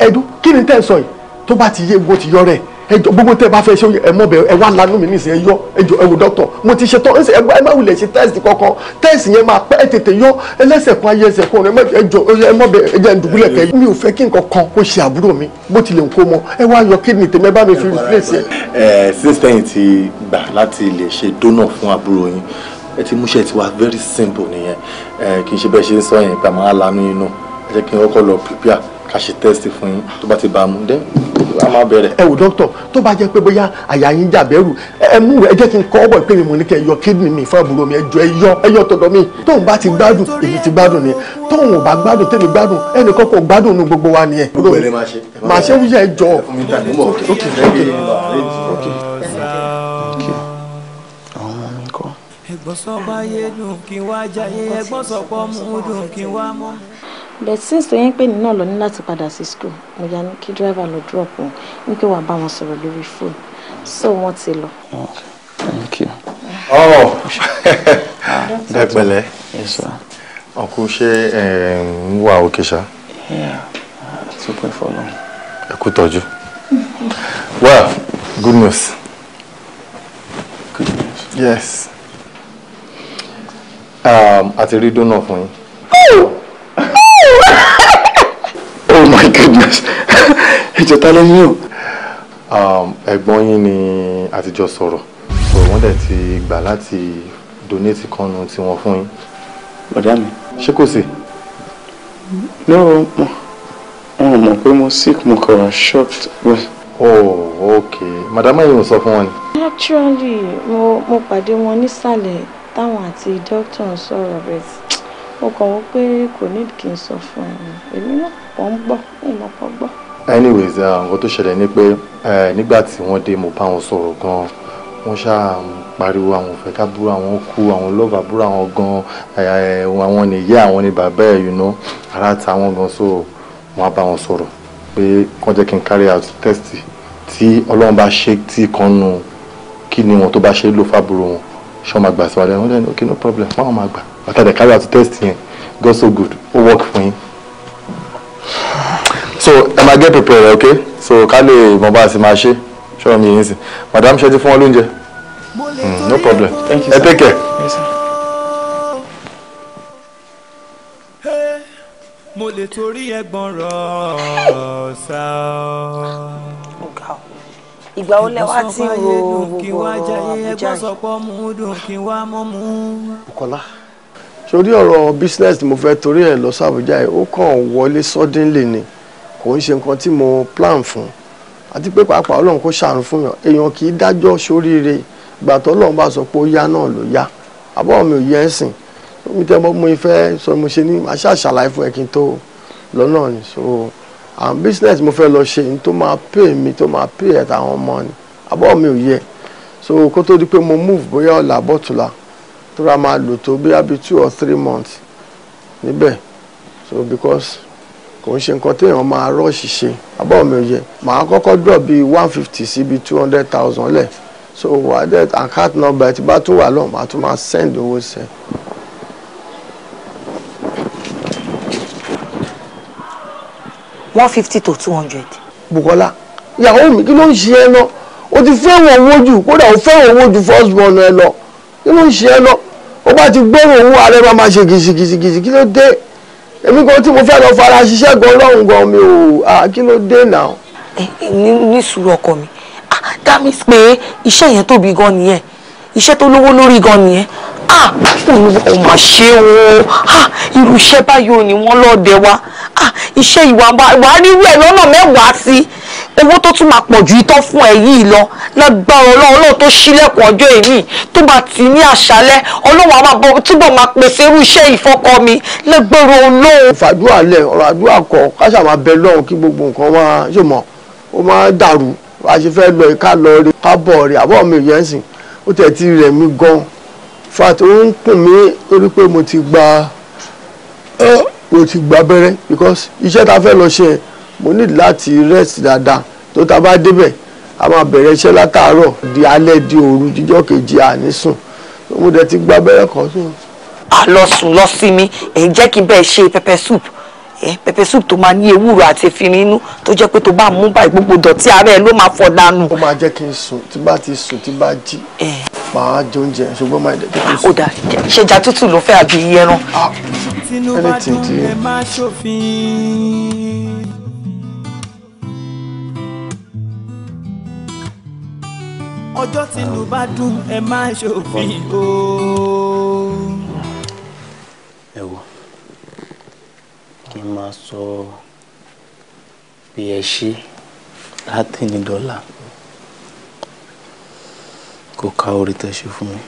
ẹdún kí ni tẹ́ ẹ sọ yìí tó bá ti yé gbogbo ti yọ rẹ̀ ẹjọ gbogbo tẹ́ ẹ bá fẹ́ ṣe ẹ mọ̀ bẹ ẹ wá lanú mi nísìnyẹ yọ ẹjọ ẹ wò dókítà mo ti ṣe tán ẹ ẹ má wulẹ̀ ṣe tẹ́sì kankan tẹ́sì yẹn máa pẹ́ ẹ tètè yọ ẹlẹ́sẹ̀ kan ayé ẹsẹ̀ kan ọ̀rẹ́ mọ̀ ẹjọ ẹ mọ̀ bẹ ẹ jẹ́ ndùbúlẹ̀ kẹ́ mi ò fẹ́ kí nǹkan kan kó ṣe àbúrò mi bó tilẹ̀ nǹkó mọ ẹ wá yọ kídìní tèmi ẹ bá mi fi replace ẹ. ẹ sísẹ́yìn ti gbà láti lè ṣe dónà fún àbúrò yín ẹ ti múṣẹ́ tiwa very simple nìyẹn ẹ kì í ṣe bẹ́ẹ̀ ṣe ń sọ yẹn pé àmọ́ aláàánú inú ẹ jẹ́ kí n kọ́kọ́ lọ prepare ká ṣe test fún yín tó bá ti bá a mú dé a máa bẹ̀rẹ̀. ẹ wò dókítà tó bá jẹ́ pé bóyá àyà yín jà bẹ̀rù ẹ mú ẹ jẹ́ kí n kọ́ ọ́ bọ̀ pé mi mo ní kẹ́ ẹ yọ kídìní mi fún àbúrò mi ẹ jọ ẹ yọ ẹ yọ tọ̀dọ̀ mi tóun bá ti gbádùn èmi ti gbádùn ni tóun ò bá gbádùn tèmi gbádùn ẹnìkan kò gbádùn nu gbogbo wa nìyẹn. gbogbo ẹ lè máa ṣe. máa ṣe wíyà ẹ jọ. ẹ fún mi tàbí mọ̀ ọ́ but since tó yẹn pé nínú ọ̀lọ́ ní láti padà sí school mo yà ní kí driver lọ drop wọn ní pé wàá bá wọn sọ̀rọ̀ lórí phone so wọ́n ti lọ. thank you. ọ̀ dẹ́pẹ̀lẹ́ ọkọ ṣe eh, ń wà òkè ṣá. two point four long. ẹ kú tọ́jú. well good news. good news. yes àti um, rí dóná fún yín. oh, [LAUGHS] oh my goodness [LAUGHS] ìjọ ta ló yín o. Um, ẹ̀gbọ́n yín ni àtijọ́ sọ̀rọ̀ so wọ́n dẹ̀ ti gbà láti donate kọ́nu tiwọn fún yín. bọ̀dá mi. ṣé kò sí. no wọn ò mọ̀ pé mo sick mo kọ̀ wá shocked. oh okay madam ayi ò sọ fún wọn ni. actually mo mo pàdé wọn nísàlẹ̀ táwọn àti dókítà ń sọ̀rọ̀ rẹ̀ mo kàn wọ́n pé kò ní kí n sọ fún ẹ̀ èmi náà pọ̀ ń gbọ́ èmi náà pọ̀ gbọ́. anyways uh, nǹkan tó ṣẹlẹ̀ ni pé eh, nígbà tí wọ́n dé mo bá wọn sọ̀rọ̀ gan-an wọ́n ṣáà pariwo àwọn òfẹ́ ká búra àwọn kú àwọn lọ́ọ̀bà búra àwọn gan-an eh, eh, àwọn nìyá àwọn ni bàbá ẹ̀ yìí ná ara ta wọn gan so wọ́n á bá wọn sọ̀rọ̀ pé kàn jẹ́ kí n carry out test tí ọlọ́run bá ṣe tí kan nù kí ni wọn tó bá ṣe lò fábùrò wọn ṣọ́ máa gbà síwájú ẹ̀wọ̀n lẹ́nu okay no problem fáwọn máa gbà àtàdé carry out test yẹn God so good ó work fún yín. so ẹ máa get prepared okay so ká lè mọ bá a sì máa ṣe ṣọ́ọ́ mi yín sí madam ṣe ti fún wọn lóúnjẹ hmm, no problem thank you sir ẹ take care. mo lè torí ẹ̀gbọ́n rọ ọ sá ọ ìgbà ó lẹ́wà tí wo Bukola torí ọ̀rọ̀ business ni mo fẹ́ torí ẹ̀ lọ sí Àbújá yìí ó kàn wọlé suddenly ni kò ń ṣe nǹkan tí mo plan fún àti pé pàápàá Ọlọ́run kò ṣàánú fún yàn èèyàn kì í dájọ́ sóríire ìgbà tó Ọlọ́run bá sọ pé ó yá náà ló yá àbọ̀ mi ò yẹ ẹ́ sìn mi tẹ́ mọ́ mo fẹ́ sọ mo ṣe ní màá ṣàṣàlàyé fún ẹ kí n tó lọ́nà ni so àwọn business mo fẹ́ lọ ṣe ní tó máa pay mi tó máa pay ẹ̀ táwọn ọmọ ni àbọ̀ mi ò yẹ so kó tó di pé mo move bóyá ọ̀la bọ́tùlà tó ra máa lò tó bóyá bíi two or three months níbẹ̀ so because kò ń ṣe nǹkan téèyàn máa rush ṣe àbọ̀ mi ò yẹ màá kọ́kọ́ drop bíi one fifty sí bíi two hundred thousand lẹ̀ so wàá dẹ̀ account number ẹ̀ ti bá tún wà lọ́ọ̀ màá tún máa send owó sẹ́ẹ̀. one fifty to two hundred. Bukola, ìyàwó mi kí ló ń ṣe ẹ lọ o ti fẹ́ràn owó jù kódà o fẹ́ràn owó jù first born ẹ lọ kí ló ń ṣe ẹ lọ o bá ti gbọ́rọ̀ owó ara ẹ máa máa ṣe gìsìgìsìgìsì kí ló dé èmi kan tí mo fẹ́ lọ fara ṣiṣẹ́ gan ọlọ́run gan mi ò kí ló dé náà. ní sùúrù ọkọ mi ah, that means pé iṣẹ́ yẹn tóbi gan nìyẹn iṣẹ́ tó lówó lórí gan nìyẹn olùkọ́ mà ṣe o irú iṣẹ́ báyìí ni wọ́n lọ́ọ̀dẹ wa iṣẹ́ ìwà wà á rírú ẹ̀ lọ́nà mẹ́wàá sí owó tó tún máa pọ̀ ju itọ́ fún ẹ yìí lọ lágbára ọlọ́run náà tó ṣílẹ̀kùn ọjọ́ èmi tó bá ti ní àṣálẹ́ ọlọ́run àwọn àbọ̀ túbọ̀ máa pèsè irú iṣẹ́ ìfọkọ mi lágbára ọlọ́run. fàdúrà lẹ ọ̀rọ̀ àdúrà kọ káṣà máa bẹ lọ́run kí gbogbo nǹkan wá yóò mọ̀ ó máa dàrú bá a ṣe fẹ́ lọ ká lọ rí ká bọ̀ rí àbọ̀ mi yẹn sìn ó tẹ̀ ti rẹ̀ mí gan-an fàtó ń kùn mí orí pé mo ti gba mo ti gba abẹ́rẹ́ because iṣẹ́ ta fẹ́ lọ ṣe mo ní láti rest dáadáa tó ta bá débẹ̀ a máa bẹ̀rẹ̀ iṣẹ́ látàárọ̀ di alẹ́ di òru jíjọ́ kejì àní sùn mo dẹ̀ ti gba abẹ́rẹ́ kan sùn. àlọ́ sùn lọ sí mi ẹ̀ ń jẹ́ kí n bẹ́ẹ̀ ṣe pepper soup pepper soup tó máa ní ewúro àti efirin inú tó jẹ́ pé tó bá mú báyìí gbogbo dọ̀tí ara ẹ̀ ló máa fọ̀ dànù. ó máa jẹ́ kí n sùn tí bá ti sùn tí bá jí màá jẹ oúnjẹ ṣùgbọ́n máa dẹ̀ tó sùn. ó dà ṣe ìjà tútù ló fẹ́ àbí ẹran. Ah, anything tí. ọjọ́ tínú bá dùn ẹ má ṣòfin o. ẹ wo kí n máa sọ bí ẹ ṣe láti ní dọ́là kò ká orí tẹ́ ṣe fún mi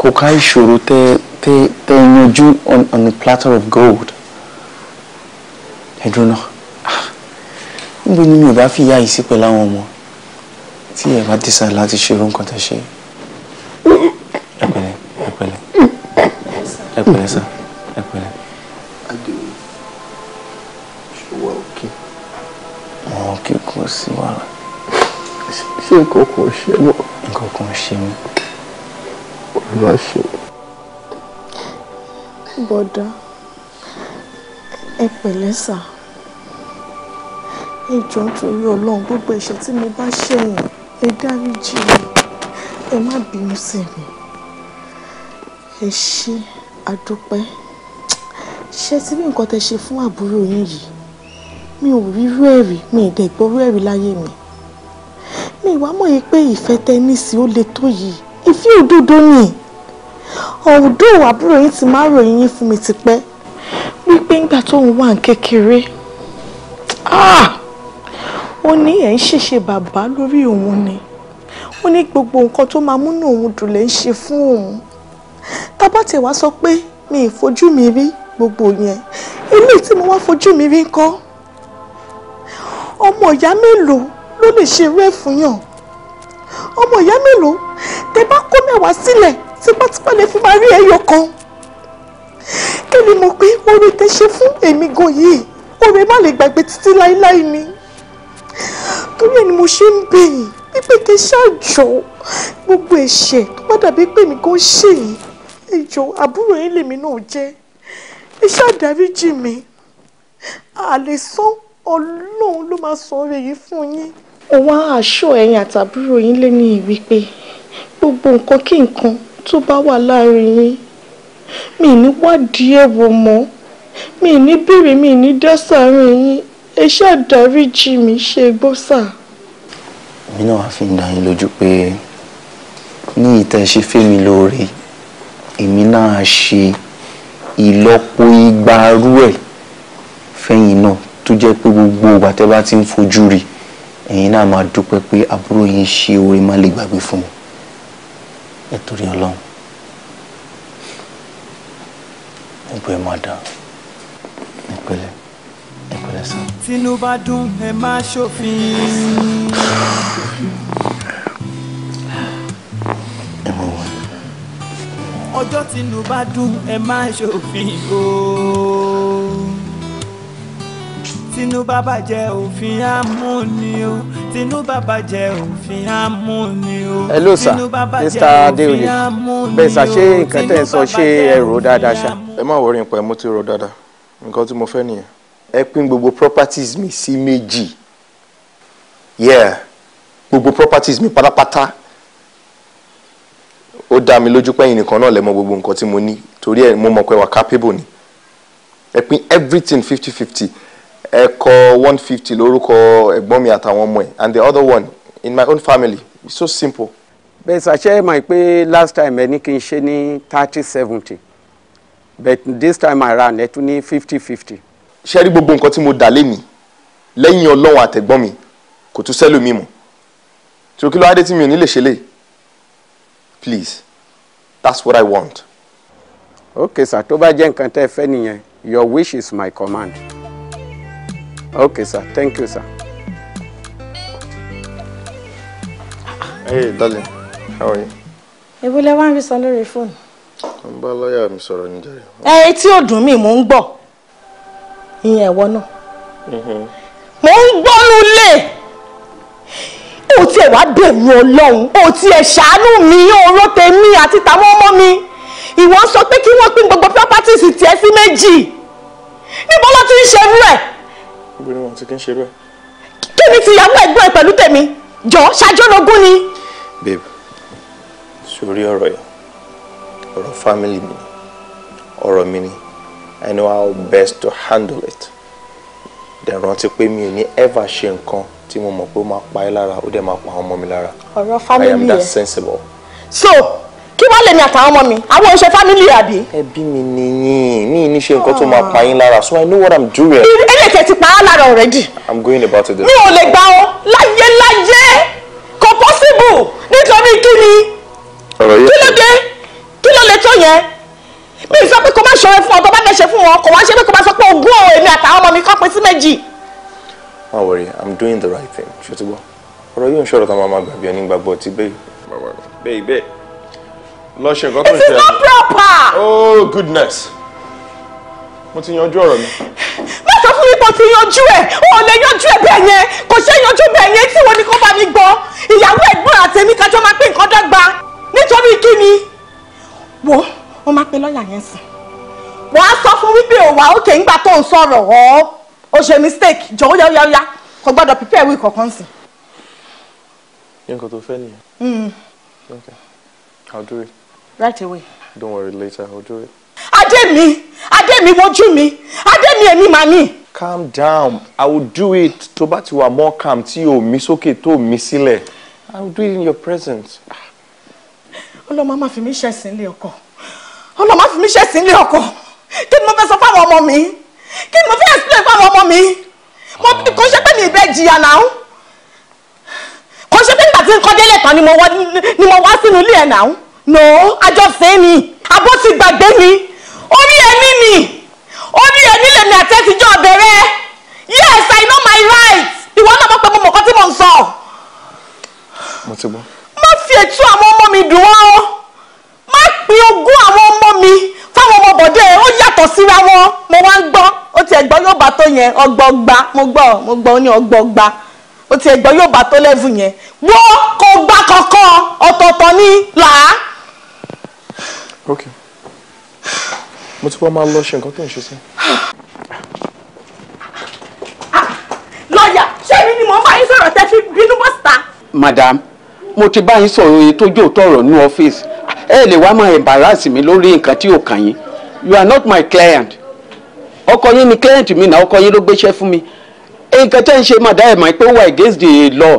kò ká ìṣòro tẹ́ tẹ́ tẹ́ yanjú on on a platter of gold ẹ̀dùn náà ah, níbo ni mi ò bá fi ìyá yìí sí pẹ̀lú àwọn ọmọ tí ẹ bá dísà láti ṣe irú nǹkan tẹ́ ṣe ẹ pẹ̀lẹ́ ẹ pẹ̀lẹ́ ẹ pẹ̀lẹ́ sá ẹ pẹ̀lẹ́. wọn kì í sí wàhálà. ṣé nǹkan kò ṣe mọ́ kan ń ṣe mí. olúwa ṣe. bọ́dà ẹ pẹ̀lẹ́ sà ẹ jọ̀ọ́ nítorí ọlọ́run gbogbo ẹ̀ṣẹ̀ tí mo bá ṣẹ̀yìn ẹ dáríjì mi ẹ má bínú sí mi ẹ ṣé àdúpẹ́ ṣé tí bí nǹkan tẹ ṣe fún àbúrò yín yìí mi ò rírú ẹ̀rí mi ì dẹ̀ gbọ́rú ẹ̀rí láyé mi mi wá mọ̀ yìí pé ìfẹ́ tẹ ní sí ó le tó yìí ìfẹ́ òdodo ni ọ̀dọ́ àbúrò yín ti máa ròyìn yín fún mi tipẹ́ wípé ńgbà tóun wà ń kékeré ah! ó ní ẹ̀ ń ṣèṣe bàbá lórí òun ni ó ní gbogbo nǹkan tó máa múnú òun dùn lè ń ṣe fún òun tábà tẹ̀ wá sọ pé mi ì fojú mi rí gbogbo yẹn ilé tí mo wá fojú mi rí ń kọ́ ọmọ ìyá mélòó ló lè ṣe irú ẹ̀ fún yàn ọmọ ìyá mélòó tẹ bá kó mẹ́wàá sílẹ̀ tipátipá lè fi máa rí ẹyọ kan kí ni mo pé oore tẹ ṣe fún èmi gan yìí oore má lè gbàgbé títí láéláé ni torí ẹni mo ṣe ń bẹ̀yìn pípé kí ṣáàjọ gbogbo ẹ̀ṣẹ̀ tó bá dàbí pé mi kò ṣe yìí ẹjọ́ àbúrò yín lèmi náà jẹ́ ẹ ṣàdáríjì mi àlè sán ọlọ́run ló máa sọ ọ́ yìí fún yín ó wá aṣọ ẹ̀yin àtàbúrò yín lé ní ìwí pé gbogbo nǹkan kí nǹkan tó bá wà láàrin yín mi ní wádìí ẹ̀wò mọ́ mi ní bèrè mi ní dẹ́sàárín yín ẹ ṣáà dáríjì mi ṣe gbọ́ sà. èmi náà wàá fi ń dá yín lójú pé ní ìtẹ́ ṣe fẹ́mi lóore èmi náà ṣe ìlọ́po igba arú ẹ̀ fẹ́yìn náà tó jẹ́ pé gbogbo ìgbà tẹ́ bá ti ń fojú rí i ẹ̀yin náà máa dúpẹ́ pé àbúrò yín ṣe orí má lè gbàgbé fún mi nítorí ọlọ́run gbogbo ẹ̀ dá ìpínlẹ̀ ìpínlẹ̀ sàn. tínú bá ẹ má ṣòfin. ọjọ́ tínú bá ẹ má ṣòfin ooo tinú bàbá jẹ òfin àmúni o tinú bàbá jẹ òfin àmúni o. hello sir mr adeoye bẹ́ẹ̀ sà ṣé nǹkan tẹ́ ẹ sọ ṣé ẹ rò ó dáadáa ṣá. ẹ má wọrí nípa ẹ mo ti rò dáadáa nǹkan tí mo fẹ́ nìyẹn. ẹ pín gbogbo properties mi sí méjì yeah gbogbo properties mi pátápátá ó dá mi lójú pẹ́yìn nìkan náà lẹ mọ gbogbo nǹkan tí mo ní torí ẹ mo mọ̀ pé wà capable ni ẹ pín everything fifty fifty ẹ̀kọ́ one fifty lórúkọ ẹ̀gbọ́n mi àtàwọn ọmọ ẹ̀ and the other one in my own family it's so simple. bẹ́ẹ̀ ṣàṣẹ mọ̀ pé last time ẹ ní kí n ṣe ní thirty seventy but this time around ẹ tún ní fifty fifty. ṣé rí gbogbo nǹkan tí mo dà lẹ́nìí lẹ́yìn ọlọ́run àtẹ̀gbọ́n mi kò tún sẹ́lòmíì mọ́ tí o kí ló adé tí mi ò ní lè ṣe lè please that's what i want. okay sir tó bá jẹ́ nǹkan tẹ́ ẹ fẹ́ nìyẹn your wish is my command okay sir thank you sir. hey darling how are you. èwo lẹ wá ń rí sọ lórí fóònù. mo ń bá lọ́ọ̀yà mi sọ̀rọ̀ níjàre. ẹ etí ò dùn mí mò ń gbọ́ ìyẹn ẹ̀wọ́ náà mhm. mò ń gbọ́nú lè ó tiẹ̀ wá bẹ̀mí ọlọ́run ó tiẹ̀ ṣàánú mi oró tèmi àti tàwọn ọmọ mi ìwọ sọ pé kí wọ́n pín gbogbo properties tiẹ̀ sí méjì níbo ló ti ń ṣe rú ẹ̀ obìnrin wọn ti kí n ṣe bẹ́ẹ̀. kémi ti ìyàwó ẹ̀gbọ́n ẹ pẹ̀lú tèmi jọ ṣàjọlógún ni. babe sórí ọ̀rọ̀ yìí ọ̀rọ̀ family mi ọ̀rọ̀ mi ni I know how best to handle it dẹ̀ rántí pé mi ò ní ever ṣe nǹkan tí mo mọ̀ pé ó máa pa ẹ́ lára ó dẹ̀ máa pa àwọn ọmọ mi lára. family I am that sensible. so kí wọ́n lè mi àtàwọn ọmọ mi àwọn oṣù fámìlì àbí. ẹbí mi nìyí mi ní ṣe nǹkan tó máa pa yín lára so i know what i'm doing. eré tẹ̀ ti pa á lára already. i'm going about it. mi ò lè gbà ọ́ láyé láyé kò possible nítorí kí ni kí ló dé kí ló lè tó yẹn mi sọ pé kò má ṣọrẹ fún ọ tó bá dẹ̀ ṣe fún wọn kò wá ṣe pé kò má sọ pé ogún ọ̀rọ̀ èmi àtàwọn ọmọ mi kọ́ pín sí méjì. Don't worry i'm doing the right thing ṣètìgbọ́ ọ̀rọ̀ yóò ń ṣọ̀rọ̀ tá a máa máa gbàgbé ọ nígbàgbọ́ ti bẹ́ẹ̀. bẹ́ẹ̀ bẹ́ẹ̀ lọ ṣe nǹkan tó ń ṣe ẹ. it's not proper. oh goodness mo ti yanjú ọ̀rọ̀ mi. má sọ fún mi kò ti yanjú ẹ̀ o lè yanjú ẹ̀ bẹ́ẹ̀ yẹn kò ṣe yanjú bẹ́ẹ̀ yẹn tí wo ni kò bá mi gbọ́ ìyàwó ẹ̀gbọ́n àtẹ̀mí kájọ máa pé nǹkan dọ́gba nítorí kí ni wo wọ́n máa pe lọ́ọ̀yà yẹn sìn wọ́n á sọ fún wípé òwà òkè ńgbà tó ń sọ̀rọ̀ ọ́ o ṣe mistake jọ̀wọ́ yáyáyá kò gbọ́dọ̀ prepare wí kankan sìn. nǹkan tó fẹ́ nìyẹn. Hmm. okay I'll do it right away. Don't worry, later I'll do it. Ademi! Ademi, wojú mi! Ademi, èmi mà ni! Calm down, I will do it. Tó bá ti wà more calm tí o mi sókè tó mi I will do it in your presence. Ọlọ́mọ máa fi mí ṣẹ̀sìn ilé Oko. Ọlọ́mọ máa fi mí ṣẹ̀sìn ilé ọkọ. Kí ni mo fẹ́ sọ fáwọn ọmọ mi? Kí ni mo fẹ́ explain fáwọn ọmọ mi? Mo kò ṣe pé mi ìbẹ́ jìyà náà. Kò ṣe pé nígbà tí nǹkan délé tán ni mo wá sínú ilé ẹ̀ náà no àjọṣe ni abó ti gbàgbé mi orí ẹni ni orí ẹni lèmi àtẹ́tijọ́ bẹ̀rẹ̀ yes i know my right ìwọ náà mọ̀ pé mo mọ̀ kọ́ tí mo ń sọ. mo ti gbọ́. má fi ètò àwọn ọmọ mi dùn ọ́ má pin ogún àwọn ọmọ mi fáwọn ọmọ bọ̀dé ó yàtọ̀ síra wọn mo wá ń gbọ́ ó tiẹ̀ gbọ́ yóò bá tó yẹn ọgbọ́gba mo gbọ́ mo gbọ́ ó ní ọgbọ́gba ó tiẹ̀ gbọ́ yóò bá tó lẹ́fù yẹn wọ́n kò gbá kankan ọ̀tọ̀ọ̀tọ̀ ni làá ok mo ti wá máa lọ ṣe nǹkan tó ń ṣe sí. lọ́ọ̀yà ṣé èmi ni mò ń bá yín sọ̀rọ̀ tẹ́ fi bínú bọ́ síta. madam mo ti bá yín sọ̀rọ̀ oye tó jò tọ̀rọ̀ ní ọ́fíìsì ẹ lè wá máa embarrass mi lórí nǹkan tí ò kàn yín you are not my client ọkọ yín ni client mi náà ọkọ yín ló gbéṣẹ́ fún mi nǹkan tẹ́ ń ṣe madam ẹ̀ mọ̀ pé ó wà against the law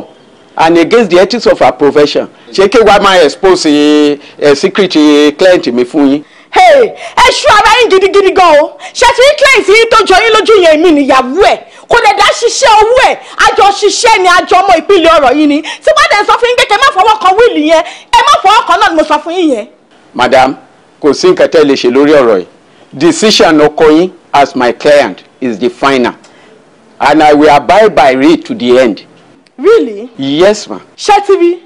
and against the ethics of our profession ṣé kí wàá máa expose ẹ eh, secret eh, client mi fún yín. ẹ ṣú ara yín gidigidi gan o ṣe ti rí client yín tó jọ yín lójú yẹn mi nìyàwó ẹ kò lè dá ṣiṣẹ́ owó ẹ̀ àjọ ṣiṣẹ́ ni àjọ ọmọ ìpínlẹ̀ ọ̀rọ̀ yìí ni tí wọ́n dẹ̀ sọ fún yín pé kẹ́ má fọwọ́ kan wíìlì yẹn ẹ má fọwọ́ kan náà ni mo sọ fún yín yẹn. madam kò sí nǹkan tẹ́ ẹ lè ṣe lórí ọ̀rọ̀ yìí decision ọkọ yín as my client is the final and i will abide by it to the end really. yes ma. ṣé TV. rí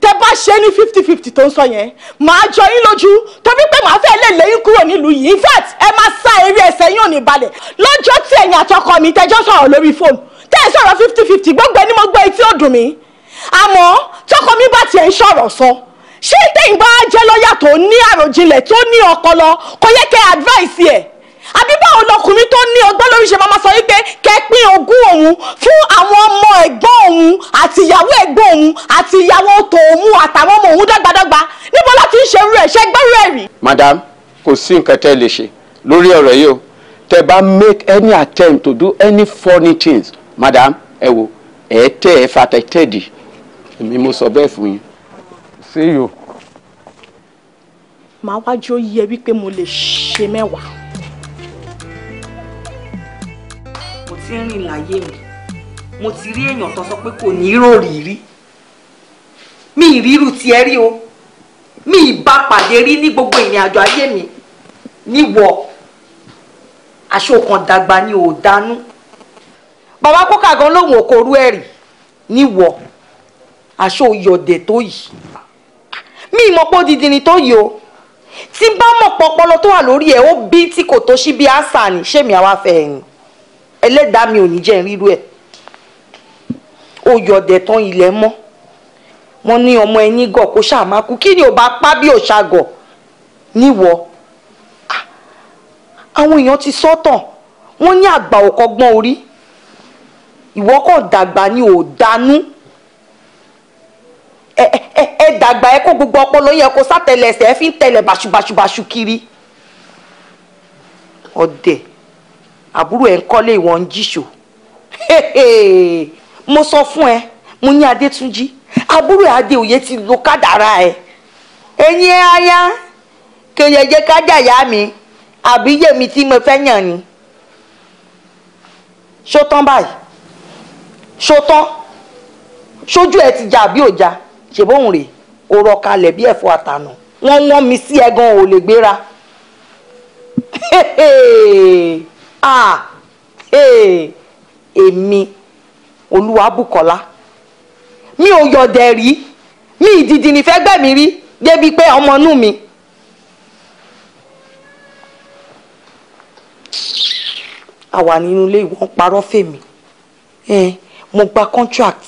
tẹ bá ṣe ní fifty fifty tó ń sọ yẹn màá jọ yín lójú torí pé màá fẹ́ lè léyìn kúrò nílùú yìí in fact ẹ máa sá eré ẹsẹ̀ yín ò ní balẹ̀ lọ́jọ́ tí ẹ̀yin àtọkọ mi tẹjọ́ sọ̀rọ̀ lórí fóònù tẹ́ ẹ sọ̀rọ̀ fifty fifty gbogbo ẹni mo gbọ́ etí ó dùn mí àmọ́ tọkọ mi bá tiẹ̀ ń sọ̀rọ̀ sọ ṣé tẹ̀yìn bá jẹ́ lọ́yà tó ní àròjinlẹ̀ tó ní ọpọlọ kò yẹ kẹ́ advice yẹ̀ àbí báwo lọkùnrin tó ní ọgbọ́n lórí ṣe máa sọ wípé kẹ́pín ogún òun fún àwọn ọmọ ẹ̀gbọ́n òun àti ìyàwó ẹ̀gbọ́n òun àti ìyàwó tòun àtàwọn ọmọ òun dọ́gbadọ́gba níbo láti ń ṣerú ẹ̀ ṣe gbẹ́rú ẹ̀ rí. madam kò sí nǹkan tẹ́ ẹ lè ṣe lórí ọ̀rọ̀ yìí o tẹ́ bá make any attempt to do any funny things madam ẹ wo ẹ tẹ́ ẹ fa tẹ́tẹ́ẹ̀dì èmi mo sọ bẹ́ẹ̀ fún yín. ṣé yòó. màá wájú ó yẹ wípé mo lè ṣe mẹ́wàá. ti ń rìn láyé mi mo ti rí èèyàn tó sọ pé kò ní ròrì rí mi ìrírù tiẹ̀ rí o mi ìbá pàdé rí ní gbogbo ìrìn àjò ayé mi níwọ aṣọkan dàgbà ni ò dánú bàbá kókà gan lòun ò korú ẹ̀rì níwọ aṣọ òyọ̀dẹ̀ tó yìí mi ìmọ̀ pé odidi ni tó yìí o tí bá mọ̀ pọpọlọ tó wà lórí ẹ̀ ó bí tí kò tó sí bí àṣà ni ṣèmi àwa fẹ́ ẹ̀yìn ẹlẹ́dàá mi ò ní jẹ́ ríru ẹ̀ ó yọ ọdẹ tán ilẹ̀ mọ́ wọ́n ní ọmọ ẹni gọ̀ kó ṣáà má kú kí ni ò bá pa bí ò ṣàgọ̀ níwọ àwọn èèyàn ti sọ́tàn wọ́n ní àgbà ò kọ́gbọ́n orí ìwọ kò dàgbà ni ò dánú ẹ ẹ ẹ dàgbà ẹ kó gbogbo ọpọlọ yẹn kó sátẹlẹsẹ ẹ fi ń tẹlẹ bàṣubàṣubàṣu kiri ọdẹ àbúrò ẹ̀ ń kọ́lé ìwọ̀n ń jíṣò mo sọ fún ẹ mo ní adétúnjí àbúrò adéoyè ti lo kádàrá ẹ ẹ̀yin aya kèèyàn kájàyà mi àbí yèmi tí mo fẹ́ yàn ni ṣó tán báyìí ṣó tán ṣójú ẹ ti jà àbí òjà ṣèbóhùn rèé o rọ kalẹ̀ bí ẹ̀fọ́ àtànà wọ́n wọ́n mi sí ẹ̀gan ò lè gbéra. Eh, èmi Olúwabùkọ́lá mi ò yọ̀dẹ̀ rí mi ìdìdì nífẹ̀ẹ́ gbẹ̀mí rí débi pé ọmọ inú mi. àwa nínú ilé ìwọ̀n parọ́ fèmí mo gba contract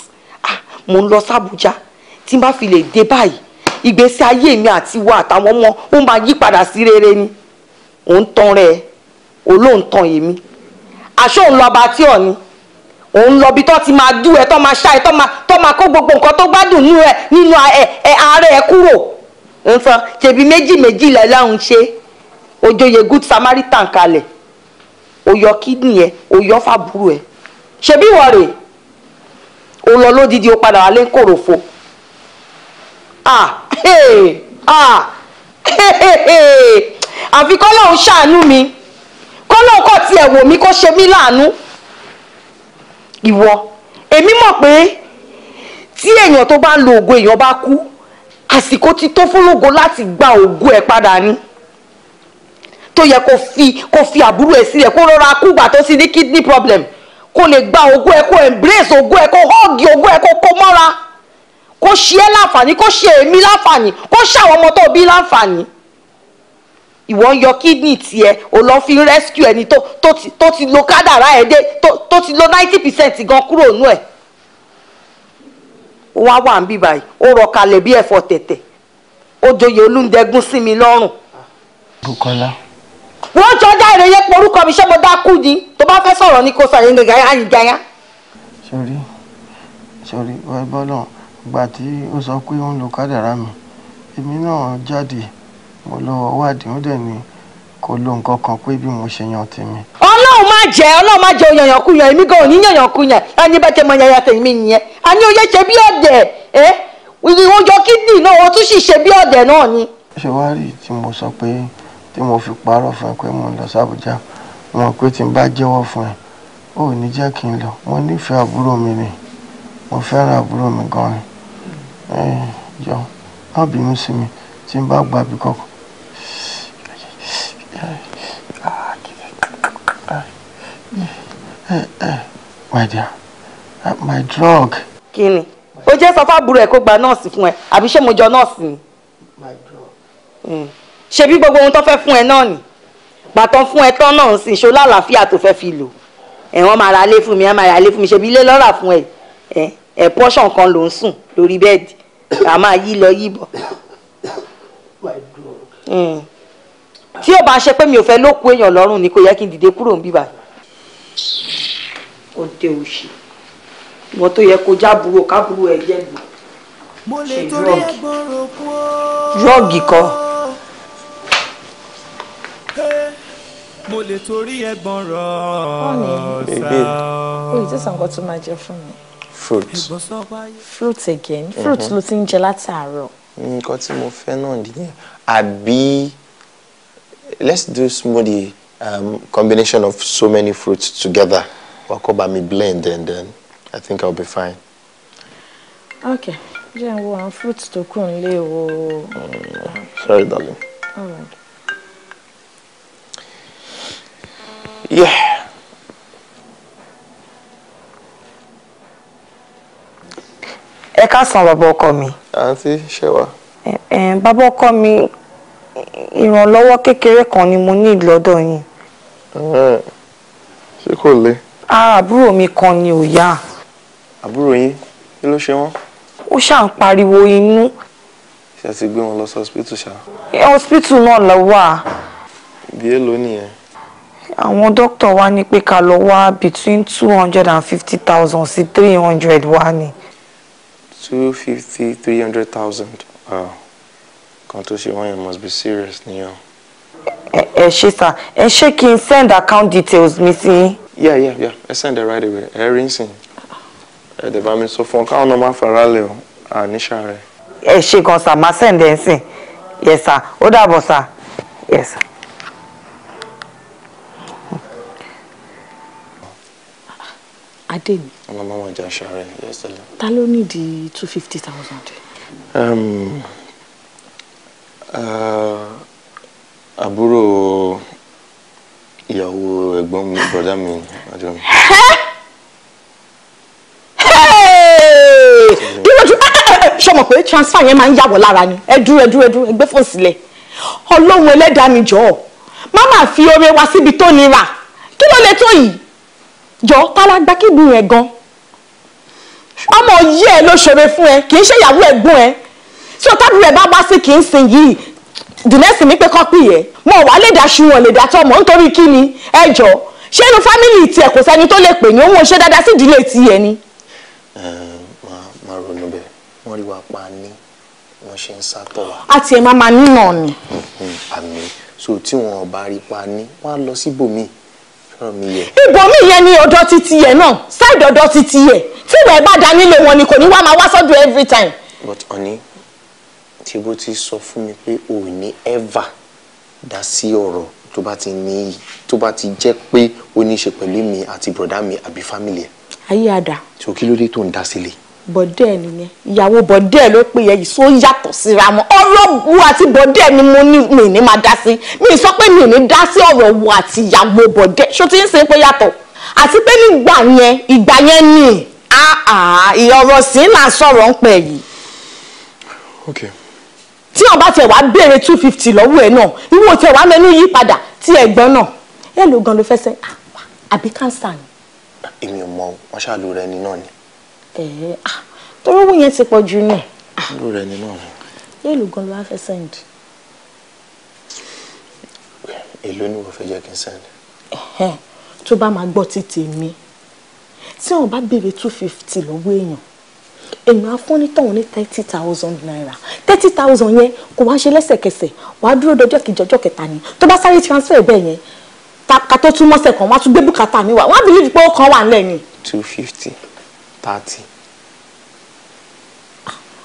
ah, mo ń lọ sàbújá tí n bá fi lè dé báyìí ìgbésí ayé mi àti wa àtàwọn ọmọ ó máa yí padà sí rere ni ò ń rẹ olóǹtàn yèmí àṣọ òun lọba tí ò ní òun lọbi tó ti máa dú ẹ tó máa ṣá ẹ tó máa tó máa kó gbogbo nǹkan tó gbádùn nínú ẹ nínú ẹ ààrẹ ẹ kúrò nǹkan tèbi méjì méjì lẹ láwọn ṣe ojoyè good samaritan kalẹ̀ oyọ kídìní ẹ oyọ fàbúrò ẹ ṣebí ìwọ rèé o lọ lódìdí o padà wálé kòròfo ah hey, ah àfikọ́ lòun ṣàánú mi kọ́lọ́ kọ́ tiẹ̀ wò mí kó ṣe mí láàánú ìwọ èmi mọ̀ pé tí èèyàn tó bá ń lo ògo èèyàn bá kú àsìkò ti tó fúnlógo láti gba ògo ẹ̀ padà ni tó yẹ kó fi kó fi àbúrò ẹ̀ sílẹ̀ kó rọra kúgbà tó sì ní kidney problem kó lè gba ògo ẹ̀ kó embrace ògo ẹ̀ kó hóògì ògo ẹ̀ kó kó mọ́ra kó ṣe é láǹfààní kó ṣe èmi láǹfààní kó ṣe àwọn ọmọ tó bí láǹfààní ìwọ ń yọ kidney tiẹ̀ o lọ fi rescue ẹni tó tó ti lo kádàrá ẹ̀ dé tó ti lo ninety percent gan kúrò nù ẹ̀ ó wá wà ń bí báyìí ó rọ kalẹ̀ bí ẹ̀fọ́ tẹ̀tẹ̀ ó joyè olúndẹ́gún sí mi lọ́rùn. Bùkọ́lá. wọ́n jọ dá ìrẹyẹ porúkọ mi ṣé mo dá kú ni tó bá fẹ́ sọ̀rọ̀ ní kò sàyẹn gbẹ̀gà àyíjáyá. sori sori wọ́n bọ́ náà ìgbà tí ó sọ pé ó ń lo kádàrá mi èmi náà jáde mo lọ wádìí ó dẹ̀ ni kò lo nǹkan kan pé bí mo ṣe yan tèmi. ọlọ́run má jẹ́ ọlọ́run má jẹ́ òyànyàn kú yàn èmi gan ò ní yànyàn ẹni bá tẹ mọ yàyà tèmi nìyẹn àní oyè ṣe bí ọ̀dẹ̀ ẹ́ ìwọ́jọ kídìí náà o tún sì ṣe bí ọ̀dẹ̀ náà ni. ṣé wàá rí tí mo sọ pé tí mo fi parọ́ fún ẹ pé mo ń lọ sí Àbújá mo pé tí n bá jẹ́wọ́ fún ẹ ò ní jẹ́ kí n lọ mo nífẹ̀ẹ́ àbúrò mi ni mo fẹ́ràn àbúrò mi gan-an ni jọ má bínú sí mi tí n bá gbàbí kọ̀ọ̀kan My dear, uh, my drug. Kí ni? Ó jẹ́ sọ fábùrù ẹ̀ gba nọ́ọ̀sì fún ẹ, àbí ṣé mo jọ nọ́ọ̀sì ni? My drug. Hmm. Ṣé bí gbogbo ohun tó fẹ́ fún ẹ náà nì? Pàtàn fún ẹ tán náà ń sìn ṣó lálàáfíà tó fẹ́ fi lò. Ẹ̀wọ̀n máa ra lé fún mi, ẹ̀ máa ra lé fún mi, ṣe bí ilé lọ́rà fún ẹ. Ẹ̀ pọ́ṣọ̀n kan ló ń sùn lórí bẹ́ẹ̀dì, àmọ́ yí lọ yí [COUGHS] My drug. Hmm tí ò bá ṣe pé mi ò fẹ́ lókun èèyàn lọ́rùn ni kò yẹ kí n dìde kúrò ń bíbà ó dé òṣì ìwọ tó yẹ kó jábúrò kábúrò ẹ jẹ gbò ṣe drọ́ọ̀gì drọ́ọ̀gì kọ́. mo lè torí ẹ̀gbọ́n rọ ọsà. oye tí sàǹkọ tó máa jẹ fún mi. fruit fruit again fruit mhm. ló ti ń jẹ látàárọ̀. nǹkan tí mo fẹ́ náà nìyẹn àbí let's do smoothie um, combination of so many fruits together. Wakoba me blend and then I think I'll be fine. Okay. jen wo àwọn fruits to kù nílé wo. Mm, sorry darling. All Yeah. Eka káàsán bàbá ọkọ mi. Àǹtí ṣe wá. Bàbá ọkọ mi ìrànlọ́wọ́ kékeré kan ni mo ní lọ́dọ̀ yín. ṣé kò le. àbúrò mi kan ni ò yá. àbúrò yín kí ló ṣe wọ́n. ó ṣáà ń pariwo inú. ṣé ti gbé wọn lọ sí hospital ṣá. hospital náà lọ wà. bí èlò nìyẹn. àwọn dókítà wa ní pé ká lọ wá between two hundred and fifty thousand sí three hundred wa ni. two fifty three hundred thousand. Wow nǹkan tó ṣe wọ́n yẹn must be serious nìyẹn. ẹ ṣe sá ẹ ṣé kí n send account details mi sí yín. yeah yeah yeah ẹ send it right away ẹ rí nsìn ẹ dẹ̀ bá mi sọ fún ọ káwọn náà má fara lẹ̀ o àníṣà rẹ̀. ẹ ṣe kan sá máa send ẹ nsìn yes sá ó dàbọ̀ sá yes sá. adé mi. ọmọ mama jà ṣàárẹ̀ yẹ́sẹ̀ lọ. ta ló ní di two fifty thousand. Um, Ah, àbúrò ìyàwó ẹ̀gbọ́n mi bọ̀dá mi àjọ mi. sọmọ pé transfer yẹn máa ń yàwọ̀ lára ni ẹ dúró ẹ dúró ẹ dúró ẹ gbé fóònù sílẹ̀ ọlọ́run ẹlẹ́dàá mi jọ̀ọ́ má máa fi oore wá síbi tó nira kí ló lè tó yìí jọ̀ọ́ tálá gbá kígùn yẹn gan ọmọ yìí ẹ ló ṣoore fún ẹ kì í ṣe ìyàwó ẹ̀gbọ́n ẹ tí ọ̀tàdùn rẹ̀ bá bá sí kì í sin yìí dìnẹ́sì ní pé kọ́pì yẹ mo wà lè dá ṣùwọ̀n lè dá tọmọ nítorí kí ni ẹ jọ ṣé inú fámìlì tiẹ̀ kò sẹ́ni tó lè pè ní òun ò ṣe dáadáa sí ìdílé tiẹ̀ ni. máa ronú bẹ́ẹ̀ wọ́n rí wa pa ní wọ́n ṣe ń sá tọ̀ wá. a tiẹ̀ máa máa nínà ni. àmì so tí wọn ò bá rí pa ní wọn á lọ síbòmíì ibòmí yẹn ni ọ̀dọ̀ titi yẹn náà ṣáìdì ọ̀dọ̀ titi yẹn tí ìwà ẹ bá dání lò wọn ni kò ní wá máa wá sọ́dọ̀ every time. but honey tí bó ti sọ fún mi pé o ò ní ever dá sí ọ̀rọ̀ tó bá ti ní yìí tó bá ti jẹ́ pé ó ní í ṣe pẹ̀lú mi àti bọ̀dá mi àbí fámìlì ẹ̀. ayé àdá. tí o kí ló dé tó ń dá sílẹ̀. bọ̀dẹ́ nìyẹn ìyàwó bọ̀dẹ́ ló pè yẹ yìí só yàtọ̀ síra mọ́ ọ̀rọ̀ àti bọ̀dẹ́ ni mo ní mi ní máa dá sí mi sọ pé mi ní dá sí ọ̀rọ̀ wo àti ìyàwó bọ̀dẹ́ ṣó ti ń ṣe pé yàtọ̀ àti pé nígbà yẹn ìgbà yẹn ni ìyọ̀rọ̀ sí là sọ̀rọ̀ ń pẹ̀ yìí. okay tí wọn bá tiẹ̀ wá béèrè two fifty lọ́wọ́ ẹ̀ náà ìwọ tiẹ̀ wá mẹ́nu yí padà tí ẹ̀ gbọ́n náà ẹ̀ ló gan ló fẹ́ sẹ́ ah, àbí káńsà ni. èmi ò mọ wọn ṣàlù rẹ ni náà ni. ẹ ẹ ah, torí owó yẹn ti pọ̀ jù ní. ṣàlù ah, rẹ ni náà ni. ẹ̀ ló gan ló wá fẹ́ sẹ́ndì. èló ni mo fẹ́ jẹ́ kí n sẹ́ndì. tó bá máa gbọ́ títì mi tí wọn bá béèrè two fifty lọ́wọ́ èèyàn èmi á fún onítọ̀hún ní thirty thousand naira thirty thousand yẹn kò wá ṣe lẹ́sẹ̀kẹsẹ̀ wà á dúró dọjọ́ kejì ọjọ́ kẹta ni tó bá sáré transfer bẹ́ẹ̀ yẹn ká tó tún mọ́sẹ̀ kan wọ́n á tún gbé bùkátà mi wá wọ́n á bìlí pé ó wà nílẹ̀ ni. two fifty thirty.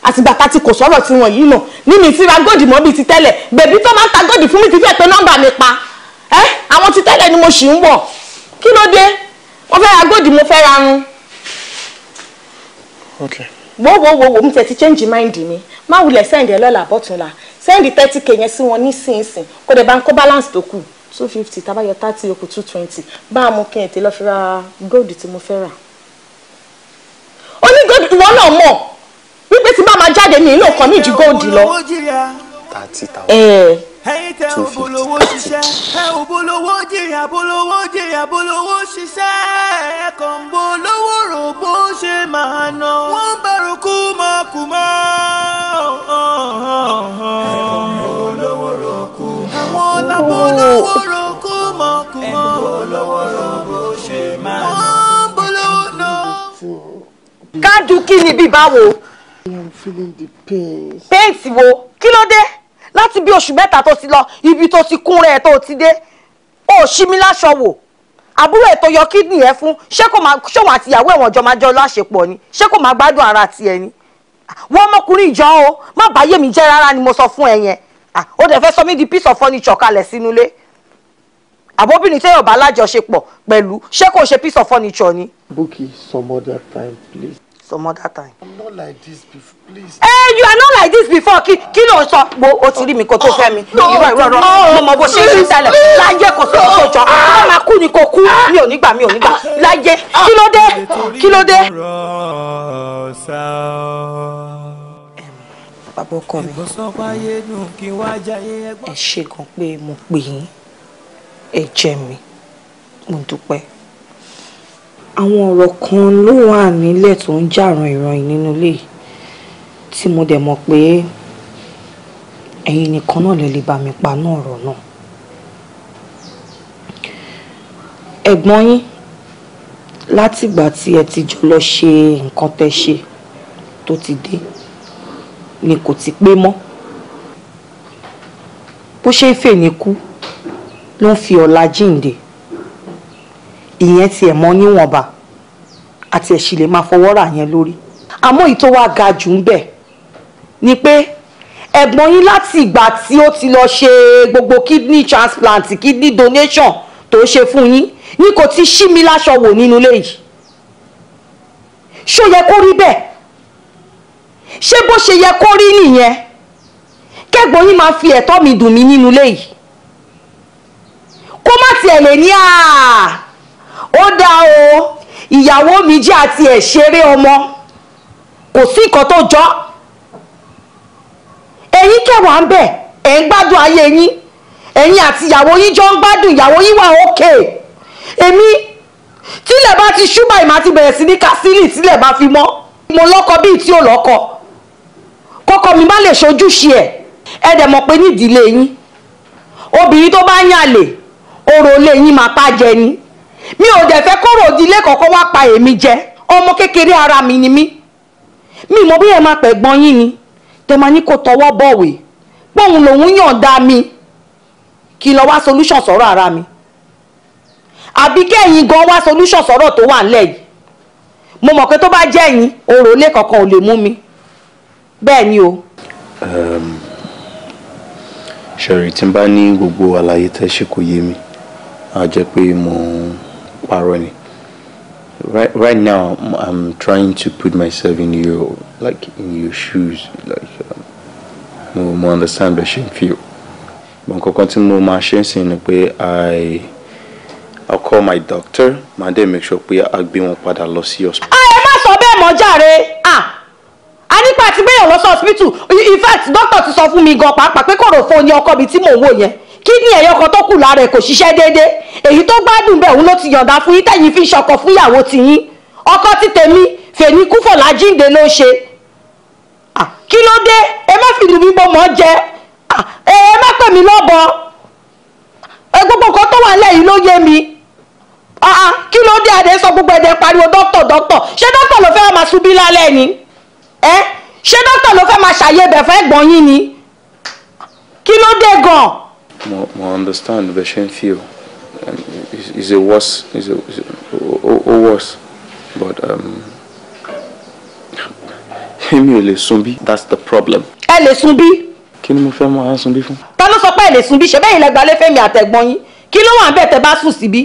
àtìgbà tá ti kò sọ̀rọ̀ tí wọ́n yìí nà ní mi ti ra góòdì mọ́ bíi ti tẹ́lẹ̀ bèbí tó máa ń ta góòdì fún mi ti fẹ́ pé nọ́mbà mi pa ẹ́ àwọn ti tẹ́lẹ̀ ni mo ṣì ń wọ̀ kí ló dé mo fẹ́ ra góòdì mo fẹ́ ra run wo wo wo wo mo tẹ̀ ti change mind mi má wulẹ̀ send ẹ lọ́la la? send thirty k yẹn sí wọn nísinsìn kó dẹ̀ bá ń kó balance tó kù two fifty tabayọ thirty yòókù two twenty bá a mú kí n ètè lọ́ọ́ fi ra gold tí mo fẹ́ rà. ó ní gold ìwọ náà mọ̀ wípé tí bá máa jáde ní ìlú ọkàn mi ju gold lọ. thirty thousand. Eh ẹ̀yin tẹ ò bolówó ṣiṣẹ́ ẹ ò bolówó jìyà bolówó jìyà bolówó ṣiṣẹ́ ẹ kàn bolówó rò bó ṣe máa ná wọ́n bẹ̀rù kú mọ́ kú mọ́. kájú kí ni bí báwo. I am feeling the pains. pains wo kí ló dé láti bí oṣù mẹ́ta tó ti lọ ibi tó ti kún rẹ̀ tó ti dé ó ṣí mi láṣọ wò àbúrò ẹ̀ tó yọ kídìnì ẹ̀ fún ṣé kò máa ṣòwò àti ìyàwó ẹ̀wọ̀n jọ máa jọ láṣepọ̀ ni ṣé kò máa gbádùn ara tiẹ̀ ni wọ́n ọmọkùnrin ìjọ o má bàyè mi jẹ́ rárá ni mo sọ fún ẹ yẹn ó dẹ̀ fẹ́ sọ mí di piece of furniture kalẹ̀ sínú ilé àbóbìnrin tẹ́yọ̀ bá lájọṣepọ̀ pẹ̀lú ṣé kò ṣe piece of furniture ni. Bukky some other time please some other time. I'm not like this before, please. Hey, eh, you are not like this before. Kí kí ló sọ? Gbo o ti rí mi kó tó oh, fẹ́ mi. Ìrọ̀ ìrọ̀ ìrọ̀ mo mọ bó ṣe ń ṣẹlẹ̀. Láyé kò sọ tó jọ. Ah. Má máa kú ni kò kú. Ah. Mi ò ní gbà mi ò ní gbà. Láyé kí ló dé? Kí ló dé? Bàbá ọkọ mi, ẹ ṣe gan pé mo pè yín, ẹ jẹ mi, mo dúpẹ́ àwọn ọ̀rọ̀ kan ló wà nílẹ̀ tó ń jàràn ìrànyìn nínú ilé tí mo dẹ̀ mọ̀ pé ẹ̀yin nìkan náà lè lè bá mi paná ọ̀rọ̀ náà. ẹ̀gbọ́n yín látìgbà tí ẹ ti jọ lọ ṣe nǹkan tẹ́ ṣe tó ti dé ni kò ti pé mọ́ bó ṣe ń fè ní kú ló ń fi ọ̀la jíǹde ìyẹn tiẹ̀ mọ níwọ̀nba àti ẹ̀sìn lè máa fọwọ́ rà yẹn lórí àmọ́ èyí tó wá ga jù ń bẹ̀ ni pé ẹ̀gbọ́n yín láti ìgbà tí ó ti lọ ṣe gbogbo kidney transplant kidney donation tó ṣe fún yín ni kò ti ṣí mi láṣọ wò nínú ilé yìí ṣó yẹ kó rí bẹ́ẹ̀ ṣé bó ṣe yẹ kó rí nìyẹn kẹ́gbọ́n yín máa fi ẹ̀tọ́ mi dùn mí nínú ilé kó má tiẹ̀ lè ní àá ó dá o ìyàwó mi jẹ́ àti ẹ̀ ṣeré ọmọ kò sí nǹkan tó jọ ẹ̀yin kẹwàá ń bẹ̀ ẹ̀ ń gbádùn ayé yín ẹ̀yin àti ìyàwó yín jọ ń gbádùn ìyàwó yín wà òkè èmi tílẹ̀ bá ti ṣúbà ìmọ̀ àti bẹ̀rẹ̀ sí ní kásílì tílẹ̀ bá fi mọ́ mo lọ́kọ bíi tí ò lọ́kọ kọ́kọ́ mi má lè ṣojúṣe ẹ̀ ẹ dẹ̀ mọ̀ pé nídìílé yín obìnrin tó bá yàn lè orò lè máa pa jẹ ni mi ò dẹ̀ fẹ́ kóró òdìlé kọ̀ọ̀kan wá pa èmi jẹ ọmọ kékeré ara mi ni mí mi mọ bóyá máa pẹ̀ gbọ́n yín ni tẹ máa ní kó tọwọ́ bọ̀wé pọ́hùn lòun yọ̀ǹda mi kí n lọ wá solution sọ̀rọ̀ ara mi àbí kẹ́yìn gan wá solution sọ̀rọ̀ tó wà nílẹ̀ yìí mo mọ̀ pé tó bá jẹ́ yín ọ̀rọ̀ ilé kankan ò lè mú mi bẹ́ẹ̀ ni o. ṣẹ̀rì tí n bá ní gbogbo àlàyé tẹ́ ṣe kò yé mi á jẹ́ pé mo. Um parọ́ right right now i'm trying to put myself in your like in your shoes like mo um, mo understand bẹ ṣe feel. but nǹkankan tí mo máa ṣe ń sìn ni i I'll call my doctor máa dẹ̀ make sure pé a gbé wọn padà lọ sí hospital. a ẹ má sọ bẹ́ẹ̀ mọ́ jàre a nípa àti gbéyàwó on sí hospital in fact doctor to sọ me go back pàápàá pé kòròfo ni ọkọ mi tí mò ń kídìní ẹ̀yọ́ kan tó kù lára ẹ̀ kò ṣiṣẹ́ déédé èyí tó gbádùn bẹ́ẹ̀ òun ló ti yọ̀ǹda fún yín tẹ̀yìn fi ṣọkọ fúnyàwó tiyín ọkọ ti tèmi fèmí kúfọ̀lá jíǹde ló ṣe kí ló dé ẹ má fi dùn mí bọ́ mọ́ jẹ ẹ má pè mí lọ́bọ gbogbo nǹkan tó wà lẹ́yìn ló yé mi kí ló dé adé sọ gbogbo ẹ̀dẹ̀ pariwo dókítà dókítà ṣé dókítà ló fẹ́ máa ṣubí lálẹ́ ni ẹ ṣé dókítà ló fẹ́ máa ṣàyẹ̀bẹ̀ fẹ́ gbọ́n ni kí ló dé gan-an. More, more understand the ṣe feel um, is it worse is it worse but um, [LAUGHS] èmi ò lè sun bí that's the problem. ẹ lè sun bí. kí ni mo fẹ́ mọ à ń sun bí fún. ta ló sọ pé ẹ lè sun bí ṣe bẹ́ẹ̀ ilẹ̀ gbalẹ́ fẹ́mi àtẹ̀gbọ́n yín kí ló wà ń bẹ̀ tẹ́ bá sùn síbí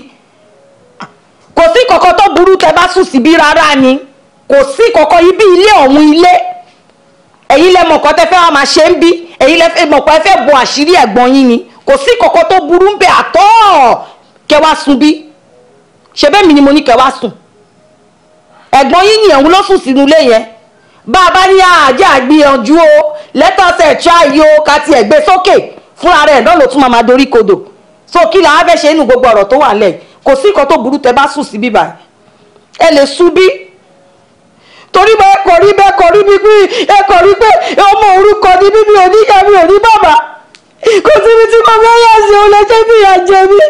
kò sí kankan tó burú tẹ́ bá sùn síbí rárá ni kò sí kankan ibi ilé ọ̀hún ilé èyí lẹ mọ̀kọ́ tẹ́ fẹ́ wá máa ṣe ń bí èyí lẹ mọ̀kọ́ ẹ fẹ́ bo àṣírí ẹ̀gbọ́n yín ni kò sí kọ̀kọ́ tó burú ń bẹ àtọ́ kẹ wá sùn bí ṣe bẹ́ẹ̀ mi ni mo ní kẹ wá sùn ẹ̀gbọ́n yín nìyẹn ló sùn sínú ilé yẹn bá a bá ní àjẹ́ ah, àgbìyànjú o lẹ́tọ̀ọ̀sẹ̀ eh, try o ká tiẹ̀ gbé sókè fúnra rẹ̀ náà ló tún máa máa dorí kodò so kí la fẹ́ ṣe nínú gbogbo ọ̀rọ̀ tó wà lẹ̀ kò sí nǹkan tó burú tẹ bá sùn sí bíbá ẹ lè sùn bí torí bẹ́ẹ̀ kò rí bẹ́ẹ̀ kò rí bí pé ẹ kò rí pé ọmọ òrukàn ni ní ìyá mi ò ní bàbá kò síbi tí mo fẹ́ yà sí òun lọ́jọ́ bí ìyá jẹ mí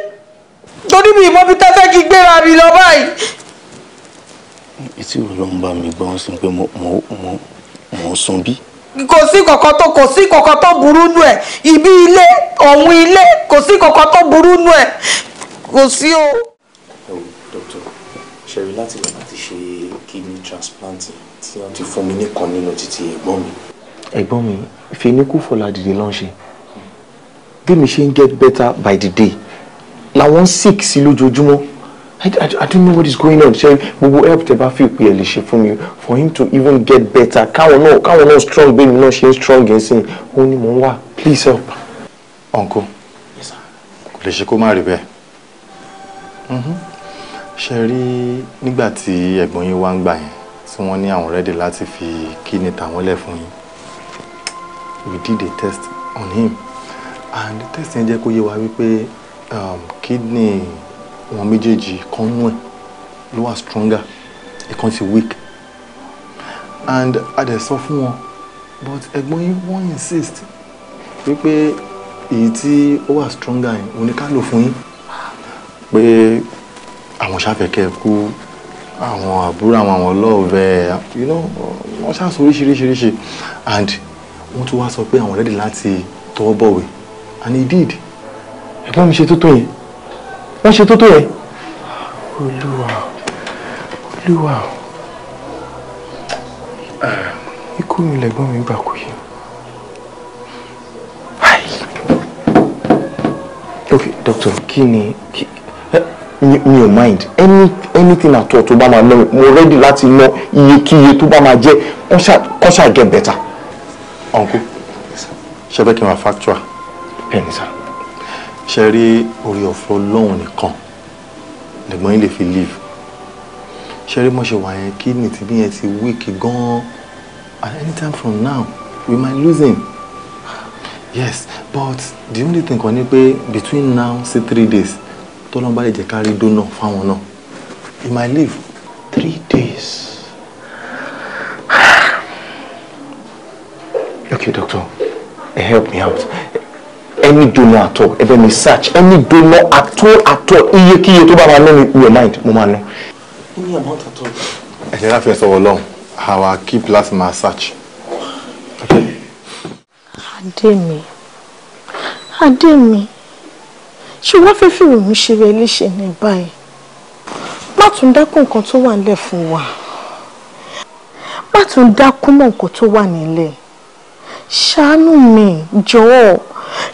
torí mi ìmọ̀ bí tẹ́tẹ́ kí gbéra mi lọ báyìí. etí ìrọ̀lọ́ ń bá mi gbọ́n sí pé mo ń sun bí. kò sí kankan tó kò sí kankan tó burú nù ẹ̀ ibi ilé ọ̀hún ilé kò sí kankan tó burú nù ẹ̀ kò sí o. Oh, ẹ wo dókítà ṣẹ̀rí láti lọ́ọ́ láti ṣe kidney transplant tí wọ́n ti fún mi nìkan nínú títí ẹ̀gbọ́n mi. ẹ̀gbọ́n mi fi ní kú fọlá dìde lọ́n ṣe bí mi ṣe ń get better by the day làwọn sick sí lójoojúmọ́ I, I, I don't know what is going on ṣe gbogbo help tẹ bá fi pé ẹ lè ṣe fún mi for him to even get better káwọn náà káwọn náà strong bí mi náà ṣe strong yẹn sí i ó ní mò ń wà please help. uncle kò lè ṣe kó má rí bẹ́ẹ̀ mm-hmm. ṣe rí nígbà tí ẹ̀gbọ́n yín wá ń gbà yẹn tí wọ́n ní àwọn rẹ́dì láti fi kíni tàwọn lẹ̀ fún yín we did a test on him and test yẹn jẹ́ kó yé wa wípé um, kidney wọn méjèèjì kan nú ẹ̀ ló wà stronger ìkan ti weak and a dẹ̀ sọ fún wọn but ẹ̀gbọ́n yín wọ́n insist wípé èyí tí ó wà stronger yìí òun ni ká lò fún yín pé àwọn ṣàfẹ́kẹ́ kú àwọn àbúrò àwọn àwọn ọlọ́ọ̀vẹ́ you know wọ́n ṣàṣọ oríṣiríṣiríṣi and wọ́n tún wá sọ pé àwọn ready láti tọwọ́ bọ̀wé and he did ẹ̀gbọ́n mi ṣe tó tó yẹn wọ́n ṣe tó tó yẹn. olúwa olúwa ah, ikú mi lẹ̀gbọ́n mi gbà kú yìí. ok doctor kí ni eh, mi ò mind any anything at all tó bá máa lọ mo ready láti lọ iyekíye tó bá máa jẹ kọ́ṣà get better. uncle ṣe fẹ́ kí n wá factual bẹ́ẹ̀ ni sá ṣe rí orí ọ̀fọ̀ lọ́hùn nìkan lẹ́gbọ́n yín lè fi leave ṣe rí mọ́ṣẹ́ wà yẹn kidney ti bí yẹn ti week gan at any time from now we might lose him yes but the only thing kan ni pé between now say three days tọ́lọ́mbà lè jẹ́ ká rí donor fáwọn náà he might live three days. [SIGHS] okay doctor help me out any donor at all ẹ bẹ mi search any donor at all at all iyekíye tó bá máa ná mi your mind mo máa ná. ní amount at all. ẹ ṣe láfi ẹsọ Ọlọ́run our key plasma search. adé mi adé mi ṣé wọ́n fẹ́ fìwé mi ṣe rẹ léṣe ní báyìí má tún dákún nǹkan tó wà nílẹ̀ fún wa má tún dákún mọ́ nǹkan tó wà nílẹ̀ ṣàánú mi jọ̀ọ́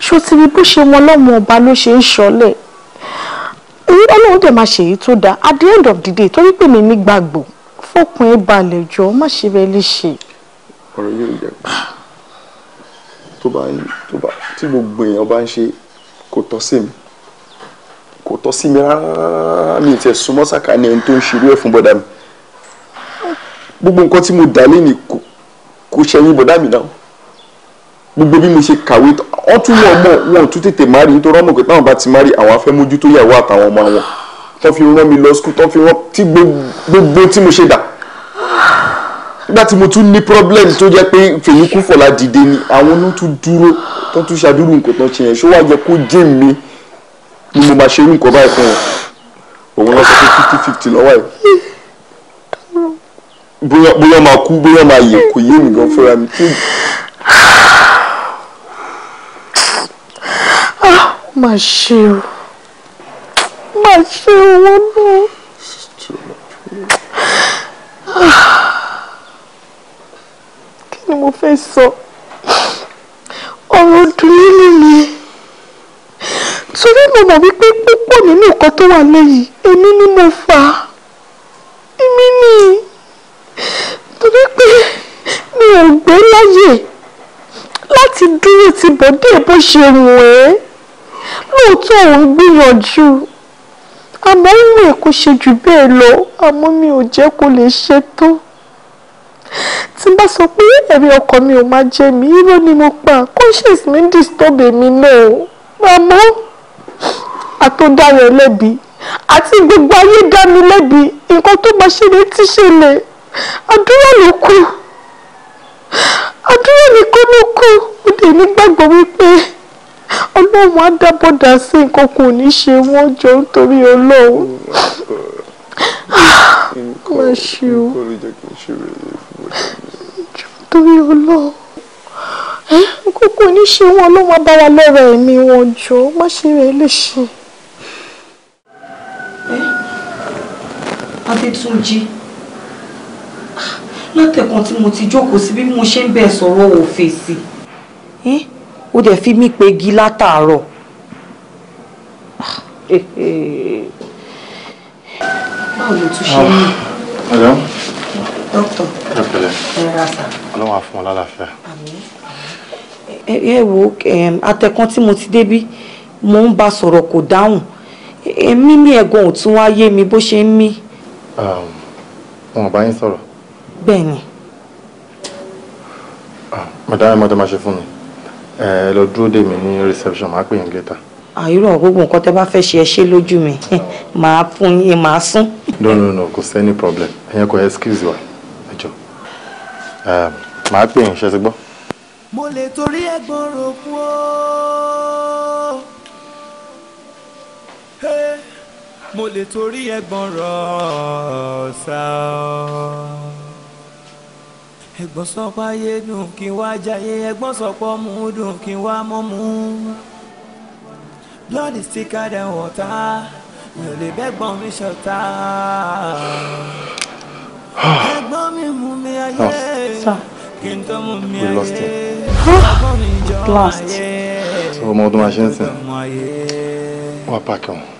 ṣó ti rí bó ṣe wọn lọ́mọ ọba ló ṣe ń ṣọlẹ̀ èyí ọlọ́run dẹ̀ máa ṣèyí tó dáa at the end of the day torí pé mi nígbàgbọ́ fọkàn ẹ balẹ̀ jọ má ṣe bẹ́ẹ̀ lè ṣe. ọ̀rọ̀ yóò jẹ́ pé tó bá tó bá tí gbogbo èèyàn bá ń ṣe kò tọ́ sí mi kò tọ́ sí mi rárá mi tẹ̀ súnmọ́ sàkà ni ẹni tó ń ṣerú ẹ̀ fún bọ́dà mi gbogbo nǹkan tí mo dà lé ní kò ṣẹ́yìn bọ́dà mi náà gbogbo bí mo ṣe kàwé wọn tún wọn mọ wọn tún tètè má rí nítorí ọmọ pé táwọn bá ti má rí àwọn afẹ́ mójútó ìyàwó àtàwọn ọmọ wọn tó fi rán mi lọ skul tó fi rán tí gbogbo tí mo ṣe dà nígbà tí mo tún ní problem tó jẹ́ pé fèyíkú fọlá dìde ni àwọn ló tún dúró tó tún ṣàdúró nǹkan tó ṣe yẹn ṣó wàá jẹ kó jẹ́ mi ni mo máa ṣe irú nǹkan báyìí fún wọn òun lọ sọ pé fifty fifty lọ́wọ́ ẹ̀ bóyá máa kú bóyá máa yẹ kò yé mi gan fúnra mi má ṣe o má ṣe owó náà. kí ni mo fẹ́ sọ ọ̀rọ̀ dùn mí líle torí mo mọ̀ wípé púpọ̀ nínú nǹkan tó wà lẹ́yìn èmi ni mo fà á èmi ni torí pé mi ò gbé láyè láti dúró ti bọ̀dé bó ṣe wù ẹ́ lóòótọ́ òun gbìyànjú àmọ́ ń wẹ̀ kó ṣe jù bẹ́ẹ̀ lọ àmọ́ mi ò jẹ́ kó lè ṣe tó tí n bá sọ pé ẹ̀rí ọkọ mi ò máa jẹ mí irọ́ ni mo pa conscience mi ń disturb èmi náà àmọ́ àtọ́dára ẹlẹ́bi àti gbogbo ayé dá mi lẹ́bi nǹkan tó bá ṣẹlẹ̀ ti ṣẹlẹ̀ àdúrà ló kù àdúrà nìkan ló kù ó dẹ̀ nígbàgbọ́ wípé ọlọ́run á dábọ̀dà sí nǹkan kò ní ṣe wọ́n jọ nítorí ọlọ́run. má ṣe o nítorí ọlọ́run nǹkan kò ní ṣe wọ́n ọlọ́run á bá wa lọ́rọ̀ ẹ̀mí wọn jọ má ṣe rẹ̀ léṣe. Adétúnjí látẹ̀kan tí mo ti jókòó sí bí mo ṣe ń bẹ̀ sọ̀rọ̀ òfèsì ó dẹ̀ fi mí pe igi látàárọ̀. Ah, eh, eh. báwo ló tún ṣe ní. Ah, dókítà ẹ ra sà. ọlọ́run á fún ọ lálàáfíà. ẹ wo atẹ̀kan tí mo ti débí mo ń bá sọ̀rọ̀ kò dáhùn mímí ẹ̀gbọ́n ò tún wá yé mi bó ṣe ń mí. wọn ò bá yín sọ̀rọ̀. bẹ́ẹ̀ ni. madame ah, madame ṣe fún mi ẹ lọ dúró dè mí ní reception máa pè yín later. Ah, àìrò gbogbo nǹkan tẹ́ bá fẹ́ ṣe ẹ ṣe lójú mi [LAUGHS] màá fún yín màá sún. no no no kò sẹ́ni problem ẹ̀yẹn kò excuse wa ẹ jọ ehm, màá pè yín ṣe ti gbọ́. mo lè torí ẹ̀gbọ́n rò kú ó mo lè torí ẹ̀gbọ́n rọ̀ ṣáá ẹ̀gbọ́n sọpá yé dùn kí n wá jayé ẹ̀gbọ́n sọpọ̀ mú dùn kí n wá mọ́ mú. blood is thicker than water mi ò lè bẹ́gbọ́n mi ṣọ̀tá. ẹ̀gbọ́n mi mú mi ayé oh, kí n tó mú mi ayé ẹ̀gbọ́n mi jọ ayé ẹ̀gbọ́n mi jọ ayé. wà á pàkẹ́ wọn.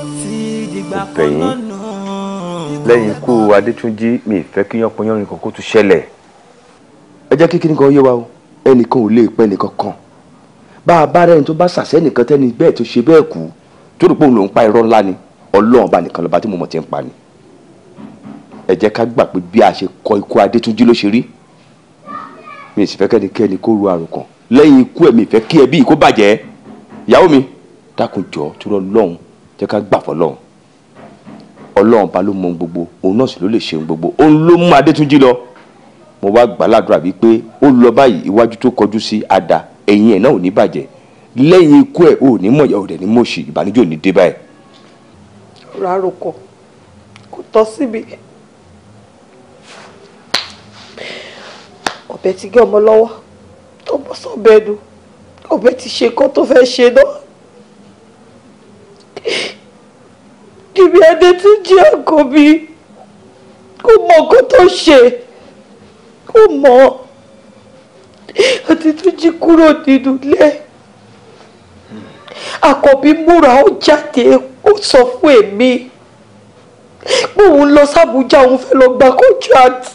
ìfẹ́ yín lẹ́yìn ikú adétúnjì mi ìfẹ́ kí yánpọnyánrin kan kó tún ṣẹlẹ̀ ẹ jẹ́ kí kan yé wa o ẹnìkan ò lè pẹ́ nìkan kan bá a bá rẹ́ni tó bá ṣàṣẹ́ nìkan tẹ́ni bẹ́ẹ̀ tó ṣe bẹ́ẹ̀ kú tó rò pé òun lòún pa irọ́ ńlá ni ọlọ́run bá nìkan lọ́ba tí mo mọ̀ ti ń pa ni ẹ jẹ́ ká gbà pé bí a ṣe kọ ikú adétúnjì ló ṣe rí mi sì kẹ́nikẹ́ni kó ru àrùn lẹ́yìn ikú ẹ̀ mi kí ẹbí kó bàjẹ́ ìyàwó mi dákun tó lọ lọ́hùn jẹ́ ká gbà fọ́ lọ́hùn ọlọ́run pa ló mọ ohun gbogbo òun náà sì ló lè ṣe ohun gbogbo òun ló mú adétúnjì lọ mo wá gbàládùra wípé ó lọ báyìí iwájú tó kọjú sí ada ẹ̀yìn ẹ̀ náà ò ní bàjẹ́ lẹ́yìn ikú ẹ̀ ò ní mọ̀yà ò dẹ̀ ní mọ̀ṣì ìbànújẹ́ ò ní dé báyìí. rárokò kò tọ́ síbi ọ̀bẹ ti gé ọmọ lọ́wọ́ tó bọ́ sọ́bẹ̀ẹ́dù ọ̀bẹ ti ṣe kó tó fẹ́ ṣe náà kìbí Adétúnjí Àkànbí kò mọ kó tó ṣe kò mọ Adétúnjí kúrò nínú ilé Àkànbí múra ó jáde ó sọ fún èmi pé òun lọ sàbújá òun fẹ́ lọ gba contract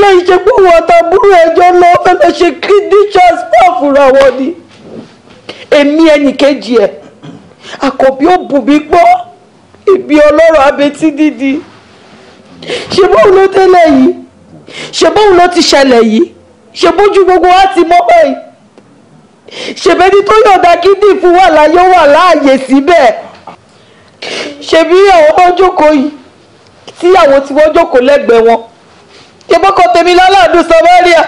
láì jẹ́ pé òun àtàbúrò ẹjọ́ lọ fẹ́ lọ ṣe kidney transfer fúnra wọn ni èmi ẹnìkejì ẹ̀ àkọ́bí ò bù mí gbọ́ ibi ọlọ́rọ̀ abetí dídi ṣe bóun ló tẹ́lẹ̀ yìí ṣe bóun ló ti ṣẹlẹ̀ yìí ṣe bójú gbogbo wa ti mọ́ báyìí ṣèbẹ́ni tó yọ̀ǹda kíndì fún wa láyé wà láàyè síbẹ̀ ṣèbí àwọn ọmọ jókòó yìí tíyàwó tí wọ́n jókòó lẹ́gbẹ̀ẹ́ wọn ṣèbọ́kọ tèmi lálàdún samaria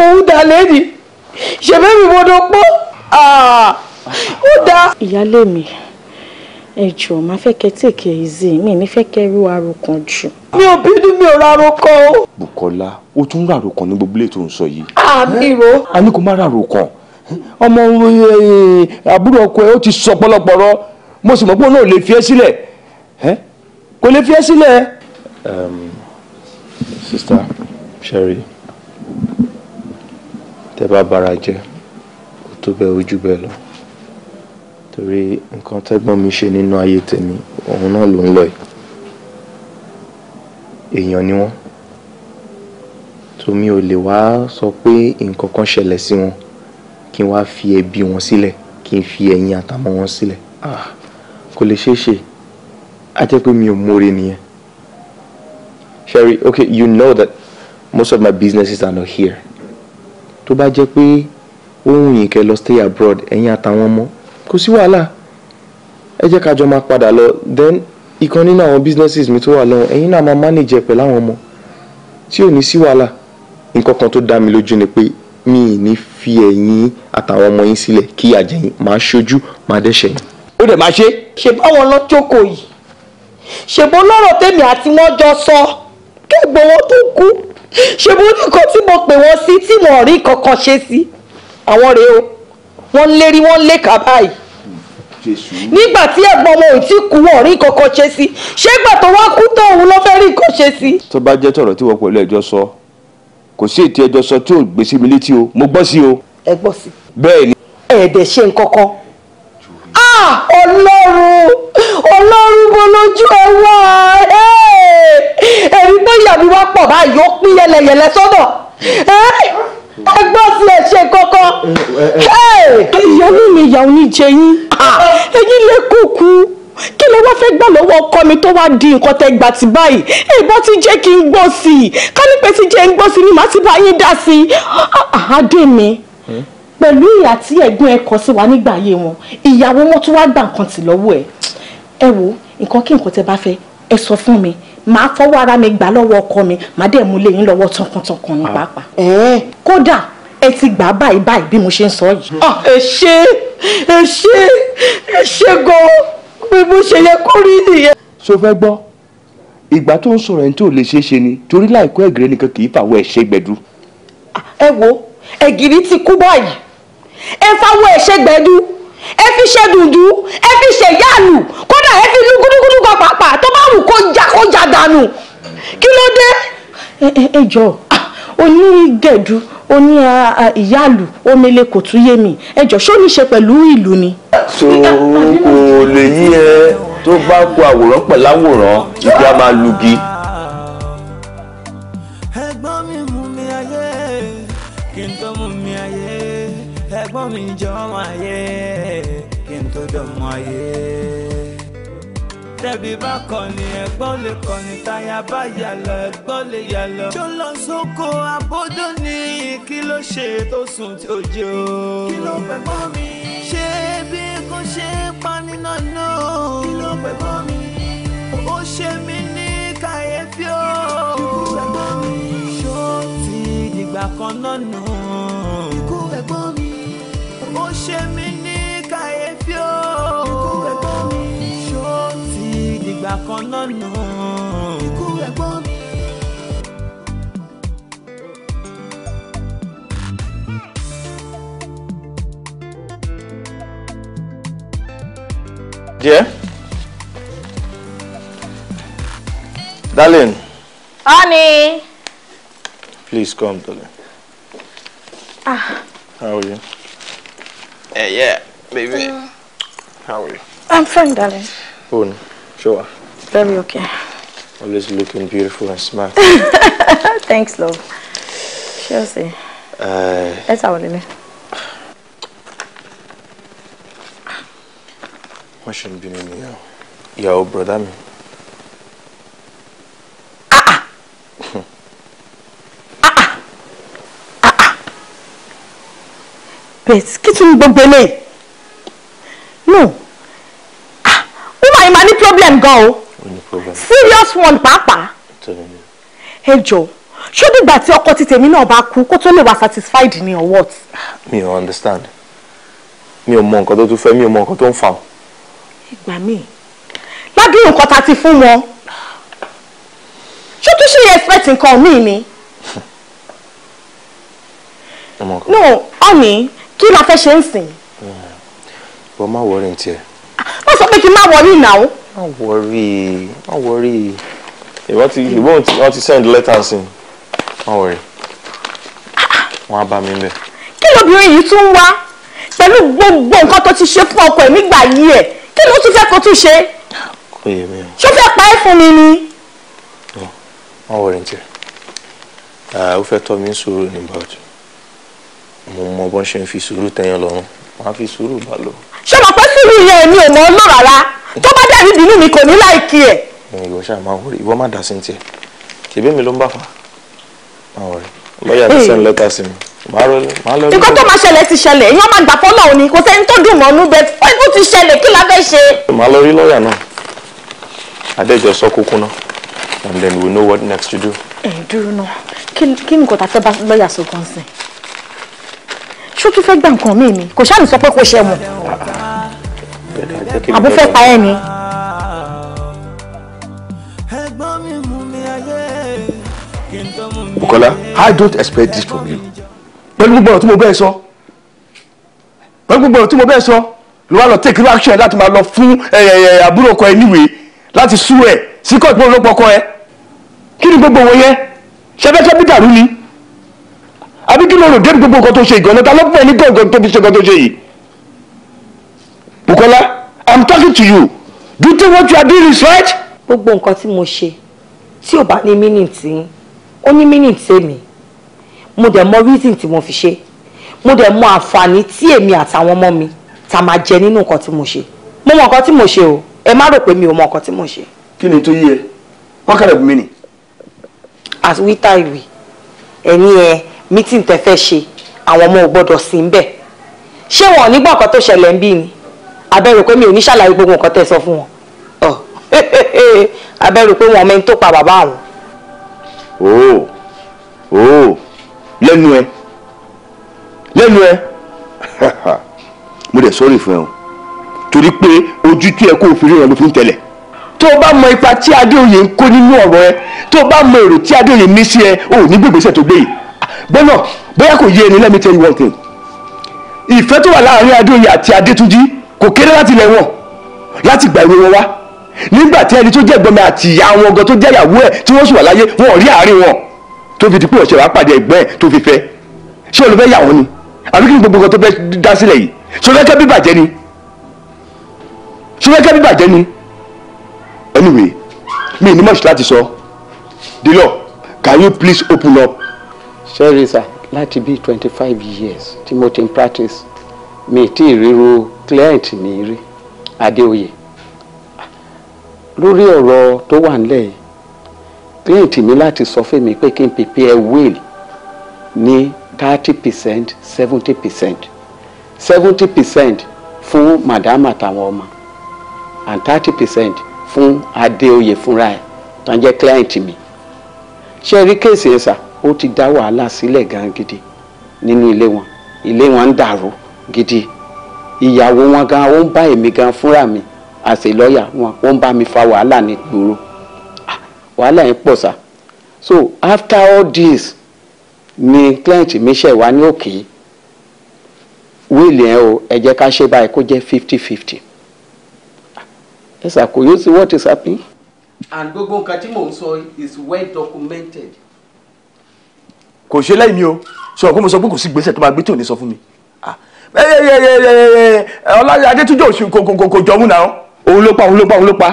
òun dà lẹ́ni ṣèbẹ́mi mo dọ́ pọ́ ó dá. ìyáálé mi ẹ jọ̀ọ́ máa fẹ́ kẹ́ tèkè ìzì mi ní fẹ́ kẹ́ rú arokan jù. mi ò bínú mi ò rarokan o. Bùkọ́lá ó tún rarokan ní gbogbo ilé tó ń sọ yìí. àmì a ní kó má rarokan ọmọ àbúrò ọkọ ẹ ó ti sọ pọ̀lọpọ̀ rọ mo sì mọ̀ pé òun náà lè fi ẹ́ sílẹ̀ kò lè fi ẹ́ sílẹ̀. sista Sherry tẹ bá bara jẹ kó tó bẹ ojú bẹ lọ torí nǹkan tẹ́gbọ́n mi ṣe nínú ayé tèmi òun náà ló ń lọ yìí èèyàn ni wọ́n tòmí ò lè wá sọ pé nǹkan kan ṣẹlẹ̀ sí wọn kí n wá fi ẹbí wọn sílẹ̀ kí n fi ẹ̀yìn àtàmọ́ wọn sílẹ̀ ah, kò lè ṣeé ṣe á jẹ́ pé mi ò mórè nìyẹn Sherry okay you know that most of my businesses are not here tó bá jẹ́ pé ó wù yín lọ stay abroad ẹ̀yìn àtàwọn ọmọ kò sí wàhálà ẹ jẹ́ ká jọ máa padà lọ then ìkan nínú àwọn businesses mi tó wà lọ́wọ́ ẹ̀yin náà máa manage ẹ̀ pẹ̀lú àwọn ọmọ tí ò ní sí wàhálà nǹkan kan tó dá mi lójú ni pé mi ì ní fi ẹ̀yin àtàwọn ọmọ yín sílẹ̀ kí àjẹyìn máa ṣojú máa dẹ́ṣẹ̀ yín. ó dẹ̀ máa ṣe. ṣe báwọn lọ jókòó yìí ṣèbó lọ́rọ̀ tèmi àti wọ́n jọ sọ kẹ́gbọ́ wọn tó kú ṣèbó nìkan tí mo pè wọ́n sí tí wọ́n rí kankan ṣe sí àwọn rèé o wọ́n lérí wọ́n lé kà nígbà tí ẹ̀gbọ́n ọmọ ò tí kú wọn rí kankan ṣe sí ṣé ìgbà tó wá kú tó òun ló fẹ́ rí nǹkan ṣe sí. tó bá jẹ́ tọ̀rọ̀ tí wọ́n pẹ̀lú ẹjọ́ sọ kò sí ètò ẹjọ́ sọ tí ò gbé sí mi létí o mo gbọ́ sí o. ẹ gbọ́ sí. bẹ́ẹ̀ ni. ẹ̀ẹ́dẹ̀ ṣe nǹkan kan. ah ọlọ́run ọlọ́run mo lójú ẹ wá ẹ̀rí tó yàrá wá pọ̀ báyìí pín yẹlẹyẹlẹ sọ́dọ̀ ẹgbọ́n sí ẹ ṣe kọ́kọ́ ìyọnu mi ìyá oníjẹ yín ah! ẹ̀yin lè kúkú kí ló wá fẹ́ gbà lọ́wọ́ ọkọ mi tó wá di nǹkan tẹ gbà tí báyìí ìbọn ti jẹ́ kí n gbọ́ sí i kálípẹ́ ti jẹ́ ń gbọ́ sí i ni màá ti bá yín dá sí i àádé ah, ah, mi hmm? pẹ̀lú ìyà tí ẹ̀gbọ́n ẹ kọ sí wa nígbà ayé wọn ìyàwó wọn tún wá gbà nǹkan tì lọ́wọ́ ẹ ẹ wo nǹkan kí nǹkan tẹ bá fẹ́ ẹ sọ fún mi màá fọwọ́ ara mi gbà lọ́wọ́ ọkọ mi màá dẹ̀ mú lẹ́yìn lọ́wọ́ tọkàntọkàn ní ah. pàápàá. kódà ẹ ti gbà báyìí báyìí bí mo ṣe ń sọ yìí. Ah, ẹ ṣé ẹ ṣé ẹ ṣé gan bí mo ṣe yẹ kó rí nìyẹn. so fẹ́ gbọ́ ìgbà tó ń sọ̀rọ̀ ẹni tó lè é ṣe ni torí láìkọ́ ẹ̀gẹ́rẹ́ nìkan kì í fàwọ́ ẹ̀ ṣe gbẹ̀dú. Ah, ẹ wo ẹ̀gìrì ti kú báyìí ẹ fàwọ́ ẹ̀ ṣe gbẹ̀dú ẹ fi ṣe dùndú ẹ fi ṣe yáàlù kódà ẹ fi lu gúdúgúdú kan pàápàá tó bá wù kó já kó já dànù kí ló dé. ẹ ẹ ẹ jọ onígẹ̀dú oní ìyáàlù omele kò tún yé mi ẹ jọ ṣó ní ṣe pẹ̀lú ìlú ni. so kò lè yí ẹ tó bá kó àwòrán pẹ̀lú àwòrán ìgbà máa lugi. ẹ̀gbọ́n mi mú mi ayé kí n tó mú mi ayé ẹ̀gbọ́n mi jẹ́. bí bá kọ̀ni ẹ̀gbọ́n lè kọ̀ni táyà bá yà lọ ẹ̀gbọ́n lè yà lọ. tó lọ sóko abódó ni kí ló ṣe tó sùn tí ó jẹ o. kí ló pẹ̀ mọ́ mi. ṣé bí kò ṣe pa nínú náà. kí ló pẹ̀ mọ́ mi. lọ́nà. ikú ẹ̀gbọ́n mi. Dear, darling. Honey. Please come, darling. Ah. How are you? Eh, yeah, baby. Uh, How are you? I'm fine, darling. Bon, sure. Very okay. Always looking beautiful and smart. [LAUGHS] Thanks, love. Seriously. Ẹ ta wọlé lẹ. Wọ́n ṣe ń bínú nìyàwó. brother? bùrọ̀dá ah ah ah. tún ní gbogbo eléyìí no ah woman yìí máa problem girl? serious one Papa. ẹ jọ ṣó dìgbà tí ọkọ ti tèmi náà bá kú kó tó lè wà satisfied ni or what. mi ò understand mi ò mọ nǹkan tó tún fẹ́ mi ò mọ nǹkan tó ń fà o. ìgbà mi ládùn nǹkan ta ti fún wọn ṣó tún ṣe expect nǹkan mi ni. [LAUGHS] no honey. kí la fẹ́ ṣe ń sìn. ìwọ má wọrí ní tiẹ̀. wọ́n ah, sọ pé kí n má wọrí ìnáwó. Don't worry Don't worry. ìwọ́n ti ìwọ́n ti wọ́n ti send letters in Don't worry wọ́n á bá mi bẹ̀. kí lóbìnrin yìí tún wá pẹ̀lú gbogbo nǹkan tó ti ṣe fún ọkọ ẹ̀ nígbà yìí ẹ̀ kí ló tún fẹ́ kó tún ṣe. kò yé mi o. ṣó fẹ́ pa ẹ́ fún mi ni. má worry n tẹ ó fẹ́ tọ́ mi sùúrù ní bàjẹ́ mo mọ bọ́n ṣe ń fi sùúrù tẹ́yàn lọ́rùn màá fi sùúrù bá lọ. ṣé mo pẹ́ sùúrù yẹn mi ò mọ ọ lọ rárá tó bá dẹ̀rí bínú mi kò ní láìkí ẹ̀. ìwọ ṣáà máa wọrí ìwọ má dà sí tiẹ̀ tèmi mi ló ń bá fa máa wọrí lọ́ọ̀yà ti send letter sí mi nǹkan tó máa ṣẹlẹ̀ ti ṣẹlẹ̀ èèyàn máa gbà fọ́lọ́ òní kò sẹ́ni tó dùn mọ́nú bẹ́ẹ̀ ó ibú ti ṣẹlẹ̀ kí la fẹ́ ṣe. màá lọ rí lọ́ọ̀yà náà adéjọ sọ kúkú náà and then we know what next to do. ẹ dúró náà kí ni kò tá fẹ́ bá lọ́ọ̀yà sọ gan sí ṣó tún fẹ́ gbà nǹkan mí mi kò ṣáà pé kò ṣe mọ́ àbú fẹ́ pa ẹ́ ni. Bukola I don't expect this from you pẹ̀lú gbogbo ọ̀rọ̀ tí mo bẹ́ẹ̀ sọ pẹ̀lú gbogbo ọ̀rọ̀ tí mo bẹ́ẹ̀ sọ ló wá lọ take real action láti máa lọ fún àbúrò ọkọ ẹ níwèé láti sú ẹ sí kọ́ ìpínlẹ̀ olóko ọkọ ẹ kí ni gbogbo wọn yẹn ṣẹfẹ́ṣẹ́ bí dàrú ni àbí kí ló rò dé gbogbo nǹkan tó ṣe ìgànnà ta ló fún ẹ gbọ̀ngàn tó fi ṣe nǹkan tó ṣe yìí. Bukola, I'm talking to you. Do you think what you are doing is right? Gbogbo nǹkan tí mo ṣe tí ò bá ní meaning tí ó ní meaning tèmi. Mo dẹ̀ mọ reason tí mo fi ṣe. Mo dẹ̀ mọ àǹfààní tí èmi àtàwọn ọmọ mi ta máa jẹ nínú nǹkan tí mo ṣe. Mo mọ nǹkan tí mo ṣe o. Ẹ má rò pé mi ò mọ nǹkan tí mo ṣe. Kí ni tó yí ẹ? What kind of meaning? As we tie we, ẹni ẹ meeting tẹ fẹ́ ṣe, àwọn ọmọ ò gbọ́dọ̀ sí ń bẹ̀. Ṣé wọn ò nígbà kan tó ṣẹlẹ̀ ń bí ni? abẹ́rù pé mi ò ní ṣàlàyé gbogbo nǹkan tẹ́ sọ fún wọn [LAUGHS] abẹ́rù pé wọn mẹ́ni tó pa bàbá àwọn. ooo ooo lẹ́nu ẹ lẹ́nu ẹ [LAUGHS] mo dẹ̀ sọ́rí fún ẹ o torí pé ojú tí ẹ kó o fi ríran ló fi ń tẹ̀lẹ̀ tó o bá mọ ipa tí adéoyè ń kó nínú ọ̀rọ̀ ẹ tó o bá mọ èrò tí adéoyè ní sí ẹ o ò ní gbègbèsẹ̀ tó gbé yìí bọ́nà bóyá kò yé ẹni let me tell you one thing ìfẹ́ tó wà láàárín adéoyè àti adétúnjí kò kéré láti ilẹ̀ wọn láti gba ìwé wọn wá nígbà tí ẹni tó jẹ́ ẹ̀gbọ́n mi àti ìyá wọn gan tó jẹ́ ìyàwó ẹ̀ tí wọ́n sùn wà láyé wọn ò rí àárín wọn tó fi di pé ọ̀sẹ̀ wàá pàdé ẹ̀gbọ́n ẹ̀ tó fi fẹ́ ṣé o lè fẹ́ yà wọ́n ni àbí kí ni gbogbo nǹkan tó fẹ́ dá sílẹ̀ yìí ṣé o fẹ́ bíbàjẹ́ ni ṣé o fẹ́ bíbàjẹ́ ni anyway mi ní much láti sọ dilọ can you please open up. ṣé rí sá láti bíi twenty five years tí mo ti practice mi ì tí ì client mi rí Adéoyè lórí ọ̀rọ̀ tó wà nílẹ̀ yìí client mi láti sọ fún mi pé kí n prepare will ní thirty percent seventy percent seventy percent fún madam àtàwọn ọmọ and thirty percent fún Adéoyè fúnra ẹ̀ tó jẹ́ client mi ṣe rí kéèsì yẹn sà ó ti dá wàhálà sílẹ̀ gan gidi nínú ilé wọn ilé wọn ń dàrú gidi ìyàwó wọn gan ó ń bá èmi gan fúnra mi àṣẹ lọ́ọ̀yà wọn ó ń bá mi fa wàhálà ní gbòòrò ah, wàhálà yẹn pọ̀ sá so after all this ni client mi ṣe wá ní òkè wíìlì yẹn o ẹ jẹ́ ká ṣe báyìí kó jẹ́ fifty fifty ah, ẹ sà kò yóò sí what is happening. and gbogbo nǹkan tí mò ń sọ is well documented. kò ṣe lẹ́yìn mi o sọ pé mo sọ pé kò sí gbèsè tó máa gbé tí ò ní sọ fún mi ah, ọláyé adétúnjì òṣù kò jọ̀hún náà òun ló pa òun ló pa òun ló pa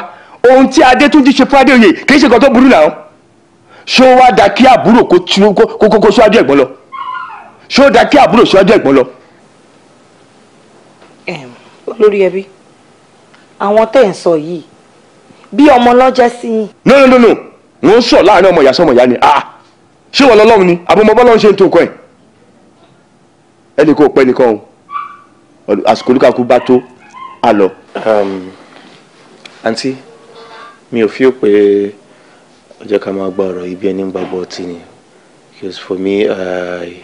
ohun tí adétúnjì ṣe fún adéoyè kì í ṣe nǹkan tó burú náà ṣó wá da kí àbúrò kó ṣáájú ẹ̀gbọ́n lọ ṣó da kí àbúrò ṣáájú ẹ̀gbọ́n lọ. olórí ẹbí àwọn tẹ́ ń sọ yìí bí ọmọ lọ́jẹ́ sí i. no no no no wọ́n ń sọ láàrin ọmọ ìyá sọmọ ìyá ni ah ṣé wọ́n lọ́lọ́run ni àbọ̀mọ́ bọ́lọ́run ṣe ń tó nǹkan ẹ̀ ẹnì kan ò nìkan o àsìkò Lukaku bá tó a lọ. àǹtí um, mi ò fi ó pé ó jẹ́ ká máa gba ọ̀rọ̀ ibi ẹni ń gbàgbọ́ ọtí ni because for me I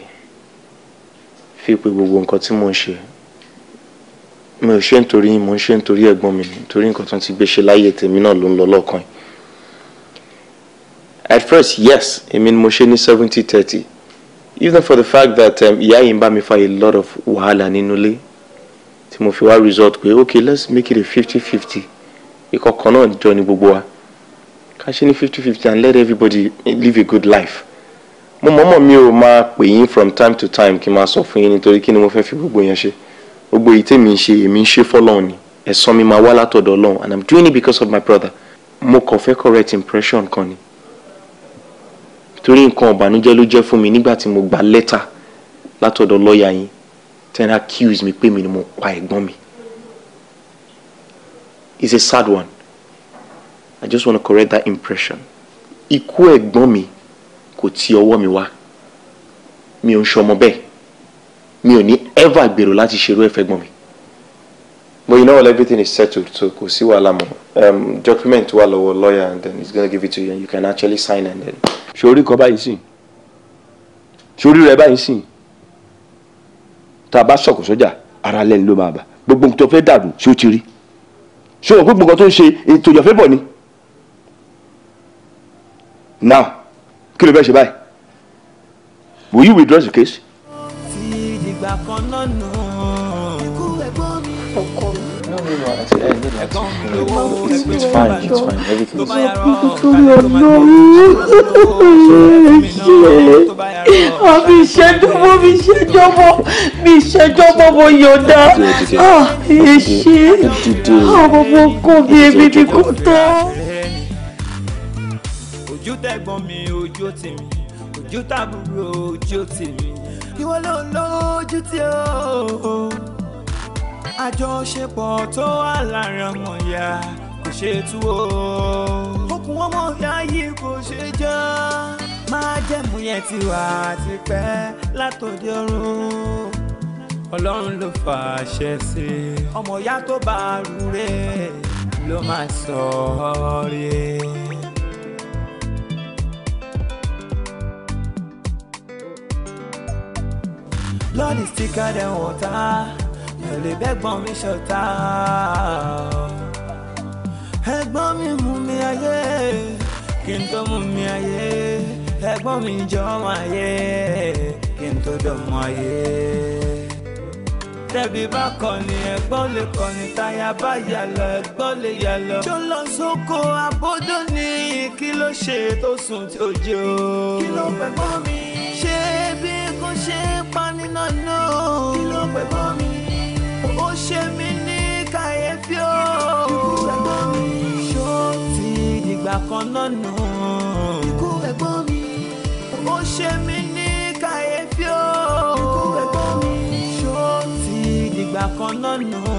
feel pé gbogbo nǹkan tí mò ń ṣe mi ò ṣe nítorí mo ń ṣe nítorí ẹ̀gbọ́n mi nítorí nǹkan tó ń ti gbé ṣe láyé tèmi náà ló ń lọ lọ́kàn yìí at first yes èmi ni mo ṣe ní seventy thirty even for the fact that um, ìyá yìí ń bá mi fa a lot of wàhálà nínú ilé tí mo fi wá result pé okay let's make it a fifty fifty ìkọ̀kan náà jọ ní gbogbo wa ká ṣe ní fifty fifty and let everybody live a good life mo mọ̀mọ́ mi ò máa pè yín from time to time kí n máa sọ fún yín nítorí kí ni mo fẹ́ fi gbogbo yẹn ṣe gbogbo èyí tèmi ń ṣe èmi ń ṣe fọ́lọ́run ni ẹ̀san mi máa wá látọ̀dọ̀ ọlọ́run and i'm doing it because of my brother mo kàn fẹ́ correct impression kan ni torí nǹkan ọ̀bànújẹ́ ló jẹ́ fún mi nígbà tí mo gba lẹ́tà látọ̀dọ̀ lọ́ọ̀yà yín tí wọ́n accuse me, pé mi ni mo pa ẹ̀gbọ́n mi it's a sad one I just want to correct that impression ikú ẹ̀gbọ́n mi kò ti ọwọ́ mi wá mi ò ń ṣọmọ bẹ́ẹ̀ mi ò ní ever gbèrò láti ṣerú ẹ̀fẹ́ gbọ́n mi. But you know all everything is settled so kò sí wàhálà mọ́ um, document wà lọ́wọ́ lawyer and then he's gonna give it to you and you can actually sign and then. ṣorí kan báyìí sìn ṣorí rẹ báyìí sìn tá a bá sọ̀kò sọ́jà ara lẹ́ni ló máa bà gbogbo nǹkan tó fẹ́ dàrú ṣé ó ti rí ṣé o gbogbo nǹkan tó ń ṣe ètò ìyànfẹ́ bọ̀ ni. now kí ló fẹ́ ṣe báyìí will you withdraw the case. Don't know. It's, it's fine. It's fine. Everything is fine. Mo fi ṣẹ́jú mo fi ṣẹ́jú ọmọ mi ṣẹ́jú ọmọ mo yọ̀ǹda. Èṣe ọmọ mo kọ́ mi èmi ni kò tán. Ojú tẹ̀gbọ́n mi ojú tì mí, ojú tàbúrò ojú tì mí, ìwọ ló ń lọ ojú tì ó àjọṣepọ̀ tó wà láàrin ọmọ ìyá kò ṣe tú o. okùn ọmọ ìyá yìí kò ṣe já. máa jẹ́mu yẹn ti wà tipẹ́ látòdì ọ̀run. ọlọ́run ló fàṣẹ sí ọmọ ìyá tó bá rúre ló máa sọ ọ́ rí i. Blood is thicker than water mi ò lè bẹ́gbọ́n mi ṣọ̀tá. ẹ̀gbọ́n mi mú mi ayé kí n tó mú mi ayé ẹ̀gbọ́n mi jọ ọmọ ayé kí n tó dọ̀mọ ayé. tẹ̀bí bá kọ̀ ni ẹ̀gbọ́n lè kọ̀ ni táyà bá yà lọ ẹ̀gbọ́n lè yà lọ. tó lọ sóko abódó ni kí ló ṣe tó sùn tí ó jẹ́ kí ló pẹ̀ mọ́ mi. ṣé bí kò ṣe pa nínú náà. kí ló pẹ̀ mọ́ mi ó ṣe mí ní kàyéfì o. ṣó ti dìgbà kan náà nù. ikú ẹ̀gbọ́n mi. ó ṣe mí ní kàyéfì o. ikú ẹ̀gbọ́n mi. ṣó ti dìgbà kan náà